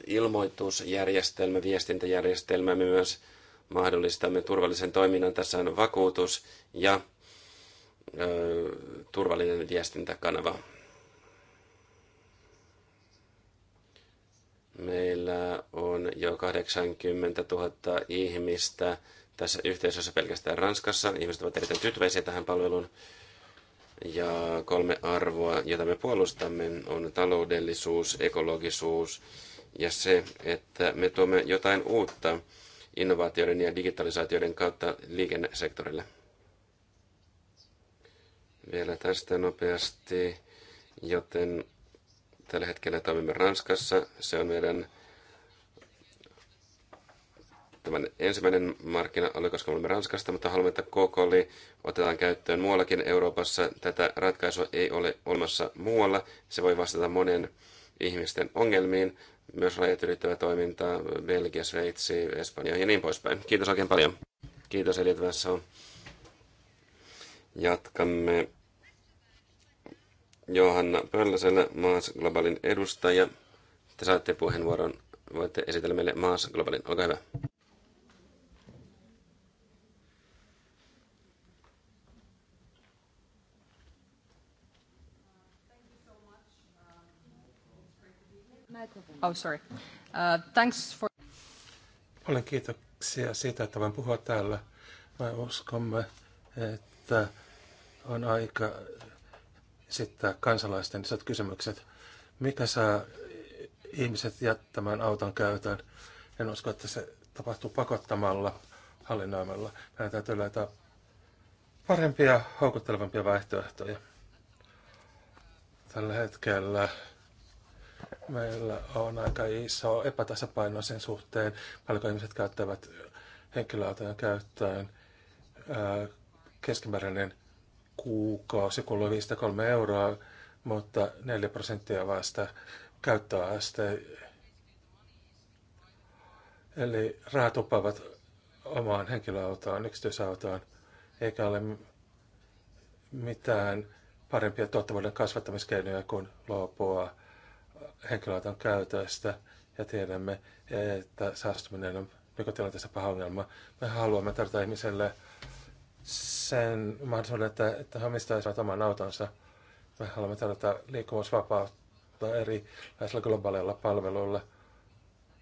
ilmoitusjärjestelmä, viestintäjärjestelmä, me myös mahdollistamme turvallisen toiminnan. Tässä on vakuutus ja ö, turvallinen viestintäkanava. Meillä on jo 80 000 ihmistä tässä yhteisössä pelkästään Ranskassa. Ihmiset ovat erittäin tyytyväisiä tähän palveluun. Ja kolme arvoa, jota me puolustamme, on taloudellisuus, ekologisuus ja se, että me tuomme jotain uutta innovaatioiden ja digitalisaatioiden kautta liikennesektorille. Vielä tästä nopeasti, joten tällä hetkellä toimimme Ranskassa. Se on meidän tämän ensimmäinen markkina oli, koska olemme Ranskasta, mutta haluamme, että kokoli otetaan käyttöön muuallakin Euroopassa. Tätä ratkaisua ei ole olemassa muualla. Se voi vastata monen ihmisten ongelmiin, myös rajat ylittävää toimintaa, Belgia, Sveitsi, Espanja ja niin poispäin. Kiitos oikein paljon. Kiitos Elit on. Jatkamme Johanna Pölläsellä, Maas Globalin edustaja. Te saatte puheenvuoron. Voitte esitellä meille Maas Globalin. Olkaa hyvä. Oh, sorry. Uh, thanks for... Olen kiitoksia siitä, että voin puhua täällä. Mä uskomme, että on aika esittää kansalaisten isot kysymykset. Mikä saa ihmiset jättämään auton käytön? En usko, että se tapahtuu pakottamalla, hallinnoimalla. Meidän täytyy löytää parempia, houkuttelevampia vaihtoehtoja. Tällä hetkellä meillä on aika iso epätasapaino sen suhteen, paljonko ihmiset käyttävät henkilöautoja käyttöön. Keskimääräinen kuukausi kuluu 53 euroa, mutta 4 prosenttia vasta käyttöaste. Eli rahat upaavat omaan henkilöautoon, yksityisautoon, eikä ole mitään parempia tuottavuuden kasvattamiskeinoja kuin luopua henkilöauton käytöstä ja tiedämme, että saastuminen on nykytilanteessa paha ongelma. Me haluamme tarjota ihmiselle sen mahdollisuuden, että, että he omistaisivat oman autonsa. Me haluamme tarjota liikkuvuusvapautta erilaisilla globaaleilla palveluilla.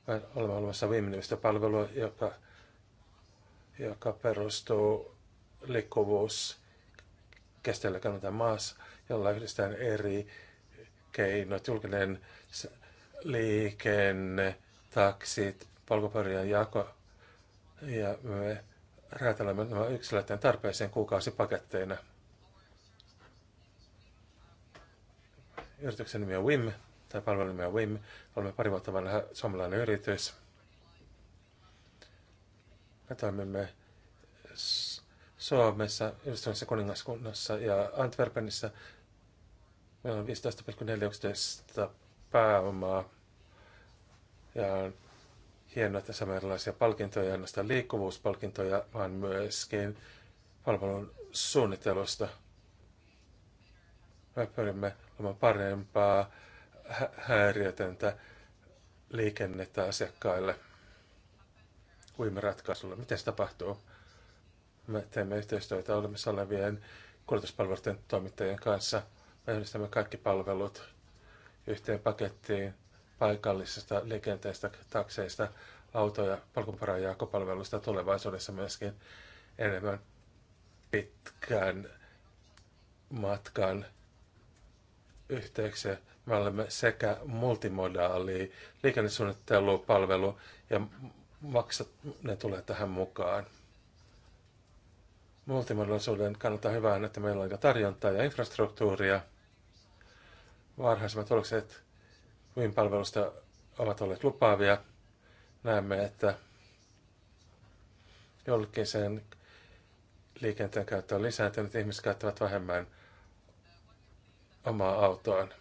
Me olemme olemassa viimeinen palvelu, joka, joka perustuu liikkuvuus kestävällä kannalta maassa, jolla yhdistetään eri keinot, julkinen liikenne, taksit, polkupyörien jako. Ja me räätälöimme nämä yksilöiden tarpeeseen kuukausipaketteina. Yrityksen nimi on WIM, tai palvelun nimi on WIM. Olemme pari vuotta vanha suomalainen yritys. Me toimimme Suomessa, Yhdistyneessä kuningaskunnassa ja Antwerpenissä. Meillä on 15,4 pääomaa ja on hienoa, että saamme erilaisia palkintoja, ainoastaan liikkuvuuspalkintoja, vaan myöskin palvelun suunnittelusta. Me pyrimme olemaan parempaa, hä- häiriötöntä liikennettä asiakkaille uimme ratkaisulla. Miten se tapahtuu? Me teemme yhteistyötä olemassa olevien kuljetuspalveluiden toimittajien kanssa – yhdistämme kaikki palvelut yhteen pakettiin paikallisesta liikenteestä, takseista, autoja, polkupyöräjääkopalveluista tulevaisuudessa myöskin enemmän pitkän matkan yhteyksiä. Me olemme sekä multimodaali, liikennesuunnittelupalvelu ja maksat, ne tulee tähän mukaan. Multimodaalisuuden kannalta hyvää, että meillä on jo tarjontaa ja infrastruktuuria – Varhaisimmat tulokset WIM-palvelusta ovat olleet lupaavia. Näemme, että jollekin sen liikenteen käyttö on lisääntynyt, ihmiset käyttävät vähemmän omaa autoaan.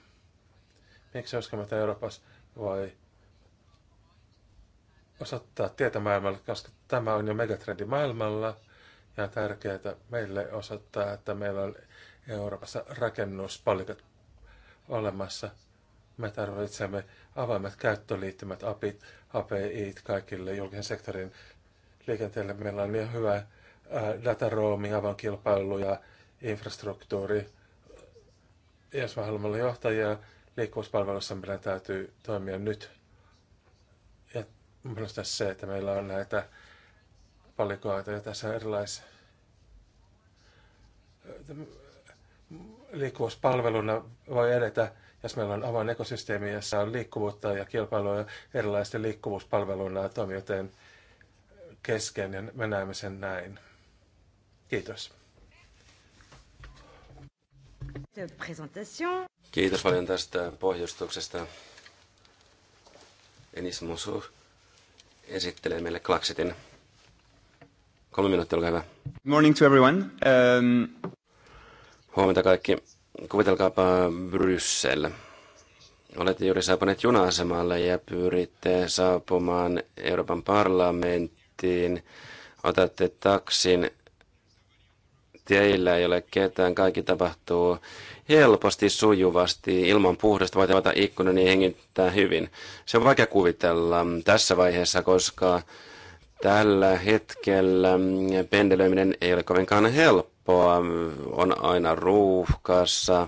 Miksi uskomme, että Euroopassa voi osoittaa tietä maailmalle, koska tämä on jo megatrendi maailmalla ja on tärkeää meille osoittaa, että meillä on Euroopassa rakennuspalikat olemassa. Me tarvitsemme avaimet käyttöliittymät, APIt, APIit kaikille julkisen sektorin liikenteelle. Meillä on niin hyvä äh, dataroomi, kilpailu ja infrastruktuuri. Jos me haluamme olla johtajia liikkuvuuspalveluissa, meidän täytyy toimia nyt. Ja minusta se, että meillä on näitä palikoita ja tässä on erilaisia liikkuvuuspalveluna voi edetä, jos meillä on avoin ekosysteemi, jossa on liikkuvuutta ja kilpailua erilaisten liikkuvuuspalveluina ja toimijoiden kesken, ja me näemme sen näin. Kiitos. Kiitos paljon tästä pohjustuksesta. Enis Musu esittelee meille Klaksitin. Kolme minuuttia, olkaa hyvä. Morning to everyone. Um... Huomenta kaikki. Kuvitelkaapa Bryssel. Olette juuri saapuneet juna-asemalle ja pyritte saapumaan Euroopan parlamenttiin. Otatte taksin. Teillä ei ole ketään. Kaikki tapahtuu helposti, sujuvasti, ilman puhdasta. Voit avata ikkunan niin hengittää hyvin. Se on vaikea kuvitella tässä vaiheessa, koska tällä hetkellä pendelöiminen ei ole kovinkaan helppo helppoa, on aina ruuhkassa,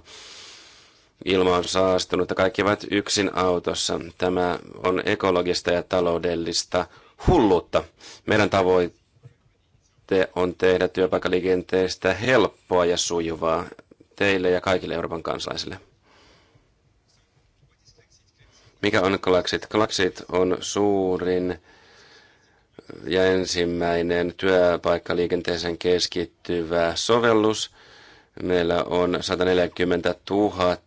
ilma on saastunut ja kaikki ovat yksin autossa. Tämä on ekologista ja taloudellista hulluutta. Meidän tavoite on tehdä työpaikaliikenteestä helppoa ja sujuvaa teille ja kaikille Euroopan kansalaisille. Mikä on Klaxit? Klaxit on suurin ja ensimmäinen työpaikkaliikenteeseen keskittyvä sovellus. Meillä on 140 000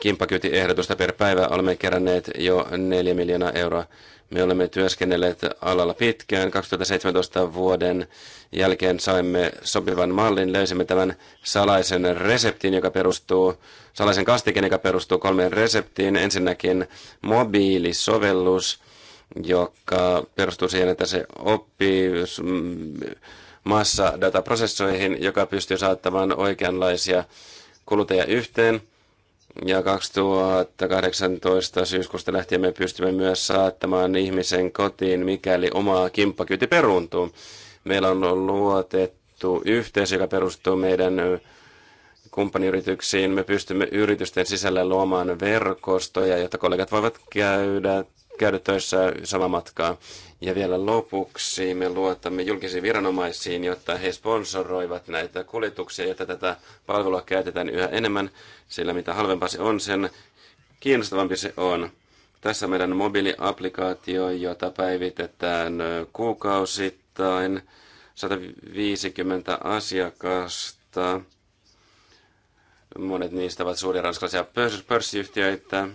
kimppakyytiehdotusta per päivä. Olemme keränneet jo 4 miljoonaa euroa. Me olemme työskennelleet alalla pitkään. 2017 vuoden jälkeen saimme sopivan mallin. Löysimme tämän salaisen reseptin, joka perustuu, salaisen kastikin, joka perustuu kolmeen reseptiin. Ensinnäkin mobiilisovellus, joka perustuu siihen, että se oppii massadataprosessoihin, joka pystyy saattamaan oikeanlaisia kuluttajia yhteen. Ja 2018 syyskuusta lähtien me pystymme myös saattamaan ihmisen kotiin, mikäli oma kimppakyyti peruuntuu. Meillä on luotettu yhteys, joka perustuu meidän kumppaniyrityksiin. Me pystymme yritysten sisällä luomaan verkostoja, jotta kollegat voivat käydä käydä töissä sama Ja vielä lopuksi me luotamme julkisiin viranomaisiin, jotta he sponsoroivat näitä kuljetuksia, jotta tätä palvelua käytetään yhä enemmän, sillä mitä halvempaa se on, sen kiinnostavampi se on. Tässä on meidän mobiiliaplikaatio, jota päivitetään kuukausittain, 150 asiakasta. Monet niistä ovat suuria ranskalaisia pörssiyhtiöitä.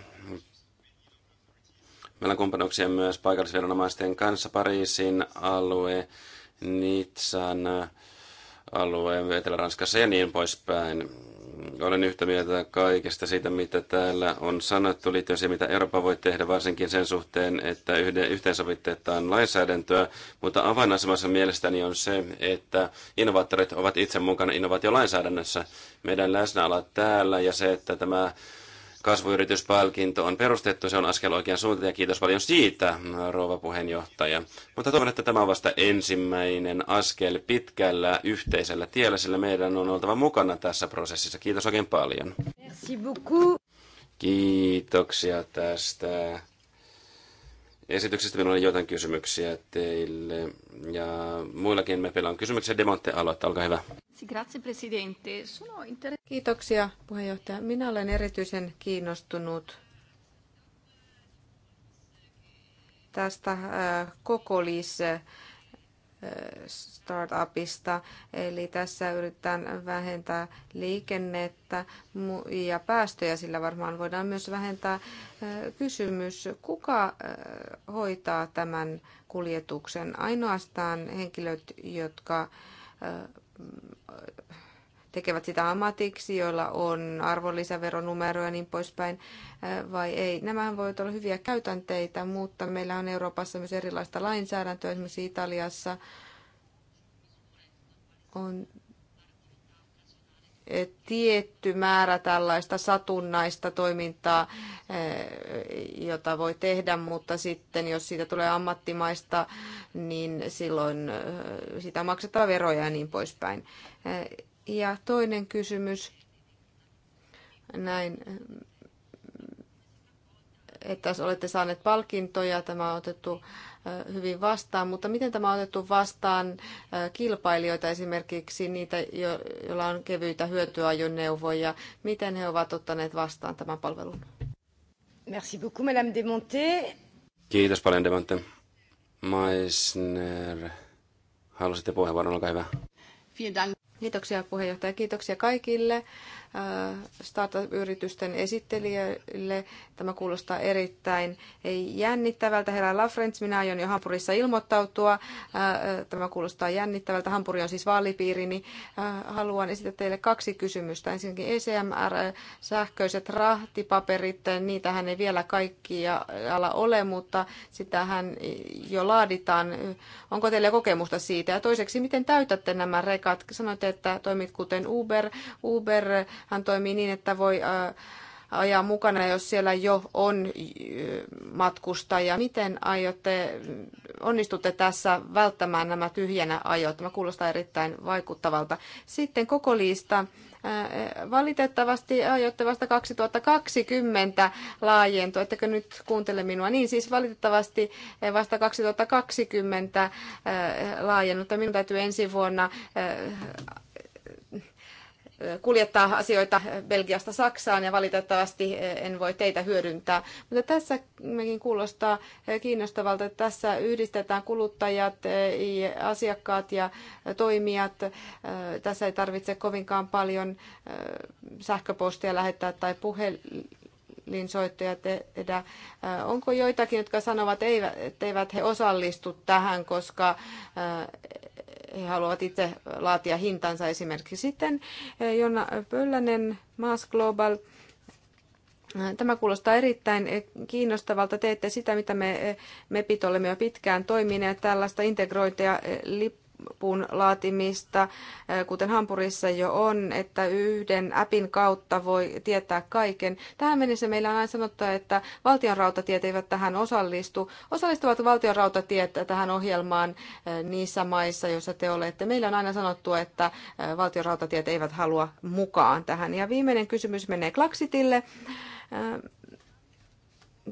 Meillä on kumppanuuksia myös paikallisviranomaisten kanssa Pariisin alue, Nitsan alue, Etelä-Ranskassa ja niin poispäin. Olen yhtä mieltä kaikesta siitä, mitä täällä on sanottu liittyen siihen, mitä Eurooppa voi tehdä, varsinkin sen suhteen, että yhteensovitetaan lainsäädäntöä. Mutta avainasemassa mielestäni on se, että innovaattorit ovat itse mukana innovaatiolainsäädännössä. Meidän läsnäolo täällä ja se, että tämä kasvuyrityspalkinto on perustettu, se on askel oikean suuntaan ja kiitos paljon siitä, rouva puheenjohtaja. Mutta toivon, että tämä on vasta ensimmäinen askel pitkällä yhteisellä tiellä, sillä meidän on oltava mukana tässä prosessissa. Kiitos oikein paljon. Merci beaucoup. Kiitoksia tästä esityksestä. Minulla on jotain kysymyksiä teille ja muillakin me pelaan kysymyksiä. Demonte aloittaa, olkaa hyvä. Kiitoksia puheenjohtaja. Minä olen erityisen kiinnostunut tästä äh, kokolisesta startupista. Eli tässä yritetään vähentää liikennettä ja päästöjä, sillä varmaan voidaan myös vähentää kysymys, kuka hoitaa tämän kuljetuksen. Ainoastaan henkilöt, jotka tekevät sitä ammatiksi, joilla on arvonlisäveronumero ja niin poispäin, vai ei. Nämä voivat olla hyviä käytänteitä, mutta meillä on Euroopassa myös erilaista lainsäädäntöä. Esimerkiksi Italiassa on tietty määrä tällaista satunnaista toimintaa, jota voi tehdä, mutta sitten jos siitä tulee ammattimaista, niin silloin sitä maksetaan veroja ja niin poispäin. Ja toinen kysymys, näin, että jos olette saaneet palkintoja, tämä on otettu hyvin vastaan, mutta miten tämä on otettu vastaan kilpailijoita, esimerkiksi niitä, joilla on kevyitä hyötyajoneuvoja, miten he ovat ottaneet vastaan tämän palvelun? Merci beaucoup, Madame Demonté. Kiitos paljon, Demonté. Meissner, halusitte puheenvuoron, olkaa hyvä. Vielen Dank. Kiitoksia puheenjohtaja, kiitoksia kaikille Äh, startup-yritysten esittelijöille. Tämä kuulostaa erittäin jännittävältä. Herra Lafrenz minä aion jo Hampurissa ilmoittautua. Äh, äh, tämä kuulostaa jännittävältä. Hampuri on siis niin Haluan esittää teille kaksi kysymystä. Ensinnäkin ECMR, sähköiset rahtipaperit, niitähän ei vielä kaikki ala ole, mutta sitähän jo laaditaan. Onko teillä kokemusta siitä? Ja toiseksi, miten täytätte nämä rekat? Sanoitte, että toimit kuten Uber. Uber hän toimii niin, että voi äh, ajaa mukana, jos siellä jo on äh, matkustaja. Miten aiotte, onnistutte tässä välttämään nämä tyhjänä ajot? Tämä kuulostaa erittäin vaikuttavalta. Sitten koko lista. Äh, valitettavasti aiotte vasta 2020 laajentua. Ettekö nyt kuuntele minua? Niin siis valitettavasti vasta 2020 laajennut. Minun täytyy ensi vuonna kuljettaa asioita Belgiasta Saksaan ja valitettavasti eh, en voi teitä hyödyntää. Mutta tässä mekin kuulostaa eh, kiinnostavalta, että tässä yhdistetään kuluttajat, eh, asiakkaat ja toimijat. Tässä ei tarvitse kovinkaan paljon sähköpostia lähettää tai puhelinsoittoja tehdä. Onko joitakin, jotka sanovat, että eivät he osallistu tähän, koska he haluavat itse laatia hintansa esimerkiksi. Sitten eh, Jonna Pöllänen, Maas Global, Tämä kuulostaa erittäin eh, kiinnostavalta. Teette sitä, mitä me eh, MEPit olemme jo pitkään toimineet, tällaista integroitia puun laatimista, kuten Hampurissa jo on, että yhden appin kautta voi tietää kaiken. Tähän mennessä meillä on aina sanottu, että valtion rautatiet eivät tähän osallistu. Osallistuvat valtion rautatiet tähän ohjelmaan niissä maissa, joissa te olette. Meillä on aina sanottu, että valtion rautatiet eivät halua mukaan tähän. Ja viimeinen kysymys menee Klaksitille.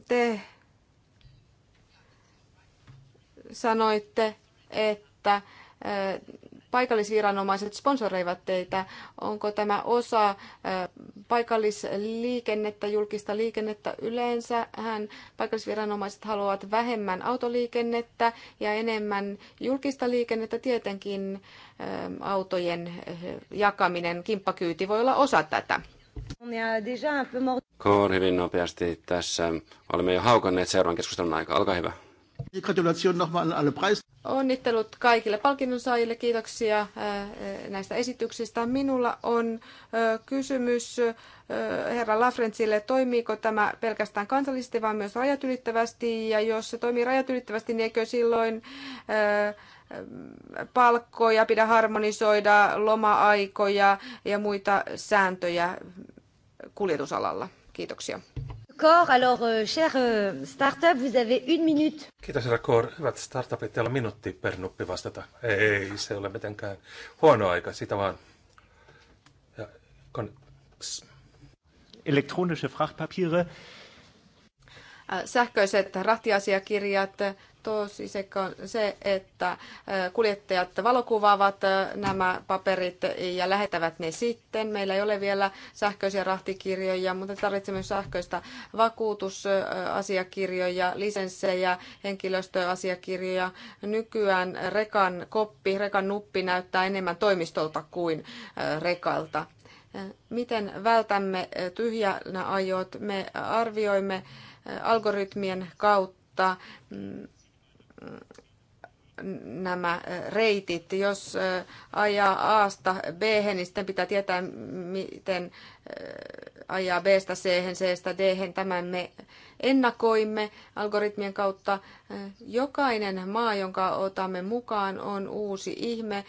Te sanoitte, että paikallisviranomaiset sponsoreivat teitä? Onko tämä osa paikallisliikennettä, julkista liikennettä yleensä? Hän, paikallisviranomaiset haluavat vähemmän autoliikennettä ja enemmän julkista liikennettä. Tietenkin autojen jakaminen, kimppakyyti voi olla osa tätä. Koon hyvin nopeasti tässä. Olemme jo haukanneet seuraavan keskustelun aika. Olkaa hyvä. Onnittelut kaikille palkinnonsaajille, kiitoksia äh, äh, näistä esityksistä. Minulla on äh, kysymys herra Lafrentsille, toimiiko tämä pelkästään kansallisesti vai myös rajat ylittävästi, ja jos se toimii rajat ylittävästi, niin eikö silloin palkkoja pidä harmonisoida, loma-aikoja ja muita sääntöjä kuljetusalalla? Kiitoksia. D'accord, alors, euh, cher euh, startup, vous avez une minute. Kiitos, rakor, Hyvät startupit, teillä on minuutti per nuppi vastata. Ei se ei ole mitenkään huono aika, sitä vaan. Ja, kon... Elektronische Frachtpapiere Äh, sähköiset rahtiasiakirjat, tosi se, se, että äh, kuljettajat valokuvaavat äh, nämä paperit ja lähetävät ne sitten. Meillä ei ole vielä sähköisiä rahtikirjoja, mutta tarvitsemme myös sähköistä vakuutusasiakirjoja, lisenssejä, henkilöstöasiakirjoja. Nykyään rekan koppi, rekan nuppi näyttää enemmän toimistolta kuin rekalta. Miten vältämme tyhjänä ajot? Me arvioimme algoritmien kautta mm, nämä äh, reitit. Jos äh, ajaa aasta b niin sitten pitää tietää, miten äh, ajaa B-stä c C-stä d Tämän me ennakoimme algoritmien kautta. Jokainen maa, jonka otamme mukaan, on uusi ihme.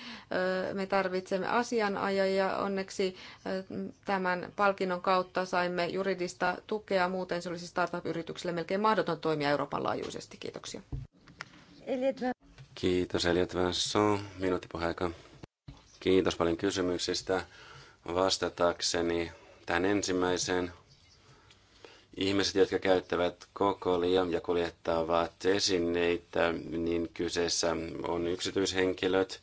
Me tarvitsemme asianajajia. Onneksi tämän palkinnon kautta saimme juridista tukea. Muuten se olisi startup-yrityksille melkein mahdoton toimia Euroopan laajuisesti. Kiitoksia. Kiitos Eliot Vincent, minuutti Kiitos paljon kysymyksistä. Vastatakseni tähän ensimmäiseen ihmiset, jotka käyttävät kokolia ja kuljettavat esineitä, niin kyseessä on yksityishenkilöt.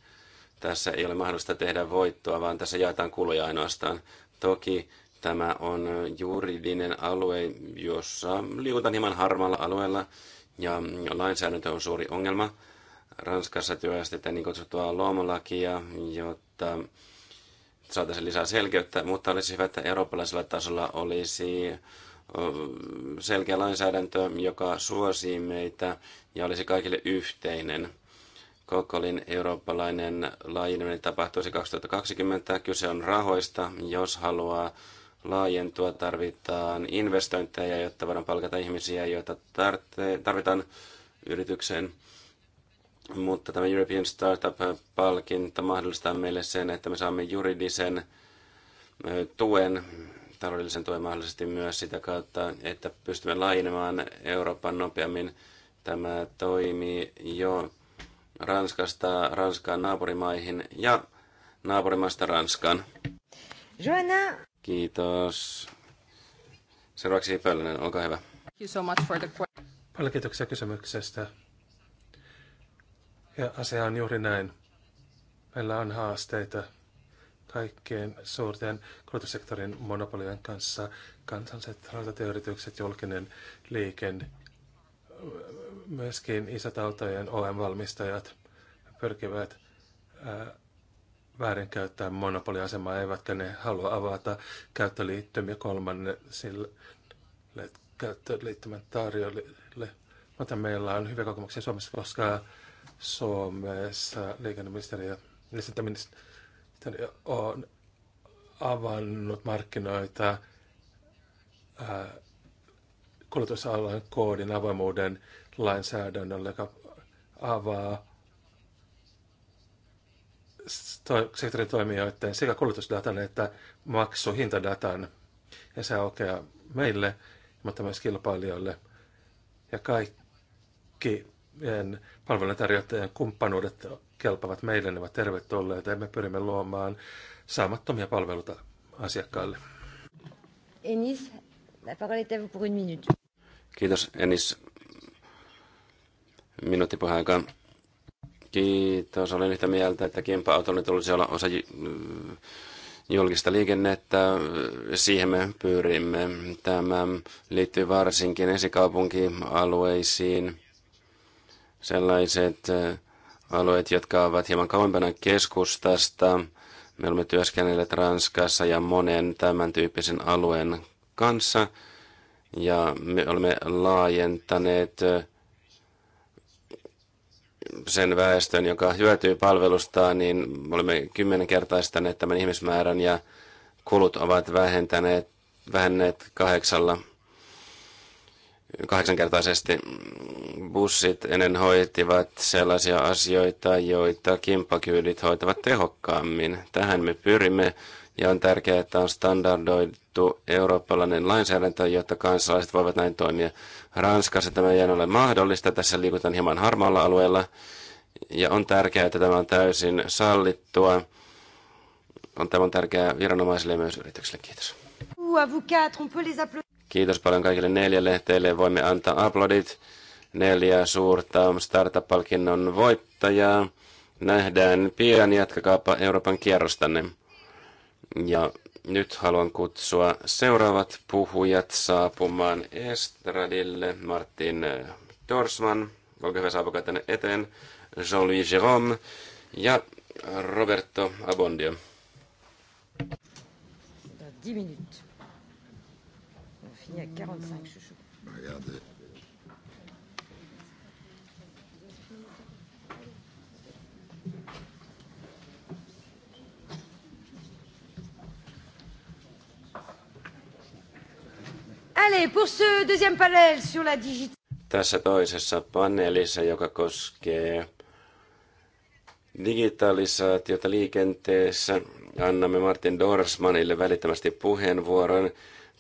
Tässä ei ole mahdollista tehdä voittoa, vaan tässä jaetaan kuluja ainoastaan. Toki tämä on juridinen alue, jossa liikutaan hieman harmaalla alueella ja lainsäädäntö on suuri ongelma. Ranskassa työstetään niin kutsuttua loomalakia, jotta saataisiin lisää selkeyttä, mutta olisi hyvä, että eurooppalaisella tasolla olisi selkeä lainsäädäntö, joka suosii meitä ja olisi kaikille yhteinen. Kokolin eurooppalainen laajeneminen tapahtuisi 2020. Kyse on rahoista. Jos haluaa laajentua, tarvitaan investointeja, jotta voidaan palkata ihmisiä, joita tarvitaan yritykseen mutta tämä European Startup-palkinto mahdollistaa meille sen, että me saamme juridisen tuen, taloudellisen tuen mahdollisesti myös sitä kautta, että pystymme laajenemaan Euroopan nopeammin. Tämä toimii jo Ranskasta Ranskaan naapurimaihin ja naapurimaista Ranskaan. Joana. Kiitos. Seuraavaksi Pöllönen, olkaa hyvä. Thank you so much for the... Paljon kiitoksia kysymyksestä. Ja asia on juuri näin. Meillä on haasteita kaikkien suurten kulutussektorin monopolien kanssa. Kansalliset rautatieyritykset, julkinen liikenne, myöskin isot autojen OM-valmistajat pyrkivät väärinkäyttää monopoliasemaa, eivätkä ne halua avata käyttöliittymiä kolmannelle käyttöliittymän tarjolle. Mutta meillä on hyviä kokemuksia Suomessa, koska Suomessa liikenneministeriö, liikenneministeriö on avannut markkinoita kulutusalan koodin avoimuuden lainsäädännölle, joka avaa sektorin toimijoiden sekä kulutusdatan että maksuhintadatan. Ja se aukeaa meille, mutta myös kilpailijoille. Ja kaikki palveluntarjoajien kumppanuudet kelpavat meille, ne ovat tervetulleita ja me pyrimme luomaan saamattomia palveluita asiakkaille. Enis, la parole est pour une minute. Kiitos Enis. Minuutti puheenjohtaja. Kiitos. Olen yhtä mieltä, että kimpa autolle tulisi olla osa julkista liikennettä. Siihen me pyrimme. Tämä liittyy varsinkin esikaupunkialueisiin sellaiset äh, alueet, jotka ovat hieman kauempana keskustasta. Me olemme työskennelleet Ranskassa ja monen tämän tyyppisen alueen kanssa. Ja me olemme laajentaneet äh, sen väestön, joka hyötyy palvelustaan, niin olemme kymmenenkertaistaneet tämän ihmismäärän ja kulut ovat vähentäneet, vähenneet kahdeksalla kahdeksankertaisesti bussit ennen hoitivat sellaisia asioita, joita kimppakyydit hoitavat tehokkaammin. Tähän me pyrimme ja on tärkeää, että on standardoitu eurooppalainen lainsäädäntö, jotta kansalaiset voivat näin toimia. Ranskassa tämä ei ole mahdollista, tässä liikutaan hieman harmaalla alueella ja on tärkeää, että tämä on täysin sallittua. On tämä on tärkeää viranomaisille ja myös yrityksille. Kiitos. Kiitos paljon kaikille neljälle. Teille voimme antaa aplodit neljä suurta startup-palkinnon voittajaa. Nähdään pian, jatkakaapa Euroopan kierrostanne. Ja nyt haluan kutsua seuraavat puhujat saapumaan Estradille. Martin Dorsman, olkaa hyvä saapukaa tänne eteen. Jean-Louis Jerome ja Roberto Abondio. 10 minutes. On finit à 45, chouchous. Regardez. Allez, pour ce deuxième panel sur la digit... Tässä toisessa paneelissa, joka koskee digitalisaatiota liikenteessä, annamme Martin Dorsmanille välittömästi puheenvuoron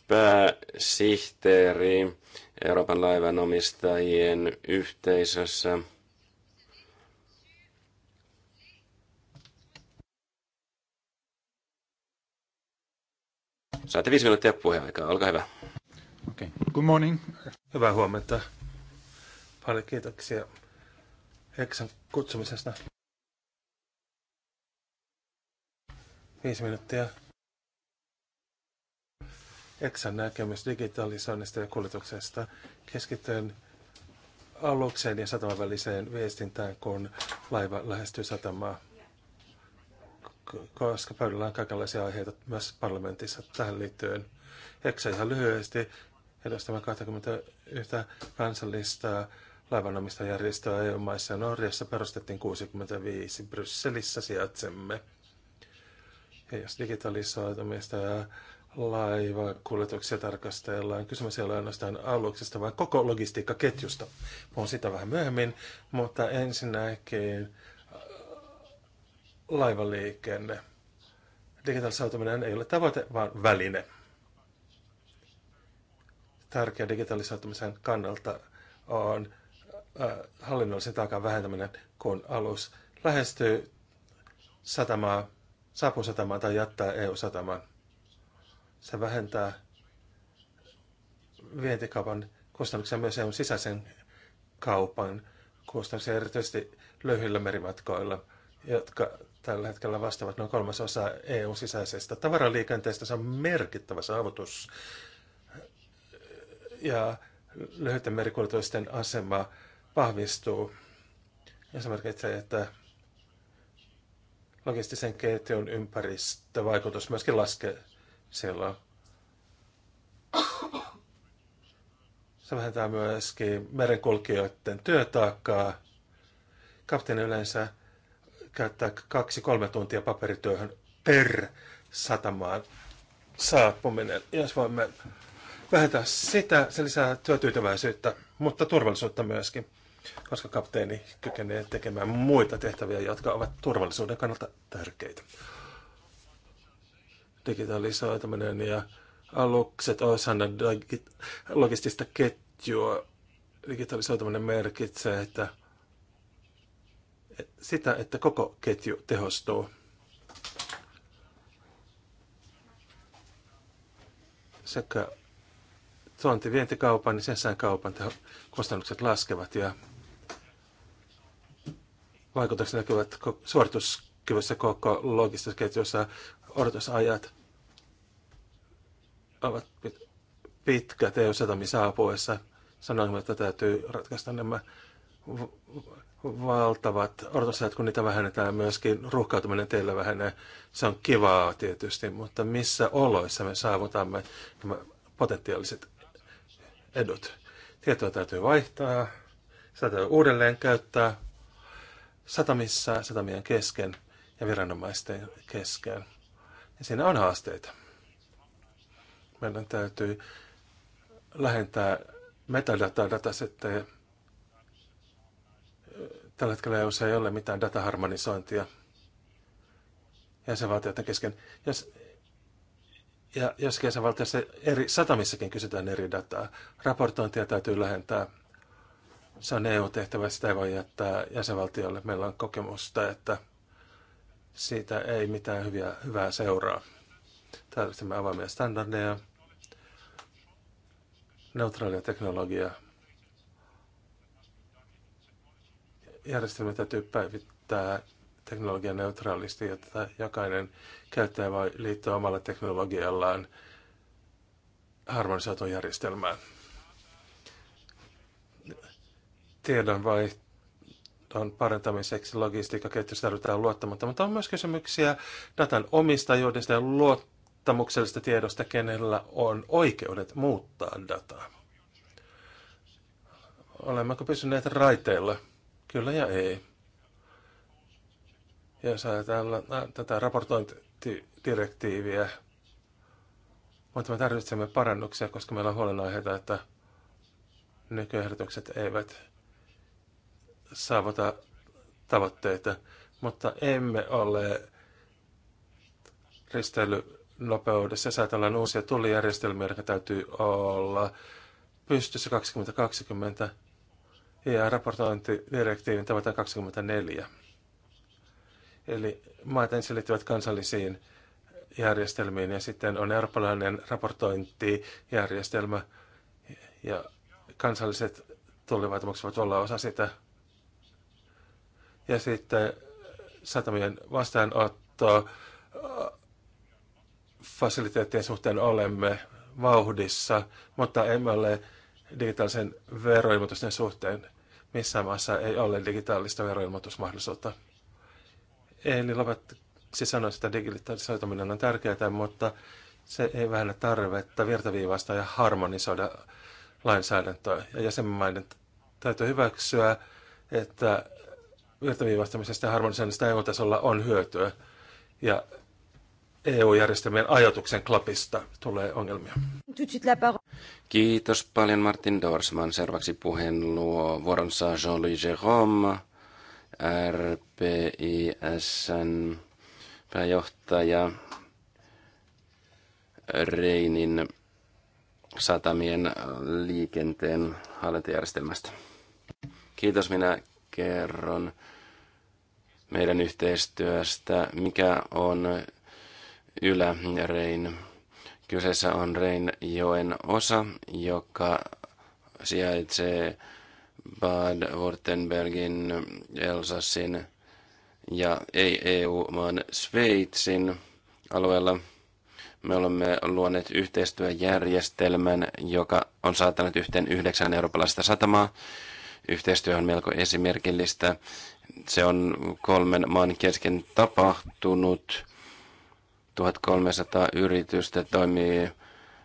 pääsihteeri Euroopan laivanomistajien yhteisössä. Saatte viisi minuuttia puheenaikaa, olkaa hyvä. Okay. Good morning. Hyvää huomenta. Paljon kiitoksia Heksan kutsumisesta. Viisi minuuttia. Eksan näkemys digitalisoinnista ja kuljetuksesta keskittyen alukseen ja sataman väliseen viestintään, kun laiva lähestyy satamaa. Koska pöydällä on kaikenlaisia aiheita myös parlamentissa tähän liittyen. Eksa ihan lyhyesti edustamaan 21 kansallista laivanomistajärjestöä EU-maissa ja Norjassa perustettiin 65. Brysselissä sijaitsemme. Ja jos digitalisoitumista ja laivakuljetuksia tarkastellaan, kysymys ei ole ainoastaan aluksesta, vaan koko logistiikkaketjusta. Puhun sitä vähän myöhemmin, mutta ensinnäkin äh, laivaliikenne. Digitalisoituminen ei ole tavoite, vaan väline tärkeä digitalisoitumisen kannalta on äh, hallinnollisen taakan vähentäminen, kun alus lähestyy satamaa, saapuu satamaan tai jättää EU-satamaan. Se vähentää vientikaupan kustannuksia myös EUn sisäisen kaupan kustannuksia erityisesti löyhillä merimatkoilla, jotka tällä hetkellä vastaavat noin kolmasosaa EUn sisäisestä tavaraliikenteestä. Se on merkittävä saavutus ja lyhyiden merikuljetusten asema vahvistuu. Ja se merkitsee, että logistisen ketjun ympäristövaikutus myöskin laskee silloin. Se vähentää myöskin merenkulkijoiden työtaakkaa. Kapteeni yleensä käyttää kaksi-kolme tuntia paperityöhön per satamaan saapuminen. Jos voimme vähentää sitä, se lisää työtyytyväisyyttä, mutta turvallisuutta myöskin, koska kapteeni kykenee tekemään muita tehtäviä, jotka ovat turvallisuuden kannalta tärkeitä. Digitalisoituminen ja alukset osana oh, logistista ketjua. Digitalisoituminen merkitsee, että sitä, että koko ketju tehostuu. sekä tuonti-vientikaupan, niin sen kaupan kustannukset laskevat ja vaikutukset näkyvät suorituskyvyssä koko ketjussa Odotusajat ovat pitkät EU-satamin saapuessa. Sanoin, että täytyy ratkaista nämä valtavat odotusajat, kun niitä vähennetään, myöskin ruuhkautuminen teillä vähenee. Se on kivaa tietysti, mutta missä oloissa me saavutamme nämä potentiaaliset edut. Tietoa täytyy vaihtaa, sitä täytyy uudelleen käyttää satamissa, satamien kesken ja viranomaisten kesken. Ja siinä on haasteita. Meidän täytyy lähentää metadataa datasetteja. Tällä hetkellä e usein ei ole mitään dataharmonisointia jäsenvaltioiden kesken. Jos ja jossakin jäsenvaltiossa eri satamissakin kysytään eri dataa. Raportointia täytyy lähentää. Se on EU-tehtävä, sitä ei voi jättää jäsenvaltiolle. Meillä on kokemusta, että siitä ei mitään hyviä, hyvää seuraa. Tarvitsemme avaimia standardeja, neutraalia teknologiaa. Järjestelmä täytyy päivittää teknologianeutraalisti, että jokainen käyttäjä voi liittyä omalla teknologiallaan harmonisoituun järjestelmään. Tiedonvaihdon parantamiseksi logistiikkaketjussa tarvitaan luottamatta, mutta on myös kysymyksiä datan omistajuudesta ja luottamuksellisesta tiedosta, kenellä on oikeudet muuttaa dataa. Olemmeko pysyneet raiteilla? Kyllä ja ei jos ajatellaan äh, tätä raportointidirektiiviä, mutta me tarvitsemme parannuksia, koska meillä on huolenaiheita, että nykyehdotukset eivät saavuta tavoitteita, mutta emme ole risteilynopeudessa. Jos ajatellaan uusia tullijärjestelmiä, jotka täytyy olla pystyssä 2020 ja raportointidirektiivin tavoite 24. Eli maat ensin liittyvät kansallisiin järjestelmiin ja sitten on eurooppalainen raportointijärjestelmä ja kansalliset tullivaatimukset voivat olla osa sitä. Ja sitten satamien vastaanotto fasiliteettien suhteen olemme vauhdissa, mutta emme ole digitaalisen veroilmoitusten suhteen. Missään maassa ei ole digitaalista veroilmoitusmahdollisuutta. Eli se siis sanoi, että digitalisoituminen on tärkeää, mutta se ei vähennä tarvetta virtaviivaista ja harmonisoida lainsäädäntöä. Ja jäsenmaiden täytyy hyväksyä, että virtaviivaistamisesta ja harmonisoinnista EU-tasolla on hyötyä. Ja EU-järjestelmien ajatuksen klapista tulee ongelmia. Kiitos paljon Martin Dorsman. Seuraavaksi puheen luo vuoronsa Jean-Louis Jérôme RPISn pääjohtaja Reinin satamien liikenteen hallintajärjestelmästä. Kiitos, minä kerron meidän yhteistyöstä, mikä on Ylä-Rein. Kyseessä on Reinjoen osa, joka sijaitsee Baden-Württembergin, Elsassin ja ei-EU-maan Sveitsin alueella. Me olemme luoneet yhteistyöjärjestelmän, joka on saattanut yhteen yhdeksän eurooppalaista satamaa. Yhteistyö on melko esimerkillistä. Se on kolmen maan kesken tapahtunut. 1300 yritystä toimii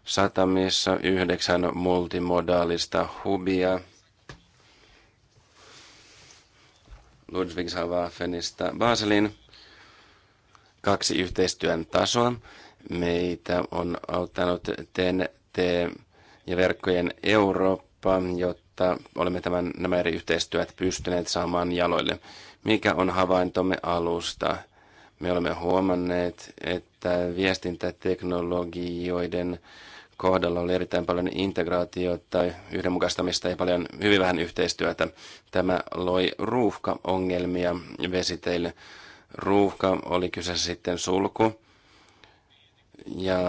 satamissa, yhdeksän multimodaalista hubia – Ludwigshafenista Baselin. Kaksi yhteistyön tasoa. Meitä on auttanut TNT ja verkkojen Eurooppa, jotta olemme tämän, nämä eri yhteistyöt pystyneet saamaan jaloille. Mikä on havaintomme alusta? Me olemme huomanneet, että viestintäteknologioiden kohdalla oli erittäin paljon integraatiota, yhdenmukaistamista ja paljon hyvin vähän yhteistyötä. Tämä loi ruuhkaongelmia vesiteille. Ruuhka oli kyseessä sitten sulku. Ja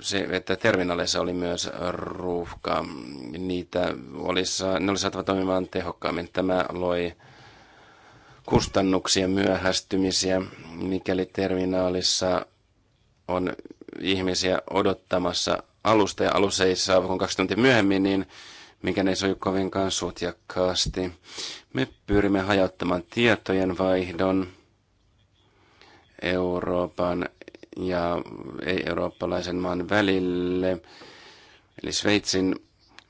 se, että terminaaleissa oli myös ruuhka, niitä olisi, ne oli saatava toimimaan tehokkaammin. Tämä loi kustannuksia, myöhästymisiä, mikäli terminaalissa on ihmisiä odottamassa alusta ja alussa ei saa kuin kaksi tuntia myöhemmin, niin mikä ei soju kovinkaan sutjakkaasti. Me pyrimme hajauttamaan tietojen vaihdon Euroopan ja ei-eurooppalaisen maan välille, eli Sveitsin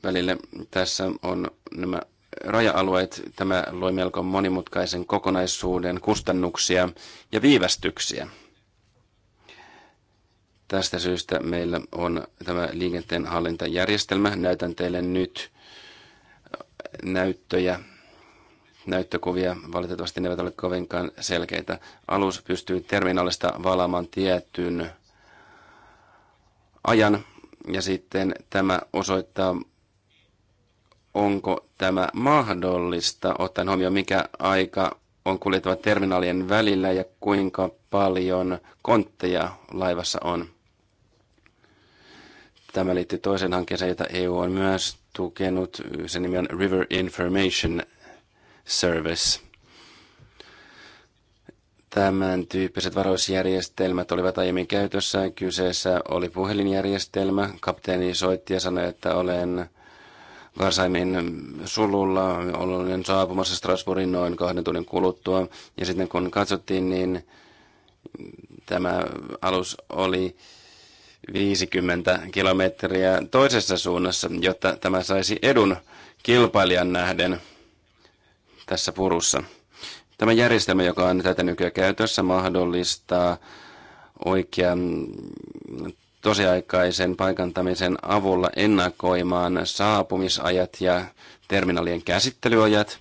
välille. Tässä on nämä raja-alueet. Tämä loi melko monimutkaisen kokonaisuuden kustannuksia ja viivästyksiä Tästä syystä meillä on tämä liikenteen hallintajärjestelmä. Näytän teille nyt näyttöjä, näyttökuvia. Valitettavasti ne eivät ole kovinkaan selkeitä. Alus pystyy terminaalista valaamaan tietyn ajan ja sitten tämä osoittaa, onko tämä mahdollista, ottaen huomioon mikä aika on kuljettava terminaalien välillä ja kuinka paljon kontteja laivassa on. Tämä liittyy toisen hankkeeseen, jota EU on myös tukenut. Sen nimi on River Information Service. Tämän tyyppiset varoisjärjestelmät olivat aiemmin käytössä. Kyseessä oli puhelinjärjestelmä. Kapteeni soitti ja sanoi, että olen Varsaimin sululla, olen saapumassa Strasbourgin noin kahden tunnin kuluttua. Ja sitten kun katsottiin, niin tämä alus oli 50 kilometriä toisessa suunnassa, jotta tämä saisi edun kilpailijan nähden tässä purussa. Tämä järjestelmä, joka on tätä nykyään käytössä, mahdollistaa oikean tosiaikaisen paikantamisen avulla ennakoimaan saapumisajat ja terminaalien käsittelyajat.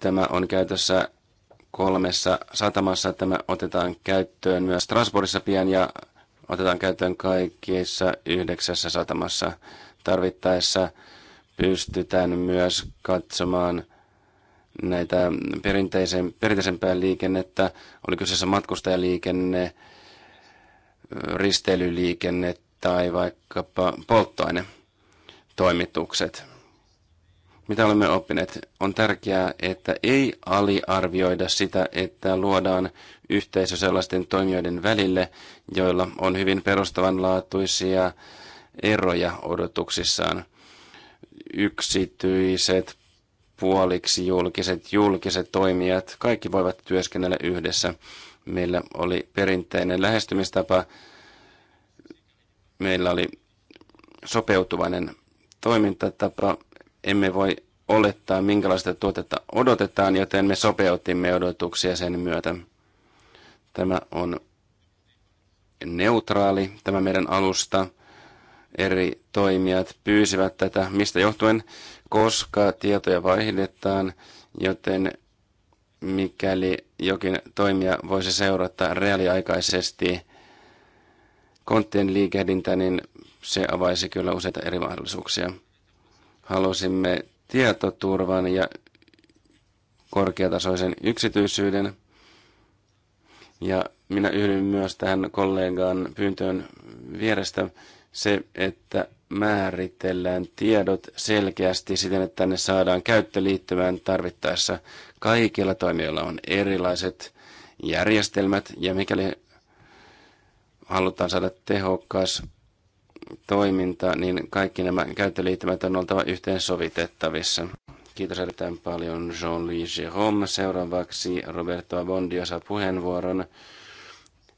Tämä on käytössä kolmessa satamassa. Tämä otetaan käyttöön myös Strasbourgissa pian ja otetaan käyttöön kaikissa yhdeksässä satamassa. Tarvittaessa pystytään myös katsomaan näitä perinteisen, perinteisempää liikennettä, oli kyseessä matkustajaliikenne, risteilyliikenne tai vaikkapa toimitukset mitä olemme oppineet? On tärkeää, että ei aliarvioida sitä, että luodaan yhteisö sellaisten toimijoiden välille, joilla on hyvin perustavanlaatuisia eroja odotuksissaan. Yksityiset, puoliksi julkiset, julkiset toimijat, kaikki voivat työskennellä yhdessä. Meillä oli perinteinen lähestymistapa, meillä oli sopeutuvainen toimintatapa, emme voi olettaa, minkälaista tuotetta odotetaan, joten me sopeutimme odotuksia sen myötä. Tämä on neutraali, tämä meidän alusta. Eri toimijat pyysivät tätä, mistä johtuen, koska tietoja vaihdetaan, joten mikäli jokin toimija voisi seurata reaaliaikaisesti konttien liikehdintä, niin se avaisi kyllä useita eri mahdollisuuksia. Halusimme tietoturvan ja korkeatasoisen yksityisyyden. Ja minä yhdyn myös tähän kollegaan pyyntöön vierestä se, että määritellään tiedot selkeästi siten, että tänne saadaan käyttöliittymään tarvittaessa. Kaikilla toimijoilla on erilaiset järjestelmät ja mikäli halutaan saada tehokas toiminta, niin kaikki nämä käyttöliittymät on oltava yhteensovitettavissa. Kiitos erittäin paljon Jean-Louis Jérôme. Seuraavaksi Roberto Abondio saa puheenvuoron.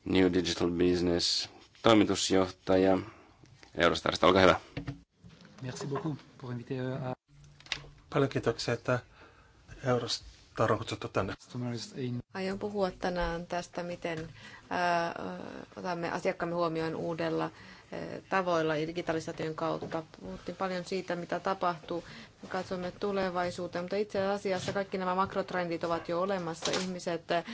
New Digital Business toimitusjohtaja Eurostarista. Olkaa hyvä. Merci beaucoup pour inviter euh, à... Paljon kiitoksia, että Eurostar on kutsuttu tänne. Aion puhua tänään tästä, miten äh, otamme asiakkaamme huomioon uudella tavoilla digitalisaation kautta. Puhuttiin paljon siitä, mitä tapahtuu. Katsomme tulevaisuuteen, mutta itse asiassa kaikki nämä makrotrendit ovat jo olemassa. Ihmiset eh,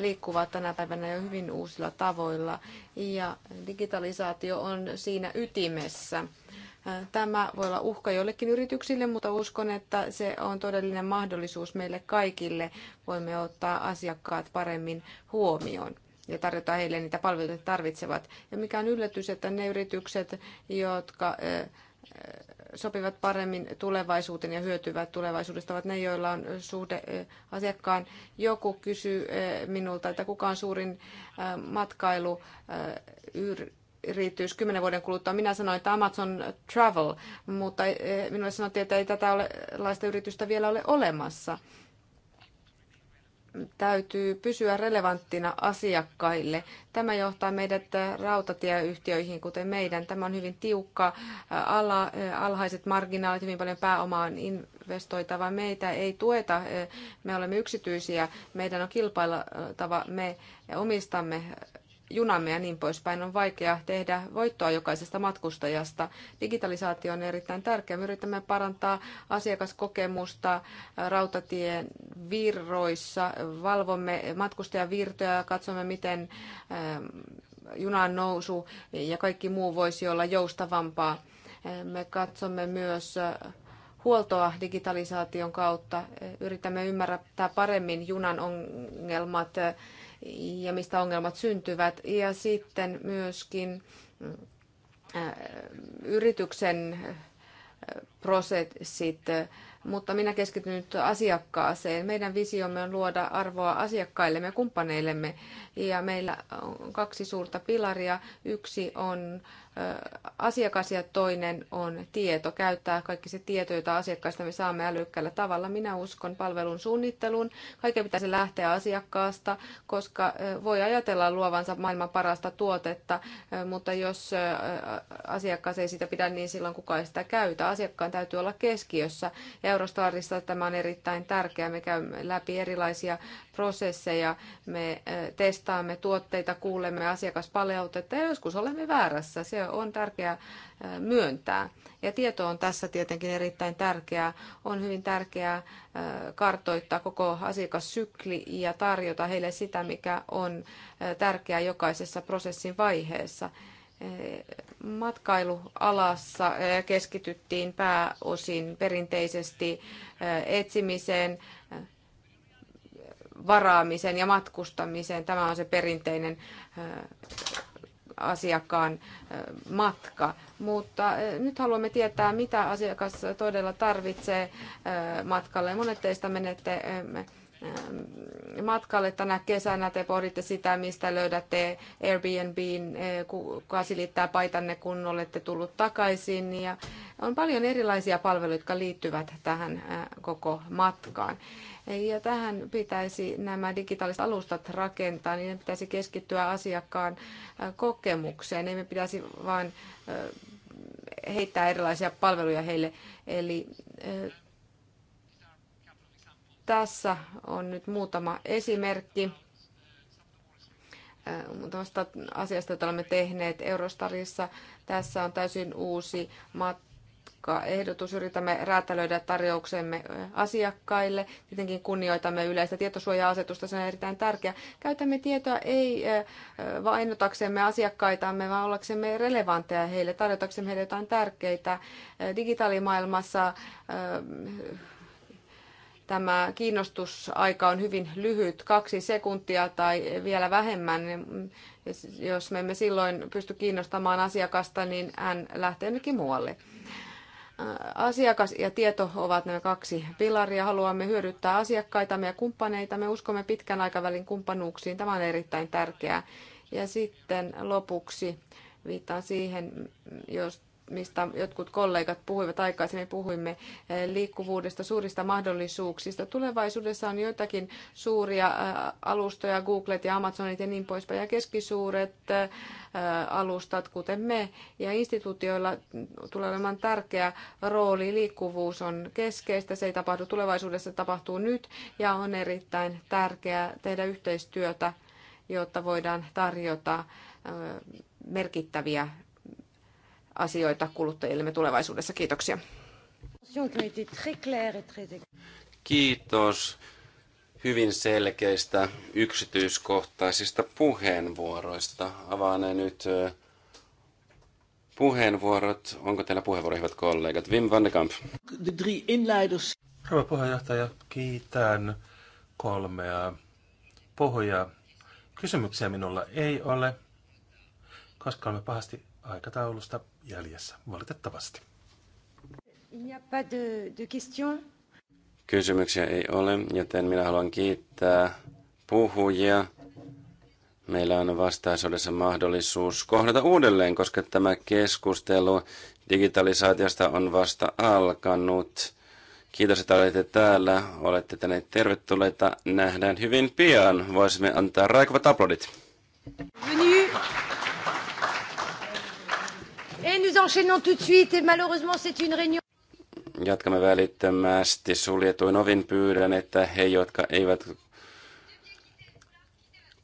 liikkuvat tänä päivänä jo hyvin uusilla tavoilla ja digitalisaatio on siinä ytimessä. Eh, tämä voi olla uhka joillekin yrityksille, mutta uskon, että se on todellinen mahdollisuus meille kaikille. Voimme ottaa asiakkaat paremmin huomioon ja tarjota heille niitä palveluita, tarvitsevat. Ja mikä on yllätys, että ne yritykset, jotka sopivat paremmin tulevaisuuteen ja hyötyvät tulevaisuudesta, ovat ne, joilla on suhde asiakkaan. Joku kysyy minulta, että kuka on suurin matkailuyritys kymmenen vuoden kuluttua. Minä sanoin, että Amazon Travel, mutta minulle sanottiin, että ei tätä ole, yritystä vielä ole olemassa täytyy pysyä relevanttina asiakkaille. Tämä johtaa meidät rautatieyhtiöihin, kuten meidän. Tämä on hyvin tiukka ala, alhaiset marginaalit, hyvin paljon pääomaa on investoitava. Meitä ei tueta, me olemme yksityisiä, meidän on kilpailtava, me omistamme junamme ja niin poispäin, on vaikea tehdä voittoa jokaisesta matkustajasta. Digitalisaatio on erittäin tärkeä. Me yritämme parantaa asiakaskokemusta rautatien virroissa, valvomme matkustajavirtoja, katsomme miten ähm, junan nousu ja kaikki muu voisi olla joustavampaa. Me katsomme myös äh, huoltoa digitalisaation kautta. Yritämme ymmärtää paremmin junan ongelmat äh, ja mistä ongelmat syntyvät. Ja sitten myöskin äh, yrityksen äh, prosessit, mutta minä keskityn nyt asiakkaaseen. Meidän visiomme on luoda arvoa asiakkaillemme ja kumppaneillemme, ja meillä on kaksi suurta pilaria. Yksi on asiakas ja toinen on tieto, käyttää kaikki se tieto, jota asiakkaista me saamme älykkäällä tavalla. Minä uskon palvelun suunnitteluun. Kaiken pitäisi lähteä asiakkaasta, koska voi ajatella luovansa maailman parasta tuotetta, mutta jos asiakas ei sitä pidä, niin silloin kukaan ei sitä käytä. Asiakkaan täytyy olla keskiössä. Eurostarissa tämä on erittäin tärkeää. Me käymme läpi erilaisia prosesseja, me eh, testaamme tuotteita, kuulemme asiakaspaleutetta ja joskus olemme väärässä. Se on tärkeää eh, myöntää. Ja tieto on tässä tietenkin erittäin tärkeää. On hyvin tärkeää eh, kartoittaa koko asiakassykli ja tarjota heille sitä, mikä on tärkeää jokaisessa prosessin vaiheessa matkailualassa keskityttiin pääosin perinteisesti etsimiseen, varaamisen ja matkustamiseen. Tämä on se perinteinen äh, asiakkaan äh, matka. Mutta äh, nyt haluamme tietää, mitä asiakas todella tarvitsee matkalle. Monet teistä menette ähm, ähm, matkalle tänä kesänä. Te pohditte sitä, mistä löydätte Airbnbin, kuka silittää paitanne, kun olette tullut takaisin. Ja on paljon erilaisia palveluita, jotka liittyvät tähän koko matkaan. Ja tähän pitäisi nämä digitaaliset alustat rakentaa, niin pitäisi keskittyä asiakkaan kokemukseen. Ei me pitäisi vain heittää erilaisia palveluja heille. Eli tässä on nyt muutama esimerkki muutamasta asiasta, jota olemme tehneet Eurostarissa. Tässä on täysin uusi mat- ehdotus yritämme räätälöidä tarjouksemme asiakkaille. Tietenkin kunnioitamme yleistä tietosuoja-asetusta, se on erittäin tärkeä. Käytämme tietoa ei vainotaksemme asiakkaitamme, vaan ollaksemme relevantteja heille, tarjotaksemme heille jotain tärkeitä. Digitaalimaailmassa tämä kiinnostusaika on hyvin lyhyt, kaksi sekuntia tai vielä vähemmän. Jos me emme silloin pysty kiinnostamaan asiakasta, niin hän lähtee jonnekin muualle. Asiakas ja tieto ovat nämä kaksi pilaria. Haluamme hyödyttää asiakkaitamme ja kumppaneita. Me uskomme pitkän aikavälin kumppanuuksiin. Tämä on erittäin tärkeää. Ja sitten lopuksi viittaan siihen, jos mistä jotkut kollegat puhuivat aikaisemmin, puhuimme eh, liikkuvuudesta, suurista mahdollisuuksista. Tulevaisuudessa on joitakin suuria eh, alustoja, Googlet ja Amazonit ja niin poispäin, ja keskisuuret eh, alustat, kuten me, ja instituutioilla tulee olemaan tärkeä rooli. Liikkuvuus on keskeistä, se ei tapahdu tulevaisuudessa, se tapahtuu nyt, ja on erittäin tärkeää tehdä yhteistyötä, jotta voidaan tarjota merkittäviä asioita kuluttajillemme tulevaisuudessa. Kiitoksia. Kiitos hyvin selkeistä yksityiskohtaisista puheenvuoroista. Avaan nyt puheenvuorot. Onko teillä puheenvuoro, hyvät kollegat? Wim van de Kamp. De puheenjohtaja, kiitän kolmea puhujaa. Kysymyksiä minulla ei ole, koska olemme pahasti aikataulusta jäljessä, valitettavasti. Kysymyksiä ei ole, joten minä haluan kiittää puhujia. Meillä on vastaisuudessa mahdollisuus kohdata uudelleen, koska tämä keskustelu digitalisaatiosta on vasta alkanut. Kiitos, että olette täällä. Olette tänne tervetulleita. Nähdään hyvin pian. Voisimme antaa raikuvat aplodit. Venu enchaînons tout de suite et malheureusement c'est une réunion. Jatkamme välittömästi suljetuin ovin pyydän, että he, jotka eivät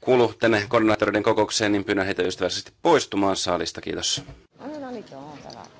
kuulu tänne koordinaattoreiden kokoukseen, niin pyydän heitä ystävällisesti poistumaan saalista. Kiitos. Ah, no,